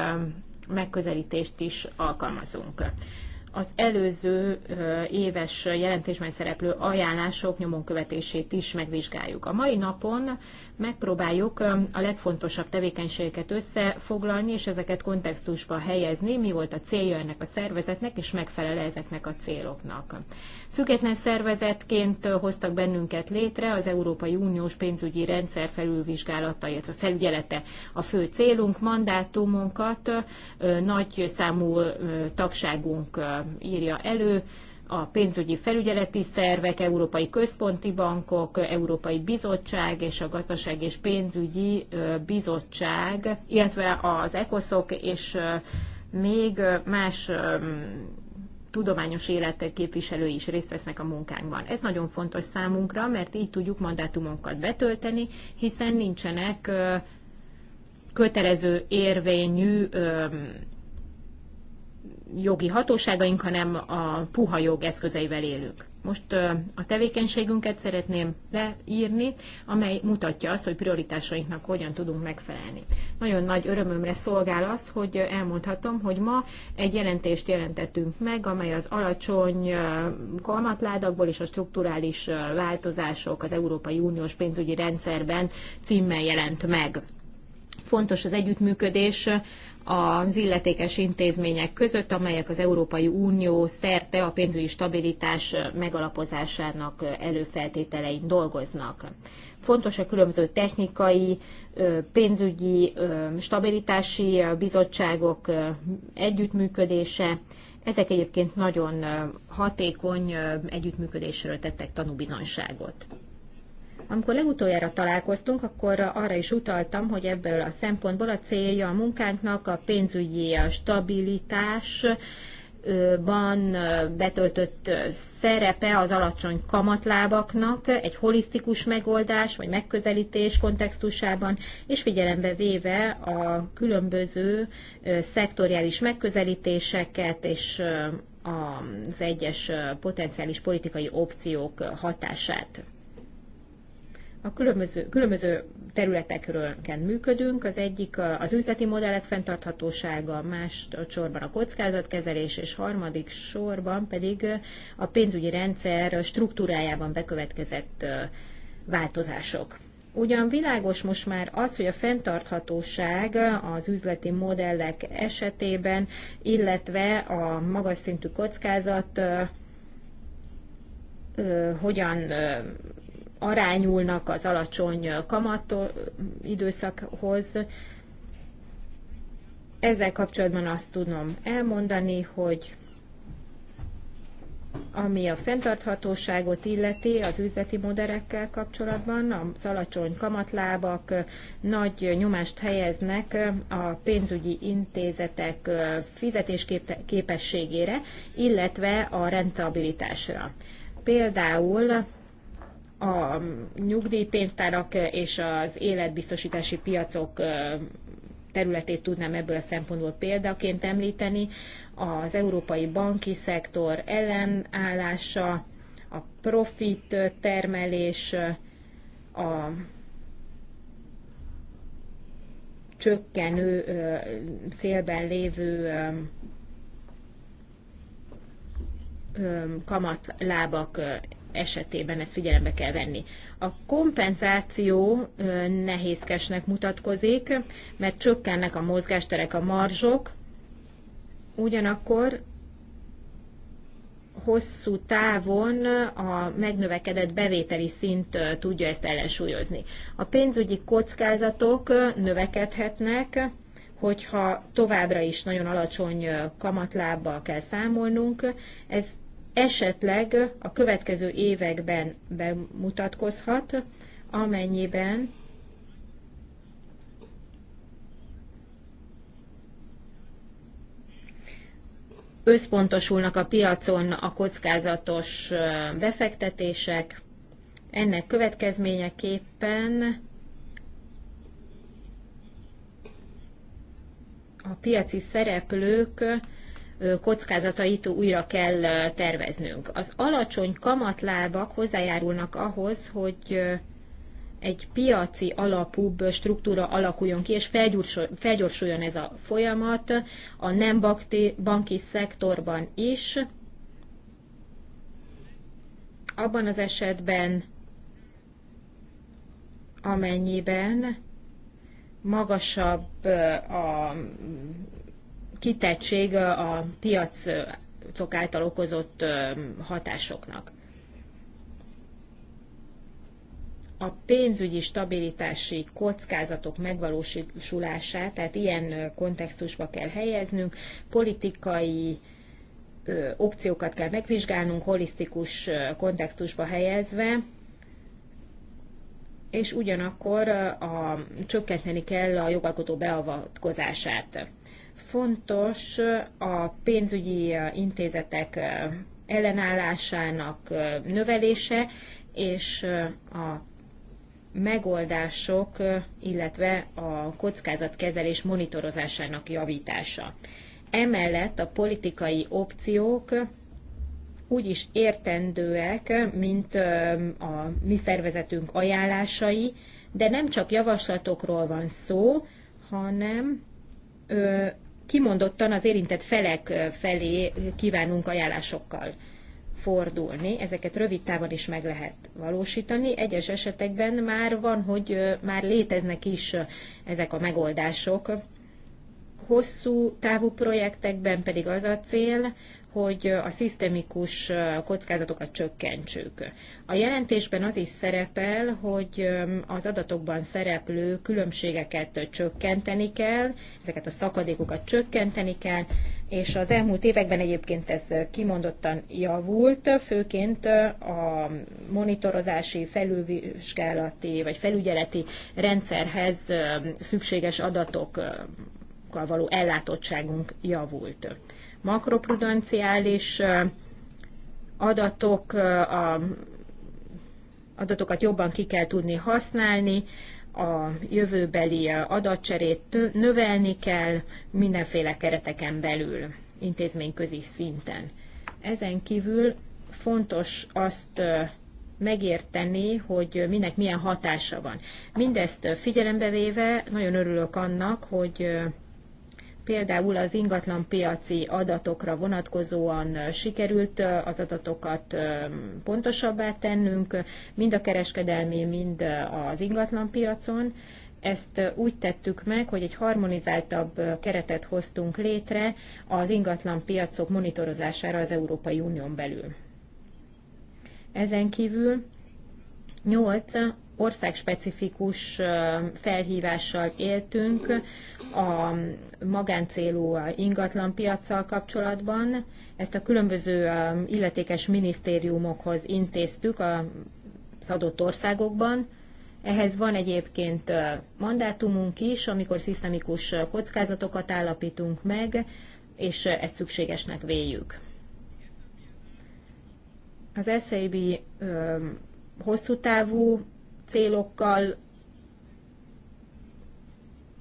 megközelítést is alkalmazunk. Az előző éves jelentésben szereplő ajánlások nyomon követését is megvizsgáljuk. A mai napon megpróbáljuk um, a legfontosabb tevékenységeket összefoglalni, és ezeket kontextusba helyezni, mi volt a célja ennek a szervezetnek, és megfelel ezeknek a céloknak. Független szervezetként uh, hoztak bennünket létre, az Európai Uniós pénzügyi rendszer felülvizsgálata, illetve felügyelete a fő célunk, mandátumunkat uh, nagy számú uh, tagságunk írja elő, a pénzügyi felügyeleti szervek, európai központi bankok, európai bizottság és a gazdaság és pénzügyi bizottság, illetve az ECOSZok és még más tudományos életek képviselői is részt vesznek a munkánkban. Ez nagyon fontos számunkra, mert így tudjuk mandátumunkat betölteni, hiszen nincsenek kötelező érvényű jogi hatóságaink, hanem a puha jog eszközeivel élünk. Most a tevékenységünket szeretném leírni, amely mutatja azt, hogy prioritásainknak hogyan tudunk megfelelni. Nagyon nagy örömömre szolgál az, hogy elmondhatom, hogy ma egy jelentést jelentettünk meg, amely az alacsony kalmatládakból és a strukturális változások az Európai Uniós pénzügyi rendszerben címmel jelent meg. Fontos az együttműködés az illetékes intézmények között, amelyek az Európai Unió szerte a pénzügyi stabilitás megalapozásának előfeltételein dolgoznak. Fontos a különböző technikai, pénzügyi, stabilitási bizottságok együttműködése. Ezek egyébként nagyon hatékony együttműködésről tettek tanúbizonságot. Amikor legutoljára találkoztunk, akkor arra is utaltam, hogy ebből a szempontból a célja a munkánknak a pénzügyi stabilitás, van betöltött szerepe az alacsony kamatlábaknak egy holisztikus megoldás vagy megközelítés kontextusában, és figyelembe véve a különböző szektoriális megközelítéseket és az egyes potenciális politikai opciók hatását a különböző, különböző területekről működünk. Az egyik az üzleti modellek fenntarthatósága, más sorban a kockázatkezelés, és harmadik sorban pedig a pénzügyi rendszer struktúrájában bekövetkezett változások. Ugyan világos most már az, hogy a fenntarthatóság az üzleti modellek esetében, illetve a magas szintű kockázat hogyan arányulnak az alacsony kamat időszakhoz. Ezzel kapcsolatban azt tudom elmondani, hogy ami a fenntarthatóságot illeti az üzleti moderekkel kapcsolatban, az alacsony kamatlábak nagy nyomást helyeznek a pénzügyi intézetek fizetésképességére, illetve a rentabilitásra. Például a nyugdíjpénztárak és az életbiztosítási piacok területét tudnám ebből a szempontból példaként említeni, az európai banki szektor ellenállása, a profit termelés, a csökkenő félben lévő kamatlábak esetében ezt figyelembe kell venni. A kompenzáció nehézkesnek mutatkozik, mert csökkennek a mozgásterek, a marzsok, ugyanakkor hosszú távon a megnövekedett bevételi szint tudja ezt ellensúlyozni. A pénzügyi kockázatok növekedhetnek, hogyha továbbra is nagyon alacsony kamatlábbal kell számolnunk, ez esetleg a következő években bemutatkozhat, amennyiben összpontosulnak a piacon a kockázatos befektetések. Ennek következményeképpen a piaci szereplők kockázatait újra kell terveznünk. Az alacsony kamatlábak hozzájárulnak ahhoz, hogy egy piaci alapúbb struktúra alakuljon ki, és felgyorsuljon ez a folyamat a nem banki szektorban is. Abban az esetben, amennyiben magasabb a kitettség a piacok által okozott hatásoknak. A pénzügyi stabilitási kockázatok megvalósulását, tehát ilyen kontextusba kell helyeznünk, politikai opciókat kell megvizsgálnunk, holisztikus kontextusba helyezve, és ugyanakkor a, csökkenteni kell a jogalkotó beavatkozását fontos a pénzügyi eh, intézetek eh, ellenállásának eh, növelése, és a megoldások, illetve a kockázatkezelés monitorozásának javítása. Emellett a politikai opciók úgy is értendőek, mint a mi szervezetünk ajánlásai, de nem csak javaslatokról van szó, hanem kimondottan az érintett felek felé kívánunk ajánlásokkal fordulni, ezeket rövid távon is meg lehet valósítani. Egyes esetekben már van, hogy már léteznek is ezek a megoldások. Hosszú távú projektekben pedig az a cél, hogy a szisztemikus kockázatokat csökkentsük. A jelentésben az is szerepel, hogy az adatokban szereplő különbségeket csökkenteni kell, ezeket a szakadékokat csökkenteni kell, és az elmúlt években egyébként ez kimondottan javult, főként a monitorozási, felülvizsgálati vagy felügyeleti rendszerhez szükséges adatokkal való ellátottságunk javult makroprudenciális adatok, a, adatokat jobban ki kell tudni használni, a jövőbeli adatcserét növelni kell mindenféle kereteken belül, intézményközi szinten. Ezen kívül fontos azt megérteni, hogy minek milyen hatása van. Mindezt figyelembe véve nagyon örülök annak, hogy Például az ingatlan piaci adatokra vonatkozóan sikerült az adatokat pontosabbá tennünk, mind a kereskedelmi, mind az ingatlan piacon. Ezt úgy tettük meg, hogy egy harmonizáltabb keretet hoztunk létre az ingatlan piacok monitorozására az Európai Unión belül. Ezen kívül 8 országspecifikus felhívással éltünk a magáncélú ingatlanpiacsal kapcsolatban. Ezt a különböző illetékes minisztériumokhoz intéztük az adott országokban. Ehhez van egyébként mandátumunk is, amikor szisztemikus kockázatokat állapítunk meg, és ezt szükségesnek véljük. Az SZIB hosszú távú célokkal,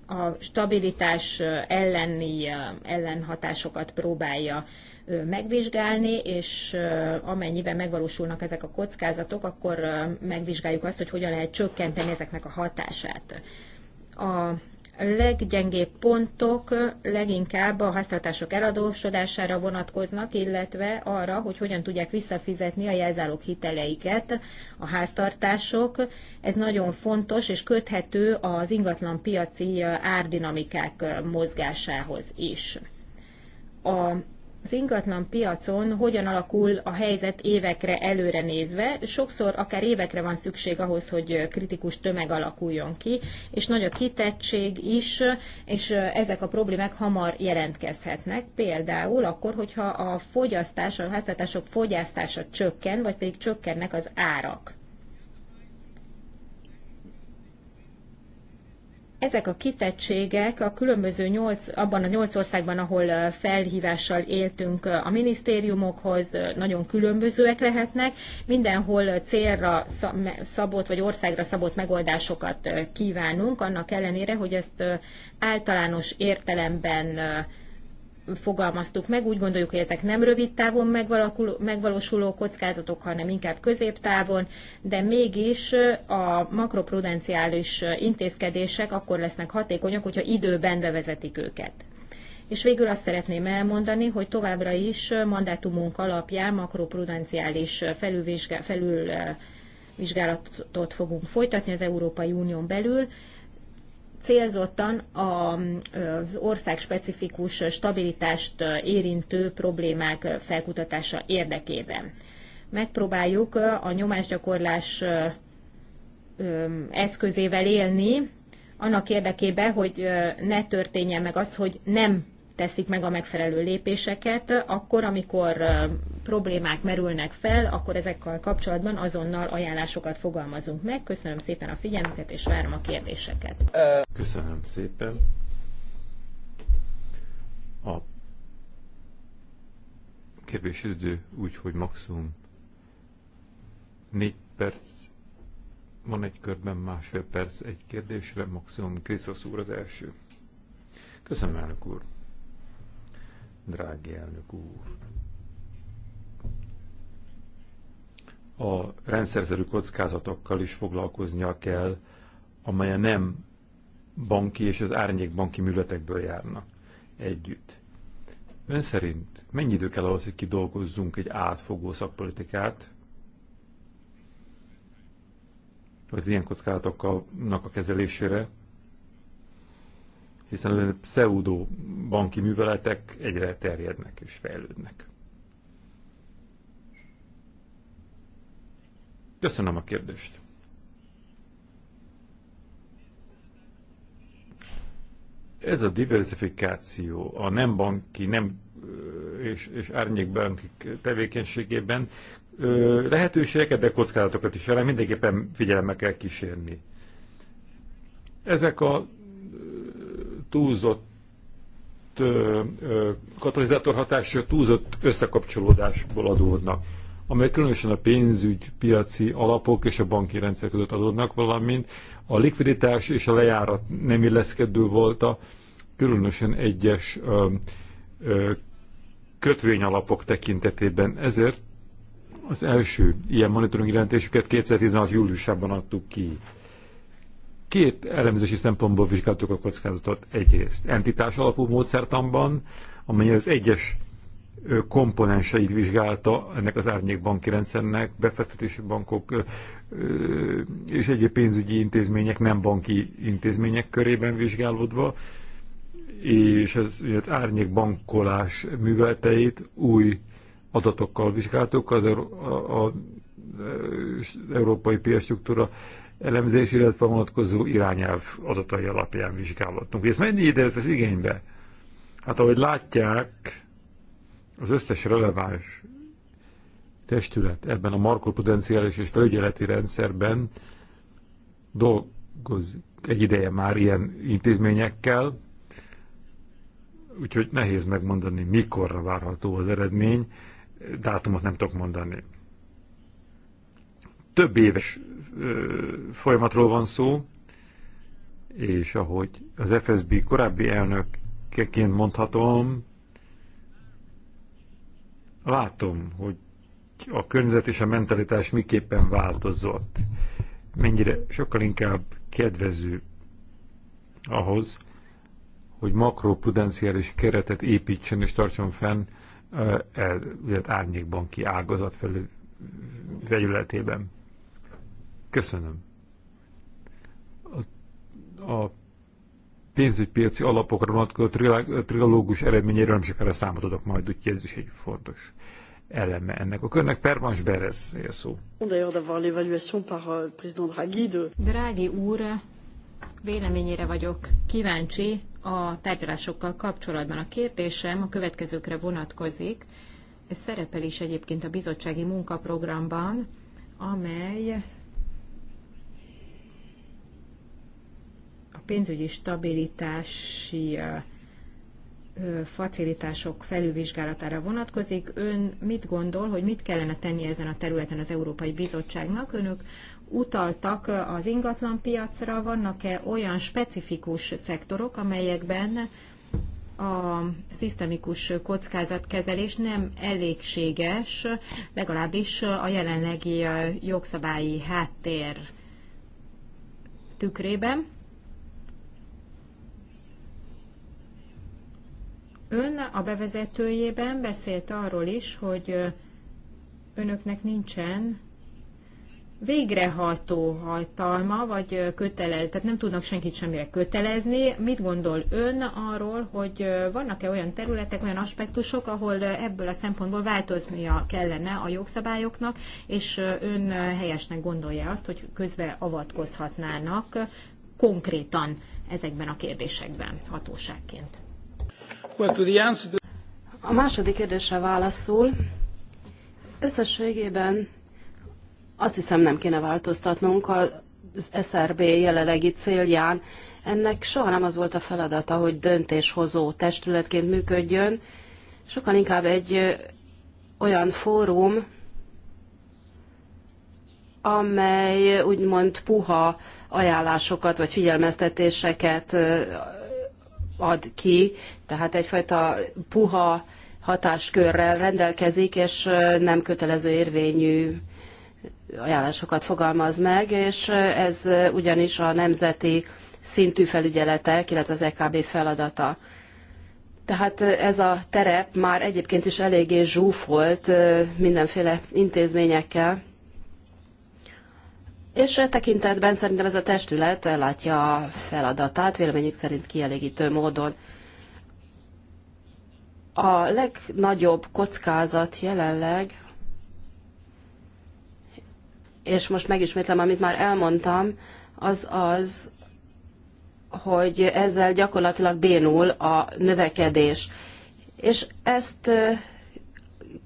a stabilitás elleni ellenhatásokat próbálja megvizsgálni, és amennyiben megvalósulnak ezek a kockázatok, akkor megvizsgáljuk azt, hogy hogyan lehet csökkenteni ezeknek a hatását. A leggyengébb pontok leginkább a háztartások eladósodására vonatkoznak, illetve arra, hogy hogyan tudják visszafizetni a jelzálók hiteleiket a háztartások. Ez nagyon fontos és köthető az ingatlan piaci árdinamikák mozgásához is. A az ingatlan piacon hogyan alakul a helyzet évekre előre nézve. Sokszor akár évekre van szükség ahhoz, hogy kritikus tömeg alakuljon ki, és nagy a kitettség is, és ezek a problémák hamar jelentkezhetnek. Például akkor, hogyha a fogyasztás, a háztartások fogyasztása csökken, vagy pedig csökkennek az árak. ezek a kitettségek a különböző nyolc, abban a nyolc országban, ahol felhívással éltünk a minisztériumokhoz, nagyon különbözőek lehetnek. Mindenhol célra szabott, vagy országra szabott megoldásokat kívánunk, annak ellenére, hogy ezt általános értelemben fogalmaztuk meg. Úgy gondoljuk, hogy ezek nem rövid távon megvalósuló kockázatok, hanem inkább középtávon, de mégis a makroprudenciális intézkedések akkor lesznek hatékonyak, hogyha időben bevezetik őket. És végül azt szeretném elmondani, hogy továbbra is mandátumunk alapján makroprudenciális felülvizsgálatot fogunk folytatni az Európai Unión belül, célzottan az ország specifikus stabilitást érintő problémák felkutatása érdekében. Megpróbáljuk a nyomásgyakorlás eszközével élni, annak érdekében, hogy ne történjen meg az, hogy nem teszik meg a megfelelő lépéseket, akkor, amikor problémák merülnek fel, akkor ezekkel kapcsolatban azonnal ajánlásokat fogalmazunk meg. Köszönöm szépen a figyelmüket, és várom a kérdéseket. Köszönöm szépen. A kevés idő, úgyhogy maximum négy perc van egy körben másfél perc egy kérdésre, maximum Krisztus úr az első. Köszönöm, elnök úr! drági elnök úr. A rendszerszerű kockázatokkal is foglalkoznia kell, amely nem banki és az árnyék banki műletekből járna együtt. Ön szerint mennyi idő kell ahhoz, hogy kidolgozzunk egy átfogó szakpolitikát, az ilyen kockázatoknak a kezelésére, hiszen a pseudo banki műveletek egyre terjednek és fejlődnek. Köszönöm a kérdést. Ez a diversifikáció a nem banki nem, és, és árnyékbanki tevékenységében lehetőségeket, de kockázatokat is jelent, mindenképpen figyelembe kell kísérni. Ezek a túlzott katalizátor hatásra túlzott összekapcsolódásból adódnak, amely különösen a pénzügy, piaci alapok és a banki rendszer között adódnak, valamint a likviditás és a lejárat nem illeszkedő volt a különösen egyes ö, ö, kötvényalapok tekintetében. Ezért az első ilyen monitoring jelentésüket 2016. júliusában adtuk ki. Két elemzési szempontból vizsgáltuk a kockázatot egyrészt. Entitás alapú módszertamban, amely az egyes komponenseit vizsgálta ennek az árnyékbanki rendszernek, befektetési bankok és egyéb pénzügyi intézmények, nem banki intézmények körében vizsgálódva, és az árnyékbankolás műveleteit új adatokkal vizsgáltuk, az, a, a, a, az európai struktúra elemzés, illetve vonatkozó irányelv adatai alapján vizsgálottunk. És mennyi időt vesz igénybe? Hát ahogy látják, az összes releváns testület ebben a potenciális és felügyeleti rendszerben dolgozik egy ideje már ilyen intézményekkel, úgyhogy nehéz megmondani, mikorra várható az eredmény, dátumot nem tudok mondani. Több éves folyamatról van szó, és ahogy az FSB korábbi elnökeként mondhatom, látom, hogy a környezet és a mentalitás miképpen változott, mennyire sokkal inkább kedvező ahhoz, hogy makroprudenciális keretet építsen és tartson fenn e, e, ki ágazat felül vegyületében. Köszönöm. A, a pénzügypiaci alapokra vonatkozó trilógus eredményéről nem sokára számot adok majd, úgyhogy ez is egy fontos eleme ennek a körnek. Permans Beres él szó. Euh, Drági úr, véleményére vagyok kíváncsi a tárgyalásokkal kapcsolatban. A kérdésem a következőkre vonatkozik. Ez szerepel is egyébként a bizottsági munkaprogramban, amely pénzügyi stabilitási facilitások felülvizsgálatára vonatkozik. Ön mit gondol, hogy mit kellene tenni ezen a területen az Európai Bizottságnak? Önök utaltak az ingatlanpiacra, vannak-e olyan specifikus szektorok, amelyekben a szisztemikus kockázatkezelés nem elégséges, legalábbis a jelenlegi jogszabályi háttér tükrében. Ön a bevezetőjében beszélt arról is, hogy önöknek nincsen végreható hatalma, vagy kötelez, tehát nem tudnak senkit semmire kötelezni. Mit gondol ön arról, hogy vannak-e olyan területek, olyan aspektusok, ahol ebből a szempontból változnia kellene a jogszabályoknak, és ön helyesnek gondolja azt, hogy közbe avatkozhatnának konkrétan ezekben a kérdésekben hatóságként? A második kérdésre válaszul. Összességében azt hiszem nem kéne változtatnunk az SRB jelenlegi célján. Ennek soha nem az volt a feladata, hogy döntéshozó testületként működjön, sokkal inkább egy olyan fórum, amely úgymond puha ajánlásokat vagy figyelmeztetéseket ad ki, tehát egyfajta puha hatáskörrel rendelkezik, és nem kötelező érvényű ajánlásokat fogalmaz meg, és ez ugyanis a nemzeti szintű felügyeletek, illetve az EKB feladata. Tehát ez a terep már egyébként is eléggé zsúfolt mindenféle intézményekkel, és e tekintetben szerintem ez a testület látja feladatát, véleményük szerint kielégítő módon. A legnagyobb kockázat jelenleg, és most megismétlem, amit már elmondtam, az az, hogy ezzel gyakorlatilag bénul a növekedés. És ezt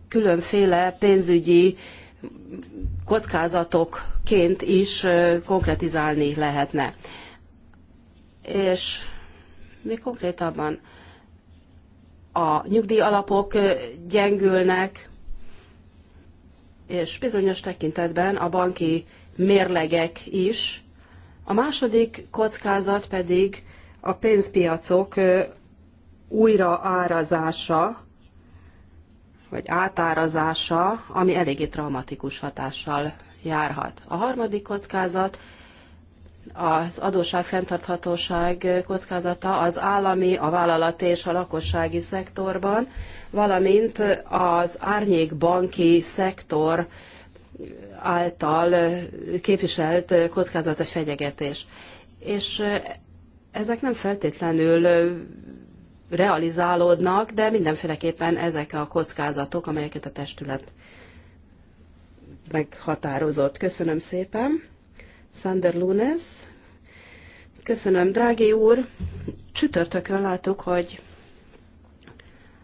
különféle pénzügyi kockázatok ként is konkretizálni lehetne. És még konkrétabban a nyugdíjalapok gyengülnek, és bizonyos tekintetben a banki mérlegek is. A második kockázat pedig a pénzpiacok újraárazása, vagy átárazása, ami eléggé traumatikus hatással járhat. A harmadik kockázat az adósság fenntarthatóság kockázata az állami, a vállalati és a lakossági szektorban, valamint az árnyékbanki szektor által képviselt kockázat a fenyegetés. És ezek nem feltétlenül realizálódnak, de mindenféleképpen ezek a kockázatok, amelyeket a testület meghatározott. Köszönöm szépen. Sander Lunes. Köszönöm, drági úr. Csütörtökön láttuk, hogy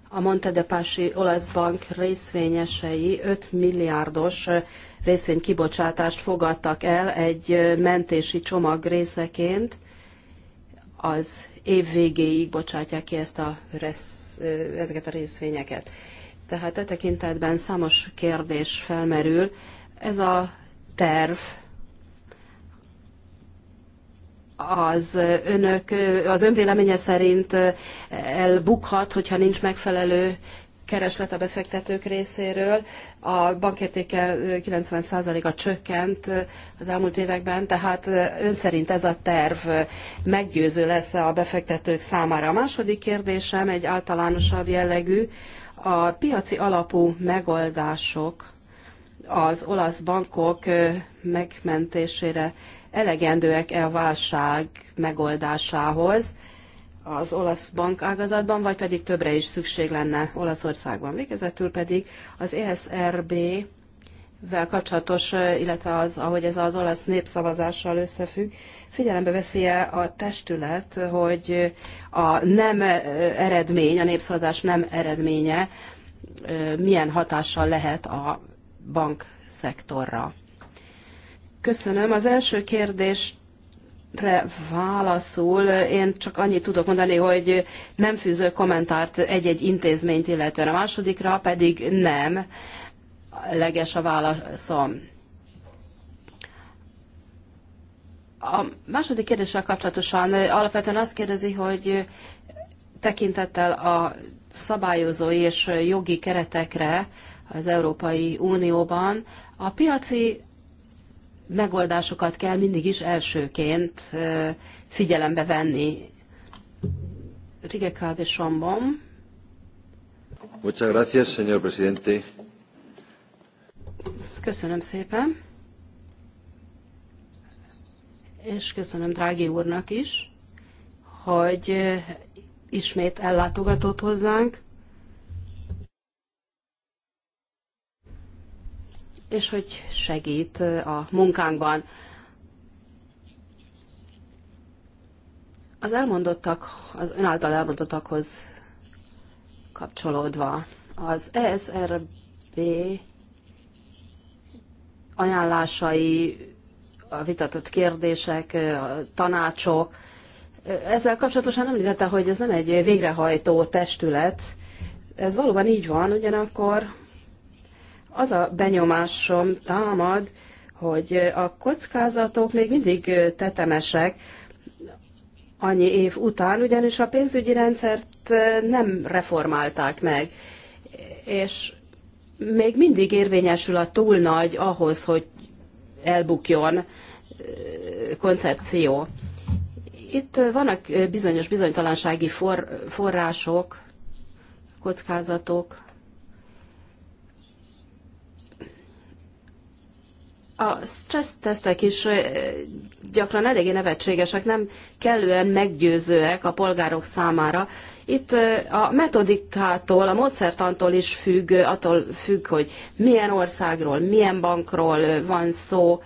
a Montedepási olasz bank részvényesei 5 milliárdos részvénykibocsátást fogadtak el egy mentési csomag részeként. Az év végéig bocsátják ki ezt a resz, ezeket a részvényeket. Tehát e tekintetben számos kérdés felmerül, ez a terv az önök, az önvéleménye szerint elbukhat, hogyha nincs megfelelő kereslet a befektetők részéről. A bankértéke 90%-a csökkent az elmúlt években, tehát ön szerint ez a terv meggyőző lesz a befektetők számára. A második kérdésem egy általánosabb jellegű. A piaci alapú megoldások az olasz bankok megmentésére elegendőek-e a válság megoldásához az olasz bankágazatban, vagy pedig többre is szükség lenne Olaszországban. Végezetül pedig az ESRB vel kapcsolatos, illetve az, ahogy ez az olasz népszavazással összefügg, figyelembe veszi -e a testület, hogy a nem eredmény, a népszavazás nem eredménye milyen hatással lehet a bankszektorra. Köszönöm. Az első kérdésre válaszul én csak annyit tudok mondani, hogy nem fűzök kommentárt egy-egy intézményt illetően. A másodikra pedig nem. Leges a válaszom. A második kérdéssel kapcsolatosan alapvetően azt kérdezi, hogy tekintettel a szabályozói és jogi keretekre, az Európai Unióban. A piaci megoldásokat kell mindig is elsőként figyelembe venni. Rige Kábe Sambon. Muchas gracias, señor presidente. Köszönöm szépen. És köszönöm Drági úrnak is, hogy ismét ellátogatott hozzánk. és hogy segít eh, a munkánkban. Az elmondottak, az ön által elmondottakhoz kapcsolódva, az ESRB ajánlásai, a vitatott kérdések, eh, a tanácsok, eh, ezzel kapcsolatosan említette, hogy ez nem egy végrehajtó testület, ez valóban így van, ugyanakkor az a benyomásom támad, hogy a kockázatok még mindig tetemesek annyi év után, ugyanis a pénzügyi rendszert nem reformálták meg, és még mindig érvényesül a túl nagy ahhoz, hogy elbukjon koncepció. Itt vannak bizonyos bizonytalansági források, kockázatok, A stressztesztek is gyakran eléggé nevetségesek, nem kellően meggyőzőek a polgárok számára. Itt a metodikától, a módszertantól is függ, attól függ, hogy milyen országról, milyen bankról van szó.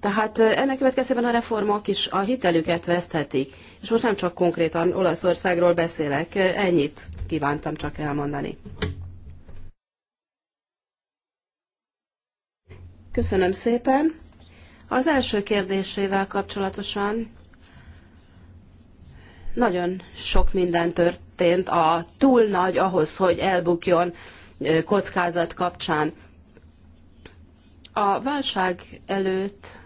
Tehát ennek következtében a reformok is a hitelüket veszthetik. És most nem csak konkrétan Olaszországról beszélek, ennyit kívántam csak elmondani. Köszönöm szépen. Az első kérdésével kapcsolatosan nagyon sok minden történt a túl nagy ahhoz, hogy elbukjon kockázat kapcsán. A válság előtt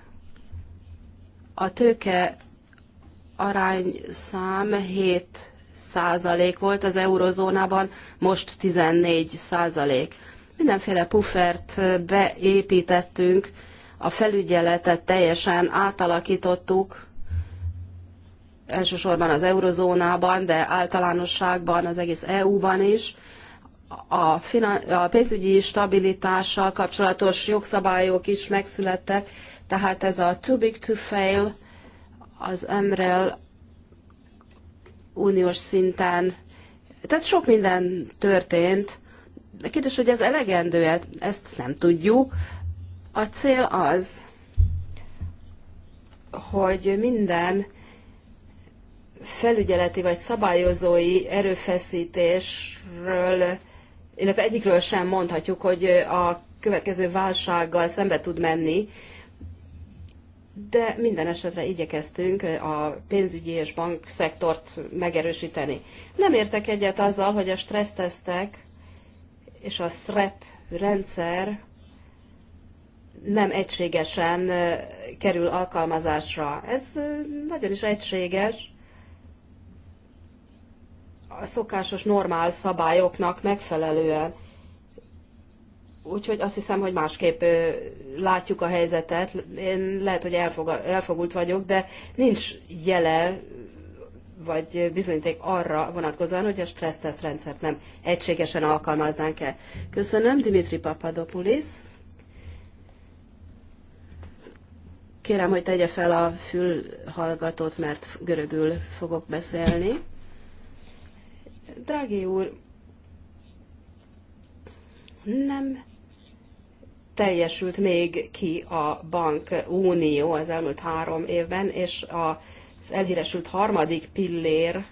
a tőke arányszám 7 százalék volt az eurozónában, most 14 százalék mindenféle puffert beépítettünk, a felügyeletet teljesen átalakítottuk, elsősorban az eurozónában, de általánosságban az egész EU-ban is. A, a pénzügyi stabilitással kapcsolatos jogszabályok is megszülettek, tehát ez a too big to fail, az MREL uniós szinten, tehát sok minden történt, de kérdés, hogy ez elegendő -e? Ezt nem tudjuk. A cél az, hogy minden felügyeleti vagy szabályozói erőfeszítésről, illetve egyikről sem mondhatjuk, hogy a következő válsággal szembe tud menni, de minden esetre igyekeztünk a pénzügyi és bankszektort megerősíteni. Nem értek egyet azzal, hogy a stressztesztek és a SREP rendszer nem egységesen kerül alkalmazásra. Ez nagyon is egységes, a szokásos normál szabályoknak megfelelően. Úgyhogy azt hiszem, hogy másképp látjuk a helyzetet. Én lehet, hogy elfogult vagyok, de nincs jele vagy bizonyíték arra vonatkozóan, hogy a stressztest rendszert nem egységesen alkalmaznánk-e. Köszönöm, Dimitri Papadopoulis. Kérem, hogy tegye fel a fülhallgatót, mert görögül fogok beszélni. Drági úr, nem teljesült még ki a bank unió az elmúlt három évben, és a az elhíresült harmadik pillér,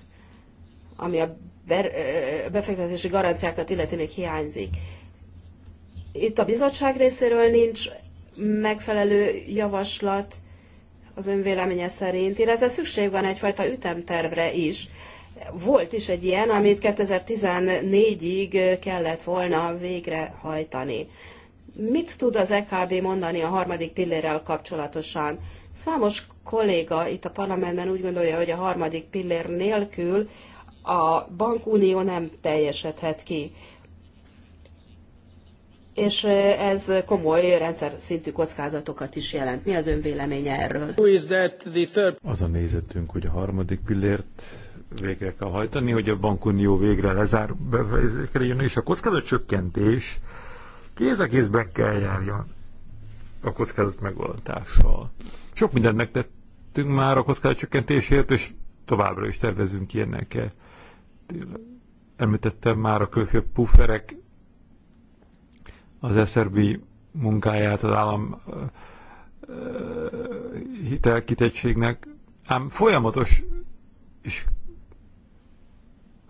ami a befektetési garanciákat illeti még hiányzik. Itt a bizottság részéről nincs megfelelő javaslat az önvéleménye szerint, illetve szükség van egyfajta ütemtervre is. Volt is egy ilyen, amit 2014-ig kellett volna végrehajtani. Mit tud az EKB mondani a harmadik pillérrel kapcsolatosan? Számos kolléga itt a parlamentben úgy gondolja, hogy a harmadik pillér nélkül a bankunió nem teljesedhet ki. És ez komoly rendszer szintű kockázatokat is jelent. Mi az ön véleménye erről? Az a nézetünk, hogy a harmadik pillért végre kell hajtani, hogy a bankunió végre lezár, bevezekerjön, és a kockázat csökkentés, kéz a kézben kell járjon a kockázat megoldással. Sok mindent megtett tettünk már a kockázat csökkentésért, és továbbra is tervezünk ilyenekkel. Említettem már a kölkő pufferek, az SRB munkáját az állam eh, hitelkitettségnek, ám folyamatos és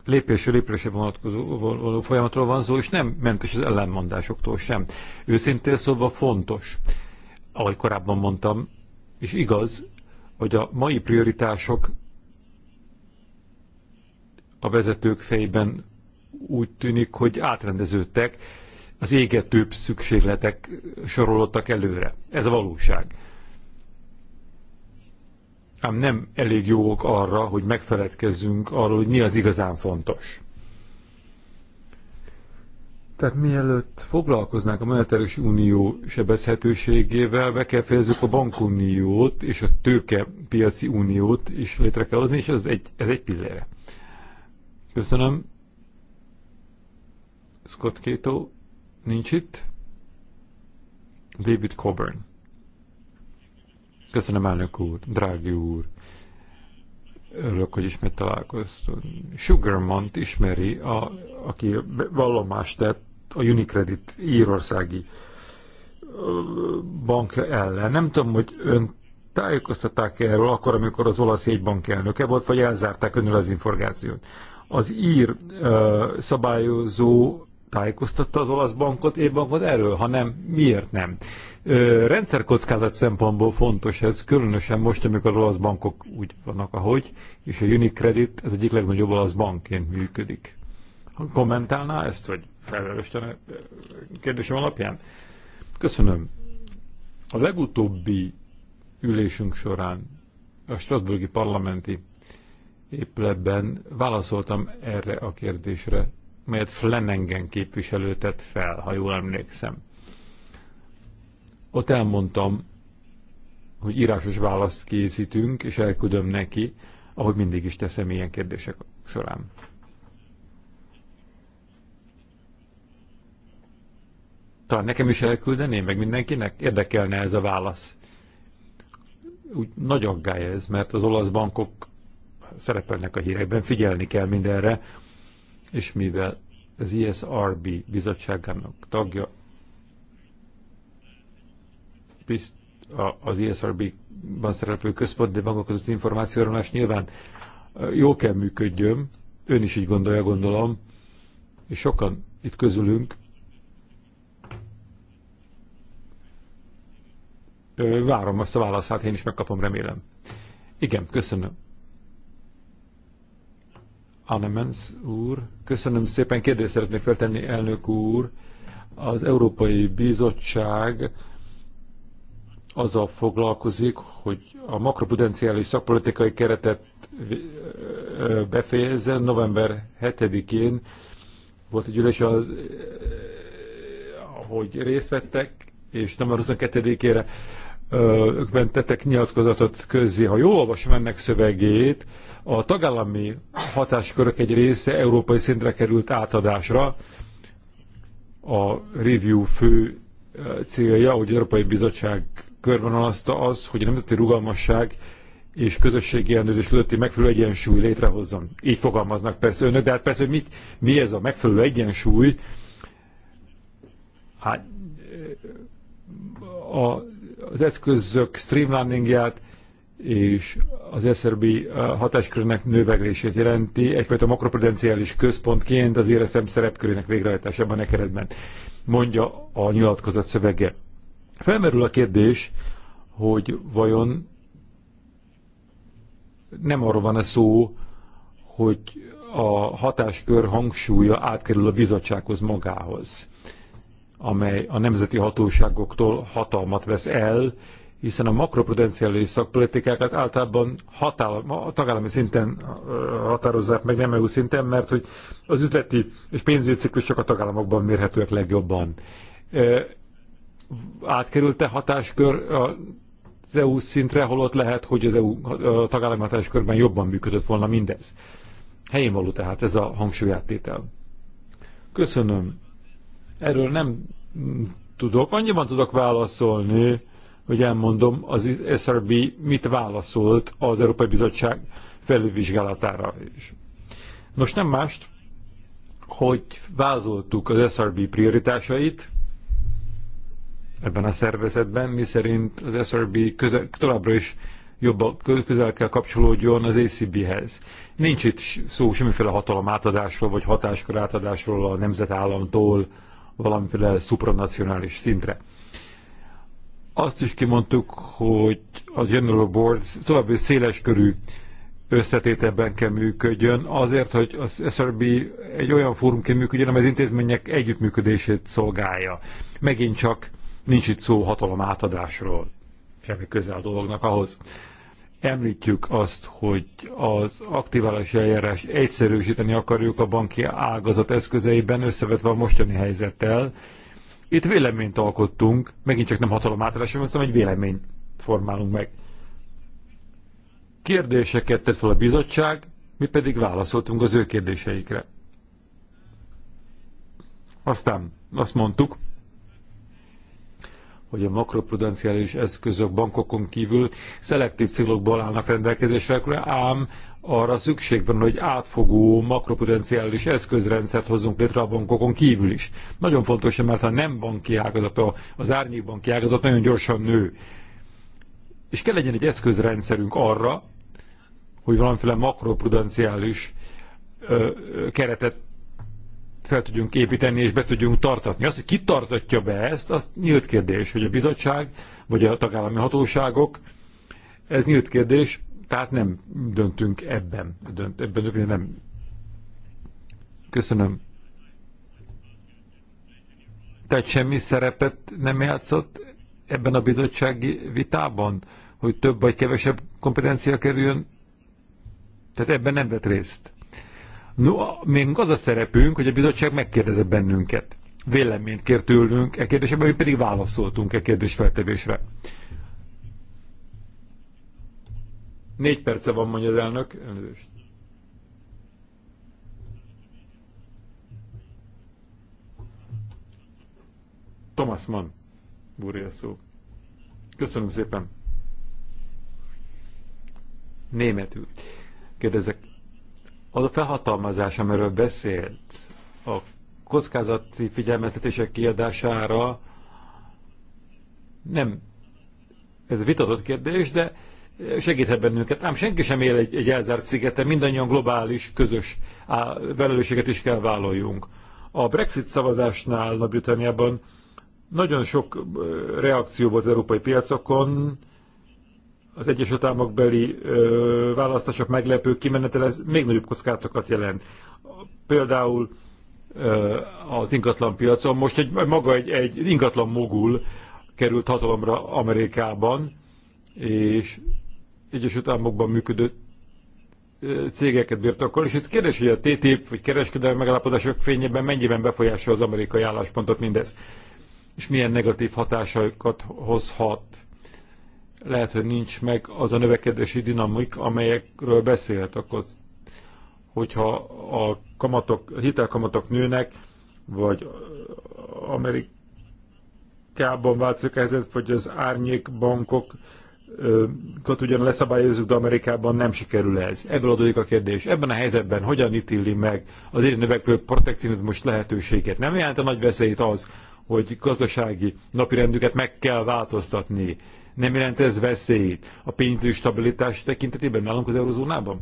lépésről lépésre vonatkozó való folyamatról van szó, és nem mentes az ellenmondásoktól sem. Őszintén szóval fontos, ahogy korábban mondtam, és igaz, hogy a mai prioritások a vezetők fejében úgy tűnik, hogy átrendeződtek, az égetőbb szükségletek sorolódtak előre. Ez a valóság. Ám nem elég jók arra, hogy megfeledkezzünk arról, hogy mi az igazán fontos. Tehát mielőtt foglalkoznánk a monetáris unió sebezhetőségével, be kell fejezzük a bankuniót és a tőkepiaci uniót is létre kell hozni, és ez egy, ez egy pillére. Köszönöm. Scott Cato nincs itt. David Coburn. Köszönöm, elnök úr, drági úr. Örülök, hogy ismét találkoztunk. Sugarmont ismeri, a, aki vallomást tett a Unicredit írországi bank ellen. Nem tudom, hogy ön tájékoztatták -e erről akkor, amikor az olasz jegybank elnöke volt, vagy elzárták önről az információt. Az ír ö, szabályozó tájékoztatta az olasz bankot, évbankot erről, ha nem, miért nem? Ö, rendszerkockázat szempontból fontos ez, különösen most, amikor az olasz bankok úgy vannak, ahogy, és a Unicredit az egyik legnagyobb olasz bankként működik. Kommentálná ezt, vagy? felelősten eh, kérdésem alapján. Köszönöm. A legutóbbi ülésünk során a Strasburgi parlamenti épületben válaszoltam erre a kérdésre, melyet Flenengen képviselő tett fel, ha jól emlékszem. Ott elmondtam, hogy írásos választ készítünk, és elküldöm neki, ahogy mindig is teszem ilyen kérdések során. Talán nekem is elküldeném, meg mindenkinek érdekelne ez a válasz. Úgy nagy aggály ez, mert az olasz bankok szerepelnek a hírekben, figyelni kell mindenre, és mivel az ISRB bizottságának tagja, az ISRB-ban szereplő központi bankok között információronás nyilván jó kell működjön, ön is így gondolja, gondolom, és sokan itt közülünk Várom azt a válaszát, hát én is megkapom, remélem. Igen, köszönöm. Anemens úr, köszönöm szépen. Kérdést szeretnék feltenni, elnök úr. Az Európai Bizottság azzal foglalkozik, hogy a makropotenciális szakpolitikai keretet befejezzen. November 7-én volt egy ülés, az, hogy részt vettek, és november 22-ére ökben tettek nyilatkozatot közzé. Ha jól olvasom ennek szövegét, a tagállami hatáskörök egy része európai szintre került átadásra. A review fő célja, hogy az Európai Bizottság körvonalazta az, hogy a nemzeti rugalmasság és közösségi ellenőrzés közötti megfelelő egyensúly létrehozzon. Így fogalmaznak persze önök, de hát persze, hogy mit, mi ez a megfelelő egyensúly, hát a az eszközök streamliningját és az SRB hatáskörnek növeglését jelenti, egyfajta makroprudenciális központként az éreszem szerepkörének végrehajtásában a e keretben, mondja a nyilatkozat szövege. Felmerül a kérdés, hogy vajon nem arról van a szó, hogy a hatáskör hangsúlya átkerül a bizottsághoz magához amely a nemzeti hatóságoktól hatalmat vesz el, hiszen a makroprudenciális szakpolitikákat általában hatál a tagállami szinten határozzák meg, nem EU szinten, mert hogy az üzleti és pénzügyi ciklusok a tagállamokban mérhetőek legjobban. Átkerült-e hatáskör az EU szintre, holott lehet, hogy az EU tagállami hatáskörben jobban működött volna mindez? Helyén való tehát ez a hangsúlyáttétel. Köszönöm. Erről nem tudok, annyiban tudok válaszolni, hogy elmondom, az SRB mit válaszolt az Európai Bizottság felülvizsgálatára is. Nos, nem mást, hogy vázoltuk az SRB prioritásait ebben a szervezetben, mi szerint az SRB közel, továbbra is jobban közel kell kapcsolódjon az ACB-hez. Nincs itt szó semmiféle hatalom átadásról, vagy hatáskör átadásról a nemzetállamtól, valamiféle supranacionális szintre. Azt is kimondtuk, hogy a General Board további széleskörű összetételben kell működjön, azért, hogy az SRB egy olyan fórumként működjön, amely az intézmények együttműködését szolgálja. Megint csak nincs itt szó hatalom átadásról. Semmi közel a dolognak ahhoz. Említjük azt, hogy az aktiválási eljárás egyszerűsíteni akarjuk a banki ágazat eszközeiben összevetve a mostani helyzettel. Itt véleményt alkottunk, megint csak nem hatalom átadás, hanem egy véleményt formálunk meg. Kérdéseket tett fel a bizottság, mi pedig válaszoltunk az ő kérdéseikre. Aztán azt mondtuk, hogy a makroprudenciális eszközök bankokon kívül szelektív célokból állnak rendelkezésre, ám arra szükség van, hogy átfogó makroprudenciális eszközrendszert hozzunk létre a bankokon kívül is. Nagyon fontos, mert a nem banki ágazat, az árnyékbanki ágazat nagyon gyorsan nő. És kell legyen egy eszközrendszerünk arra, hogy valamiféle makroprudenciális keretet fel tudjunk építeni és be tudjunk tartatni. Azt, hogy ki tartatja be ezt, az nyílt kérdés, hogy a bizottság vagy a tagállami hatóságok, ez nyílt kérdés, tehát nem döntünk ebben. Dönt, ebben nem. Köszönöm. Tehát semmi szerepet nem játszott ebben a bizottsági vitában, hogy több vagy kevesebb kompetencia kerüljön? Tehát ebben nem vett részt. No, még az a szerepünk, hogy a bizottság megkérdezett bennünket. Véleményt kért tőlünk e kérdésben, mi pedig válaszoltunk e kérdésfeltevésre. Négy perce van, mondja az elnök. Thomas Mann búrja szó. Köszönöm szépen. Németül. Kérdezek az a felhatalmazás, amiről beszélt, a kockázati figyelmeztetések kiadására nem, ez vitatott kérdés, de segíthet bennünket. Ám senki sem él egy, egy elzárt szigeten, mindannyian globális, közös felelősséget is kell vállaljunk. A Brexit szavazásnál Nagy-Britanniában nagyon sok reakció volt az európai piacokon, az Egyesült Államok beli ö, választások meglepő kimenetele, ez még nagyobb kockátokat jelent. Például ö, az ingatlan piacon, most egy, maga egy, egy ingatlan mogul került hatalomra Amerikában, és Egyesült Államokban működő cégeket birtokol, és itt kérdés, hogy a TTIP vagy kereskedelmi megállapodások fényében mennyiben befolyásolja az amerikai álláspontot mindez, és milyen negatív hatásokat hozhat lehet, hogy nincs meg az a növekedési dinamik, amelyekről beszélt, akkor hogyha a kamatok, a hitelkamatok nőnek, vagy Amerikában változik a helyzet, vagy az árnyék bankok ott ugyan leszabályozunk, de Amerikában nem sikerül ez. Ebből adódik a kérdés. Ebben a helyzetben hogyan ítéli meg az ilyen növekvő protekcionizmus lehetőséget? Nem jelent a nagy veszélyt az, hogy gazdasági napirendüket meg kell változtatni, nem jelent ez veszélyt a pénzügyi stabilitás tekintetében nálunk az eurozónában?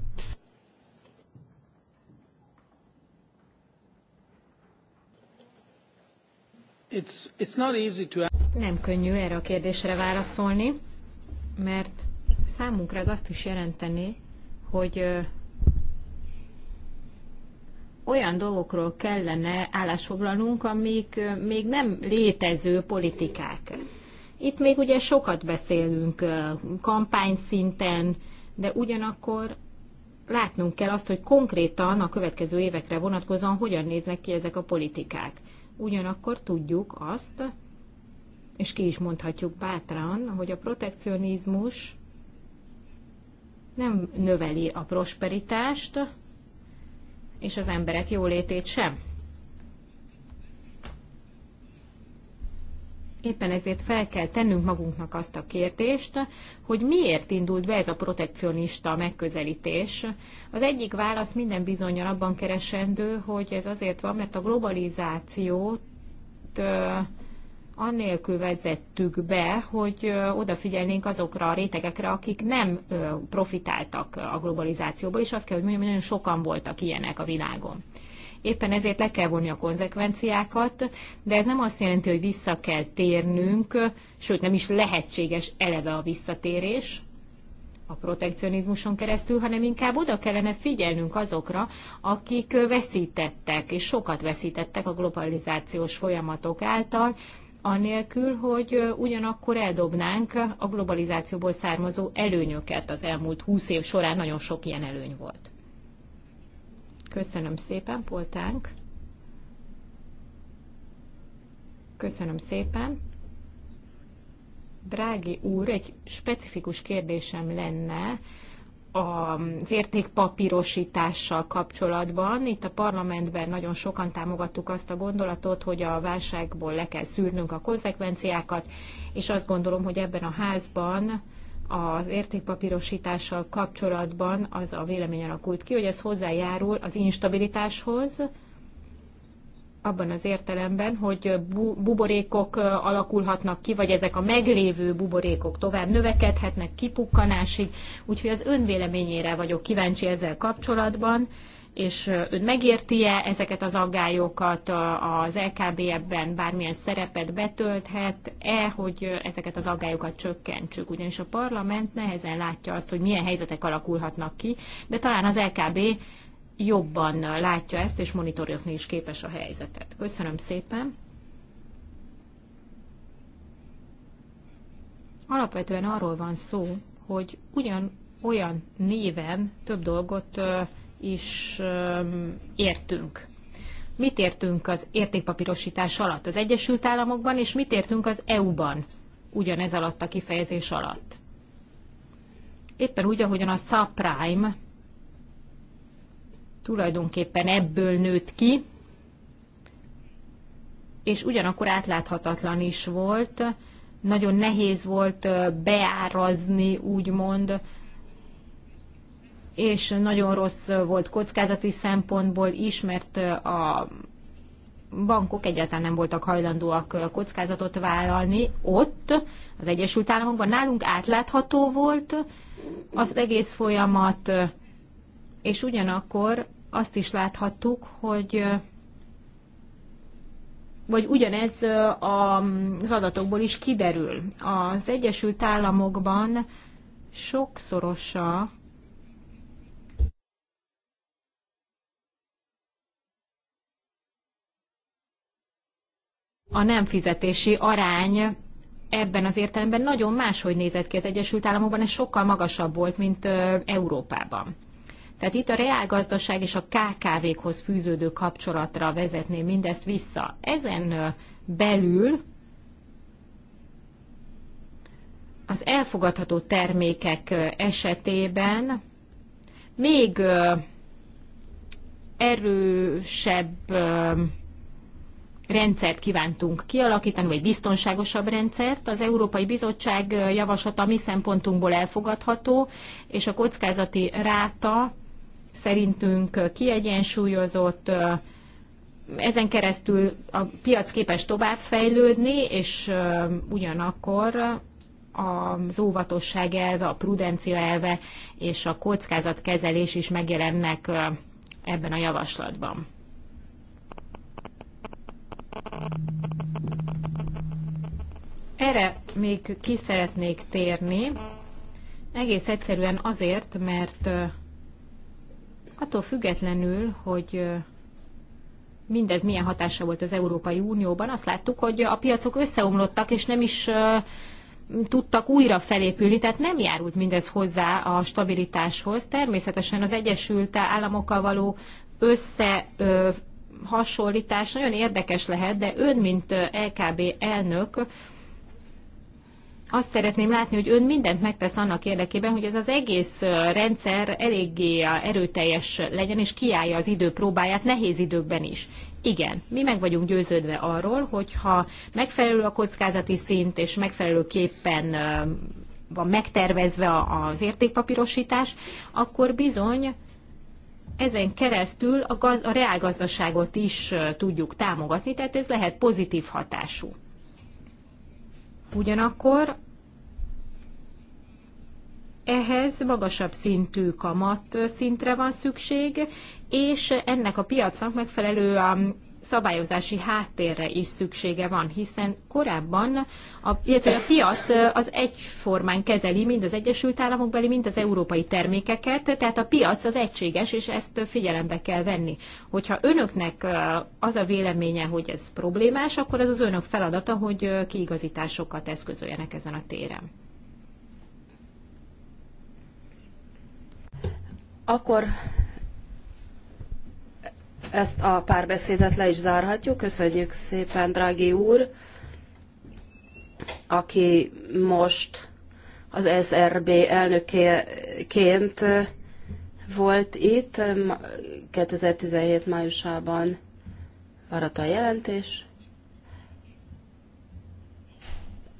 It's, it's not easy to... Nem könnyű erre a kérdésre válaszolni, mert számunkra ez azt is jelenteni, hogy olyan dolgokról kellene állásfoglalnunk, amik még nem létező politikák. Itt még ugye sokat beszélünk kampányszinten, de ugyanakkor látnunk kell azt, hogy konkrétan a következő évekre vonatkozóan hogyan néznek ki ezek a politikák. Ugyanakkor tudjuk azt, és ki is mondhatjuk bátran, hogy a protekcionizmus nem növeli a prosperitást, és az emberek jólétét sem. Éppen ezért fel kell tennünk magunknak azt a kérdést, hogy miért indult be ez a protekcionista megközelítés. Az egyik válasz minden bizonyal abban keresendő, hogy ez azért van, mert a globalizációt annélkül vezettük be, hogy odafigyelnénk azokra a rétegekre, akik nem profitáltak a globalizációból, és azt kell, hogy mondjam, hogy nagyon sokan voltak ilyenek a világon. Éppen ezért le kell vonni a konzekvenciákat, de ez nem azt jelenti, hogy vissza kell térnünk, sőt nem is lehetséges eleve a visszatérés a protekcionizmuson keresztül, hanem inkább oda kellene figyelnünk azokra, akik veszítettek, és sokat veszítettek a globalizációs folyamatok által, anélkül, hogy ugyanakkor eldobnánk a globalizációból származó előnyöket az elmúlt húsz év során, nagyon sok ilyen előny volt. Köszönöm szépen, Poltánk. Köszönöm szépen. Drági úr, egy specifikus kérdésem lenne az értékpapírosítással kapcsolatban. Itt a parlamentben nagyon sokan támogattuk azt a gondolatot, hogy a válságból le kell szűrnünk a konzekvenciákat, és azt gondolom, hogy ebben a házban az értékpapírosítással kapcsolatban az a vélemény alakult ki, hogy ez hozzájárul az instabilitáshoz, abban az értelemben, hogy buborékok alakulhatnak ki, vagy ezek a meglévő buborékok tovább növekedhetnek kipukkanásig, úgyhogy az önvéleményére vagyok kíváncsi ezzel kapcsolatban és ön megérti-e ezeket az aggályokat, az LKB ebben bármilyen szerepet betölthet-e, hogy ezeket az aggályokat csökkentsük, ugyanis a parlament nehezen látja azt, hogy milyen helyzetek alakulhatnak ki, de talán az LKB jobban látja ezt, és monitorozni is képes a helyzetet. Köszönöm szépen! Alapvetően arról van szó, hogy ugyan olyan néven több dolgot is értünk. Mit értünk az értékpapírosítás alatt az Egyesült Államokban, és mit értünk az EU-ban ugyanez alatt a kifejezés alatt? Éppen úgy, ahogyan a subprime tulajdonképpen ebből nőtt ki, és ugyanakkor átláthatatlan is volt, nagyon nehéz volt beárazni, úgymond, és nagyon rossz volt kockázati szempontból is, mert a bankok egyáltalán nem voltak hajlandóak kockázatot vállalni ott, az Egyesült Államokban. Nálunk átlátható volt az egész folyamat, és ugyanakkor azt is láthattuk, hogy vagy ugyanez az adatokból is kiderül. Az Egyesült Államokban sokszorosa a nem fizetési arány ebben az értelemben nagyon máshogy nézett ki az Egyesült Államokban, ez sokkal magasabb volt, mint Európában. Tehát itt a reálgazdaság és a KKV-khoz fűződő kapcsolatra vezetné mindezt vissza. Ezen belül az elfogadható termékek esetében még erősebb rendszert kívántunk kialakítani, vagy biztonságosabb rendszert. Az Európai Bizottság javaslata mi szempontunkból elfogadható, és a kockázati ráta szerintünk kiegyensúlyozott, ezen keresztül a piac képes továbbfejlődni, és ugyanakkor az óvatosság elve, a prudencia elve és a kockázatkezelés is megjelennek ebben a javaslatban. Erre még ki szeretnék térni, egész egyszerűen azért, mert attól függetlenül, hogy mindez milyen hatása volt az Európai Unióban, azt láttuk, hogy a piacok összeomlottak, és nem is tudtak újra felépülni, tehát nem járult mindez hozzá a stabilitáshoz. Természetesen az Egyesült Államokkal való össze hasonlítás nagyon érdekes lehet, de ön, mint LKB elnök, azt szeretném látni, hogy ön mindent megtesz annak érdekében, hogy ez az egész rendszer eléggé erőteljes legyen, és kiállja az idő próbáját nehéz időkben is. Igen, mi meg vagyunk győződve arról, hogyha megfelelő a kockázati szint, és megfelelőképpen van megtervezve az értékpapírosítás, akkor bizony ezen keresztül a, gaz, a reálgazdaságot is tudjuk támogatni, tehát ez lehet pozitív hatású. Ugyanakkor ehhez magasabb szintű kamat szintre van szükség, és ennek a piacnak megfelelő szabályozási háttérre is szüksége van, hiszen korábban a, illetve a piac az egyformán kezeli mind az Egyesült Államok beli, mind az európai termékeket, tehát a piac az egységes, és ezt figyelembe kell venni. Hogyha önöknek az a véleménye, hogy ez problémás, akkor ez az önök feladata, hogy kiigazításokat eszközöljenek ezen a téren. Akkor ezt a párbeszédet le is zárhatjuk. Köszönjük szépen, drági úr, aki most az SRB elnökeként volt itt 2017 májusában várható a jelentés.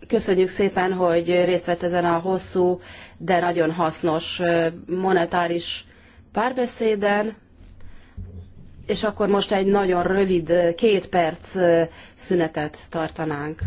Köszönjük szépen, hogy részt vett ezen a hosszú, de nagyon hasznos monetáris párbeszéden és akkor most egy nagyon rövid két perc szünetet tartanánk.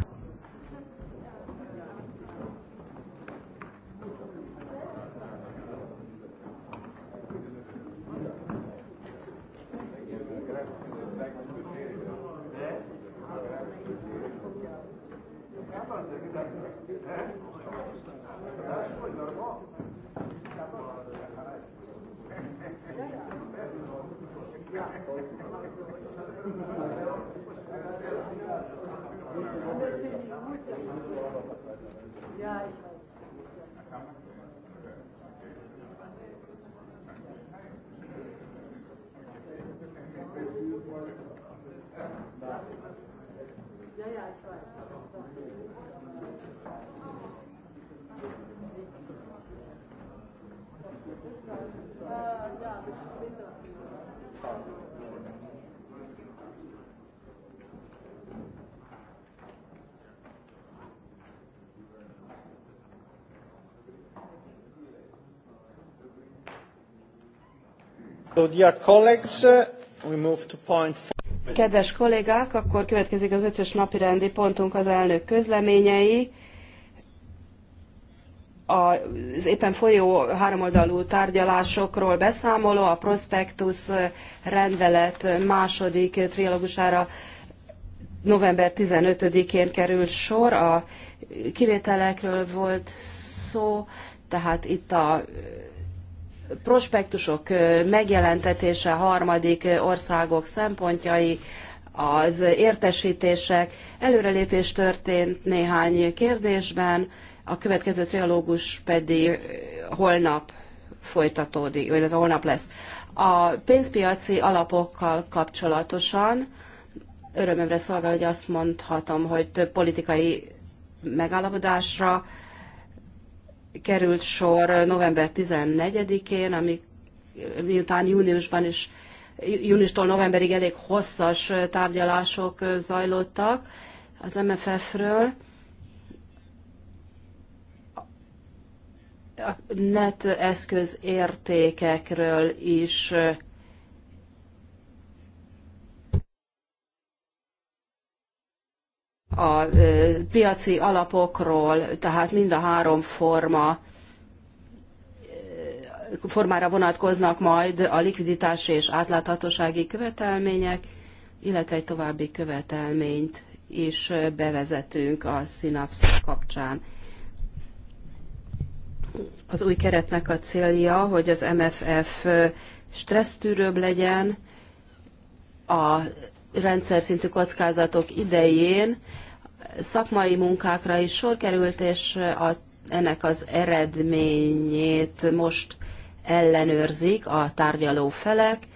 Ja, ich weiß. Ja, ja, ich Uh, Kedves kollégák, akkor következik az ötös napirendi pontunk az elnök közleményei az éppen folyó háromoldalú tárgyalásokról beszámoló, a prospektus rendelet második trilógusára november 15-én kerül sor, a kivételekről volt szó, tehát itt a prospektusok megjelentetése harmadik országok szempontjai, az értesítések, előrelépés történt néhány kérdésben, a következő trialógus pedig holnap folytatódik, illetve holnap lesz. A pénzpiaci alapokkal kapcsolatosan örömömre szolgál, hogy azt mondhatom, hogy több politikai megállapodásra került sor november 14-én, ami miután júniusban is, júniustól novemberig elég hosszas tárgyalások zajlottak az MFF-ről. a net eszköz értékekről is a piaci alapokról, tehát mind a három forma formára vonatkoznak majd a likviditási és átláthatósági követelmények, illetve egy további követelményt is bevezetünk a szinapsz kapcsán az új keretnek a célja, hogy az MFF stressztűrőbb legyen a rendszer szintű kockázatok idején, szakmai munkákra is sor került, és a, ennek az eredményét most ellenőrzik a tárgyaló felek,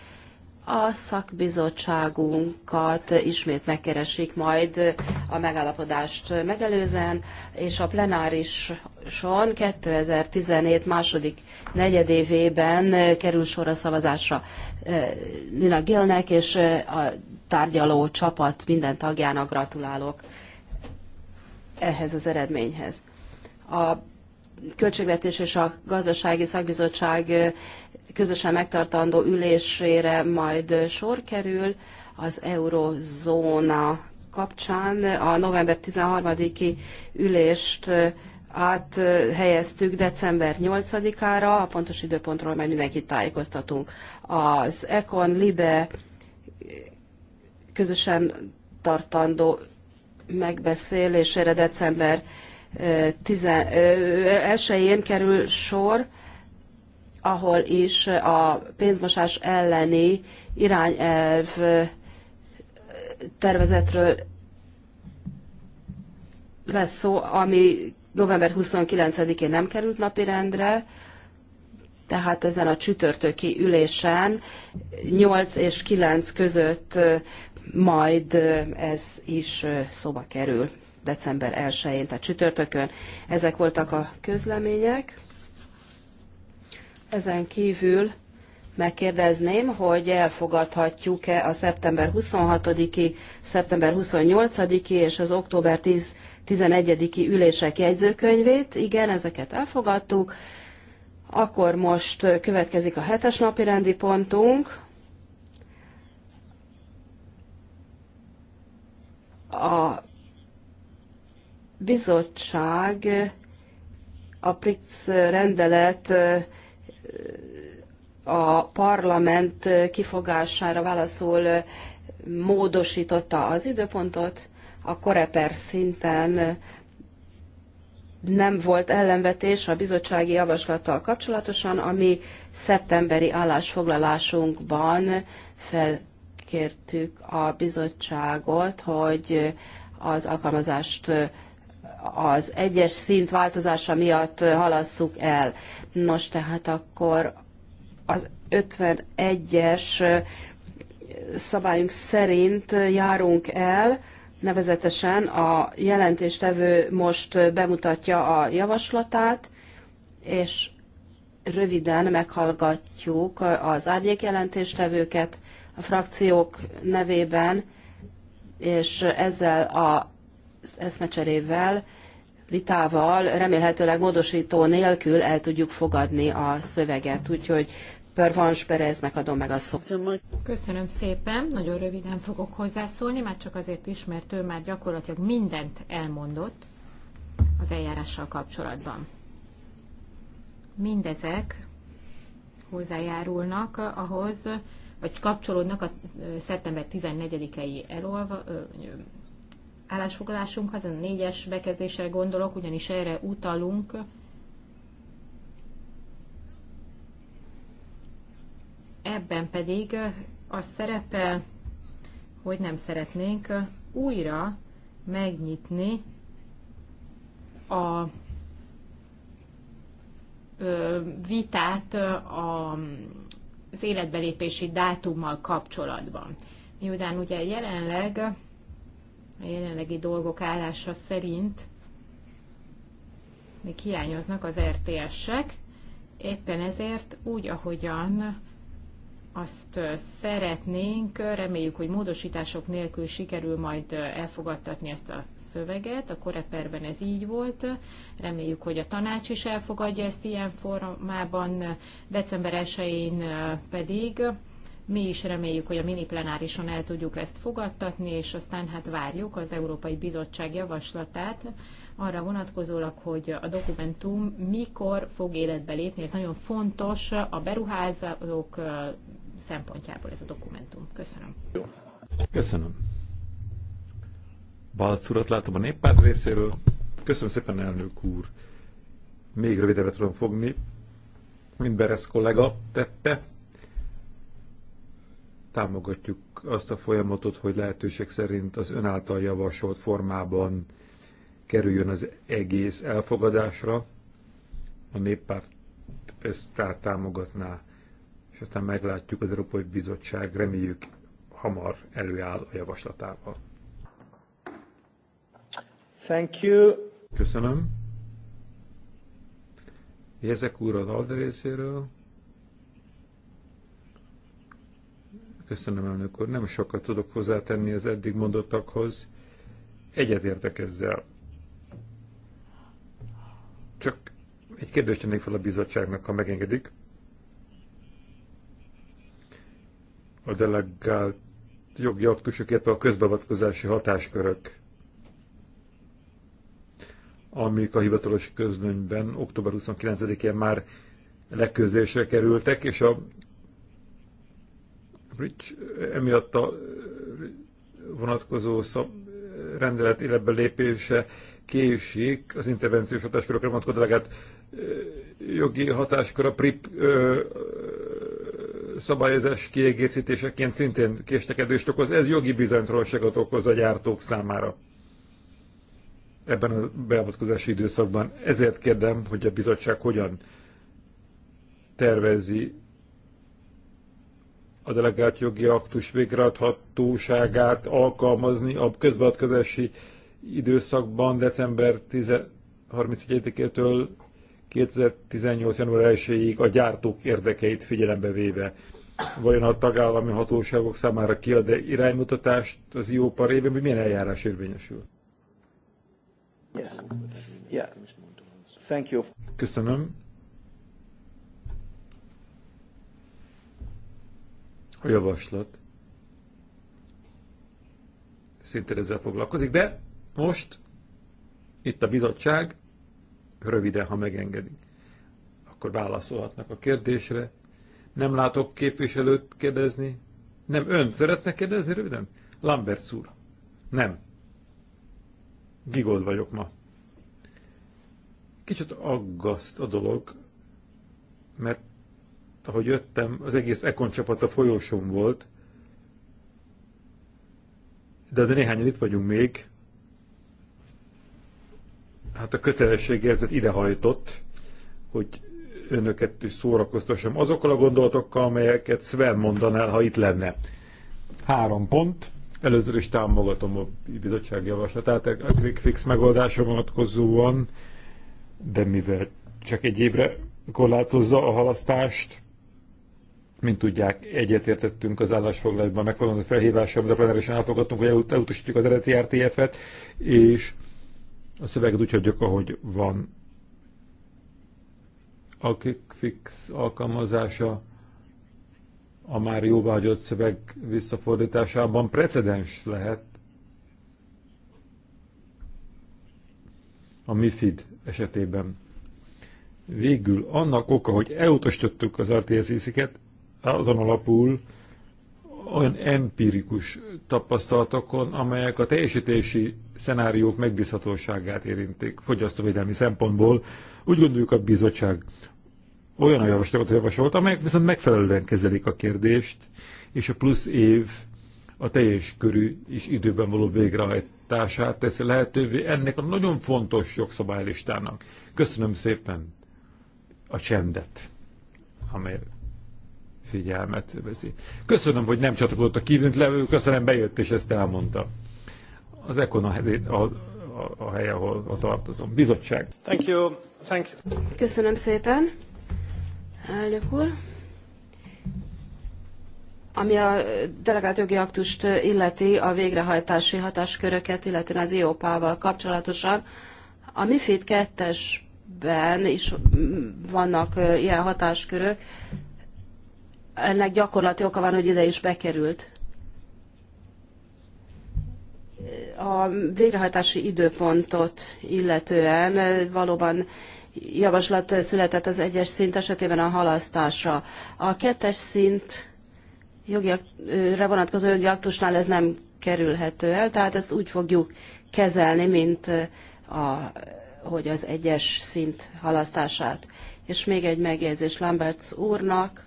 a szakbizottságunkat ismét megkeresik majd a megállapodást megelőzen és a plenárison 2017 második negyedévében kerül sor a szavazásra eh, Nina Gilnek, és eh, a tárgyaló csapat minden tagjának gratulálok ehhez az eredményhez. A Költségvetés és a Gazdasági Szakbizottság eh, közösen megtartandó ülésére majd sor kerül az eurozóna kapcsán. A november 13-i ülést áthelyeztük december 8-ára, a pontos időpontról majd mindenkit tájékoztatunk. Az Econ Libe közösen tartandó megbeszélésére december 1-én kerül sor, ahol is a pénzmosás elleni irányelv tervezetről lesz szó, ami november 29-én nem került napirendre, tehát ezen a csütörtöki ülésen 8 és 9 között majd ez is szóba kerül december 1-én, tehát csütörtökön. Ezek voltak a közlemények. Ezen kívül megkérdezném, hogy elfogadhatjuk-e a szeptember 26-i, szeptember 28-i és az október 10-11-i ülések jegyzőkönyvét. Igen, ezeket elfogadtuk. Akkor most következik a hetes napi rendi pontunk. A bizottság a PRICS rendelet a parlament kifogására válaszul módosította az időpontot, a koreper szinten nem volt ellenvetés a bizottsági javaslattal kapcsolatosan, ami szeptemberi állásfoglalásunkban felkértük a bizottságot, hogy az alkalmazást az egyes szint változása miatt halasszuk el. Nos, tehát akkor az 51-es szabályunk szerint járunk el, nevezetesen a jelentéstevő most bemutatja a javaslatát, és röviden meghallgatjuk az árnyék jelentéstevőket a frakciók nevében, és ezzel a eszmecserével, vitával remélhetőleg módosító nélkül el tudjuk fogadni a szöveget. Úgyhogy Pervans Pereznek adom meg a szót. Köszönöm szépen, nagyon röviden fogok hozzászólni, már csak azért is, mert ő már gyakorlatilag mindent elmondott az eljárással kapcsolatban. Mindezek hozzájárulnak ahhoz, vagy kapcsolódnak a szeptember 14-i az a négyes bekezdésre gondolok, ugyanis erre utalunk. Ebben pedig az szerepel, hogy nem szeretnénk újra megnyitni a vitát az életbelépési dátummal kapcsolatban. Miután ugye jelenleg a jelenlegi dolgok állása szerint még hiányoznak az RTS-ek, éppen ezért úgy, ahogyan azt szeretnénk, reméljük, hogy módosítások nélkül sikerül majd elfogadtatni ezt a szöveget. A koreperben ez így volt. Reméljük, hogy a tanács is elfogadja ezt ilyen formában. December 1-én pedig mi is reméljük, hogy a mini plenárison el tudjuk ezt fogadtatni, és aztán hát várjuk az Európai Bizottság javaslatát arra vonatkozólag, hogy a dokumentum mikor fog életbe lépni. Ez nagyon fontos a beruházók szempontjából ez a dokumentum. Köszönöm. Köszönöm. Balc urat látom a néppárt részéről. Köszönöm szépen, elnök úr. Még rövidebbet tudom fogni, mint Beresz kollega tette támogatjuk azt a folyamatot, hogy lehetőség szerint az ön által javasolt formában kerüljön az egész elfogadásra. A néppárt ezt támogatná, és aztán meglátjuk az Európai Bizottság, reméljük hamar előáll a javaslatával. Thank you. Köszönöm. Jezek úr az Alde részéről. Köszönöm, elnök úr. Nem sokat tudok hozzátenni az eddig mondottakhoz. Egyetértek ezzel. Csak egy kérdést tennék fel a bizottságnak, ha megengedik. A delegált jogi aktusok, illetve a közbeavatkozási hatáskörök, amik a hivatalos közlönyben október 29-én már leközésre kerültek, és a Bridge, emiatt a vonatkozó szab, rendelet életbe lépése késik az intervenciós hatáskörökre vonatkozó legát jogi hatáskör a PRIP ö, szabályozás kiegészítéseként szintén késtekedést okoz. Ez jogi bizonytalanságot okoz a gyártók számára ebben a beavatkozási időszakban. Ezért kérdem, hogy a bizottság hogyan tervezi a delegált jogi aktus végrehajthatóságát alkalmazni a közbeadkozási időszakban december 31-től 2018. január 1-ig a gyártók érdekeit figyelembe véve. Vajon a tagállami hatóságok számára kiad -e iránymutatást az IOPA révén, hogy milyen eljárás érvényesül? Yes. Yeah. Thank you. Köszönöm A javaslat szintén ezzel foglalkozik, de most itt a bizottság, röviden, ha megengedik, akkor válaszolhatnak a kérdésre. Nem látok képviselőt kérdezni. Nem, ön szeretne kérdezni röviden? Lambert úr. Nem. Gigold vagyok ma. Kicsit aggaszt a dolog, mert ahogy jöttem, az egész Econ csapat a folyósón volt, de azért néhányan itt vagyunk még. Hát a kötelességérzet idehajtott, hogy önöket is szórakoztassam azokkal a gondolatokkal, amelyeket Sven mondanál, ha itt lenne. Három pont. Először is támogatom a bizottság javaslatát a quick fix megoldásra vonatkozóan, de mivel csak egy évre korlátozza a halasztást, mint tudják, egyetértettünk az állásfoglalásban a felhívással, amit a plenárisan átfogadtunk, hogy elutasítjuk az eredeti RTF-et, és a szöveget úgy hagyjuk, ahogy van. A fix alkalmazása a már jóváhagyott szöveg visszafordításában precedens lehet a MIFID esetében. Végül annak oka, hogy elutasítottuk az RTS isziket, azon alapul olyan empirikus tapasztalatokon, amelyek a teljesítési szenáriók megbízhatóságát érintik fogyasztóvédelmi szempontból. Úgy gondoljuk a bizottság olyan a javaslatot javasolt, amelyek viszont megfelelően kezelik a kérdést, és a plusz év a teljes körű és időben való végrehajtását teszi lehetővé ennek a nagyon fontos jogszabálylistának. Köszönöm szépen a csendet, amelyet figyelmet veszi. Köszönöm, hogy nem csatlakozott a kívült levő, köszönöm, bejött és ezt elmondta. Az Econ a, a, a, a hely, ahol a tartozom. Bizottság. Thank you. Thank you. Köszönöm szépen, elnök úr. Ami a delegált jogi aktust illeti, a végrehajtási hatásköröket, illetően az IOPA-val e kapcsolatosan, a MIFID 2-esben is vannak ilyen hatáskörök, ennek gyakorlati oka van, hogy ide is bekerült. A végrehajtási időpontot illetően valóban javaslat született az egyes szint esetében a halasztásra. A kettes szint jogiakra vonatkozó jogi aktusnál ez nem kerülhető el, tehát ezt úgy fogjuk kezelni, mint a, hogy az egyes szint halasztását. És még egy megjegyzés Lamberts úrnak,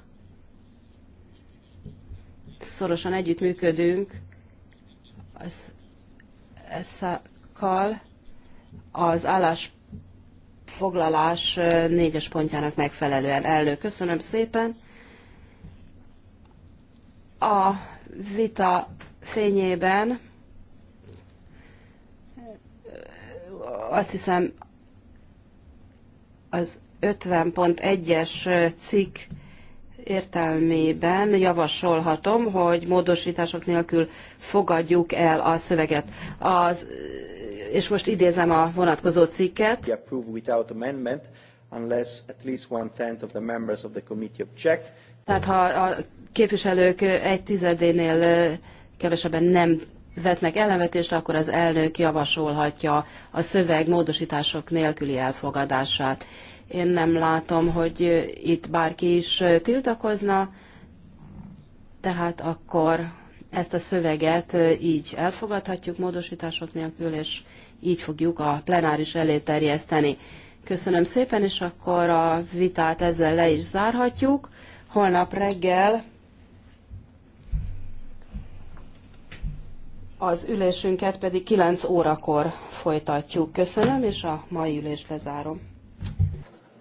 szorosan együttműködünk az eszakkal az állásfoglalás négyes pontjának megfelelően elő. Köszönöm szépen. A vita fényében azt hiszem az 50.1-es cikk értelmében javasolhatom, hogy módosítások nélkül fogadjuk el a szöveget. Az, és most idézem a vonatkozó cikket. Tehát ha a képviselők egy tizedénél kevesebben nem vetnek ellenvetést, akkor az elnök javasolhatja a szöveg módosítások nélküli elfogadását. Én nem látom, hogy itt bárki is tiltakozna, tehát akkor ezt a szöveget így elfogadhatjuk módosítások nélkül, és így fogjuk a plenáris elé terjeszteni. Köszönöm szépen, és akkor a vitát ezzel le is zárhatjuk. Holnap reggel az ülésünket pedig 9 órakor folytatjuk. Köszönöm, és a mai ülést lezárom.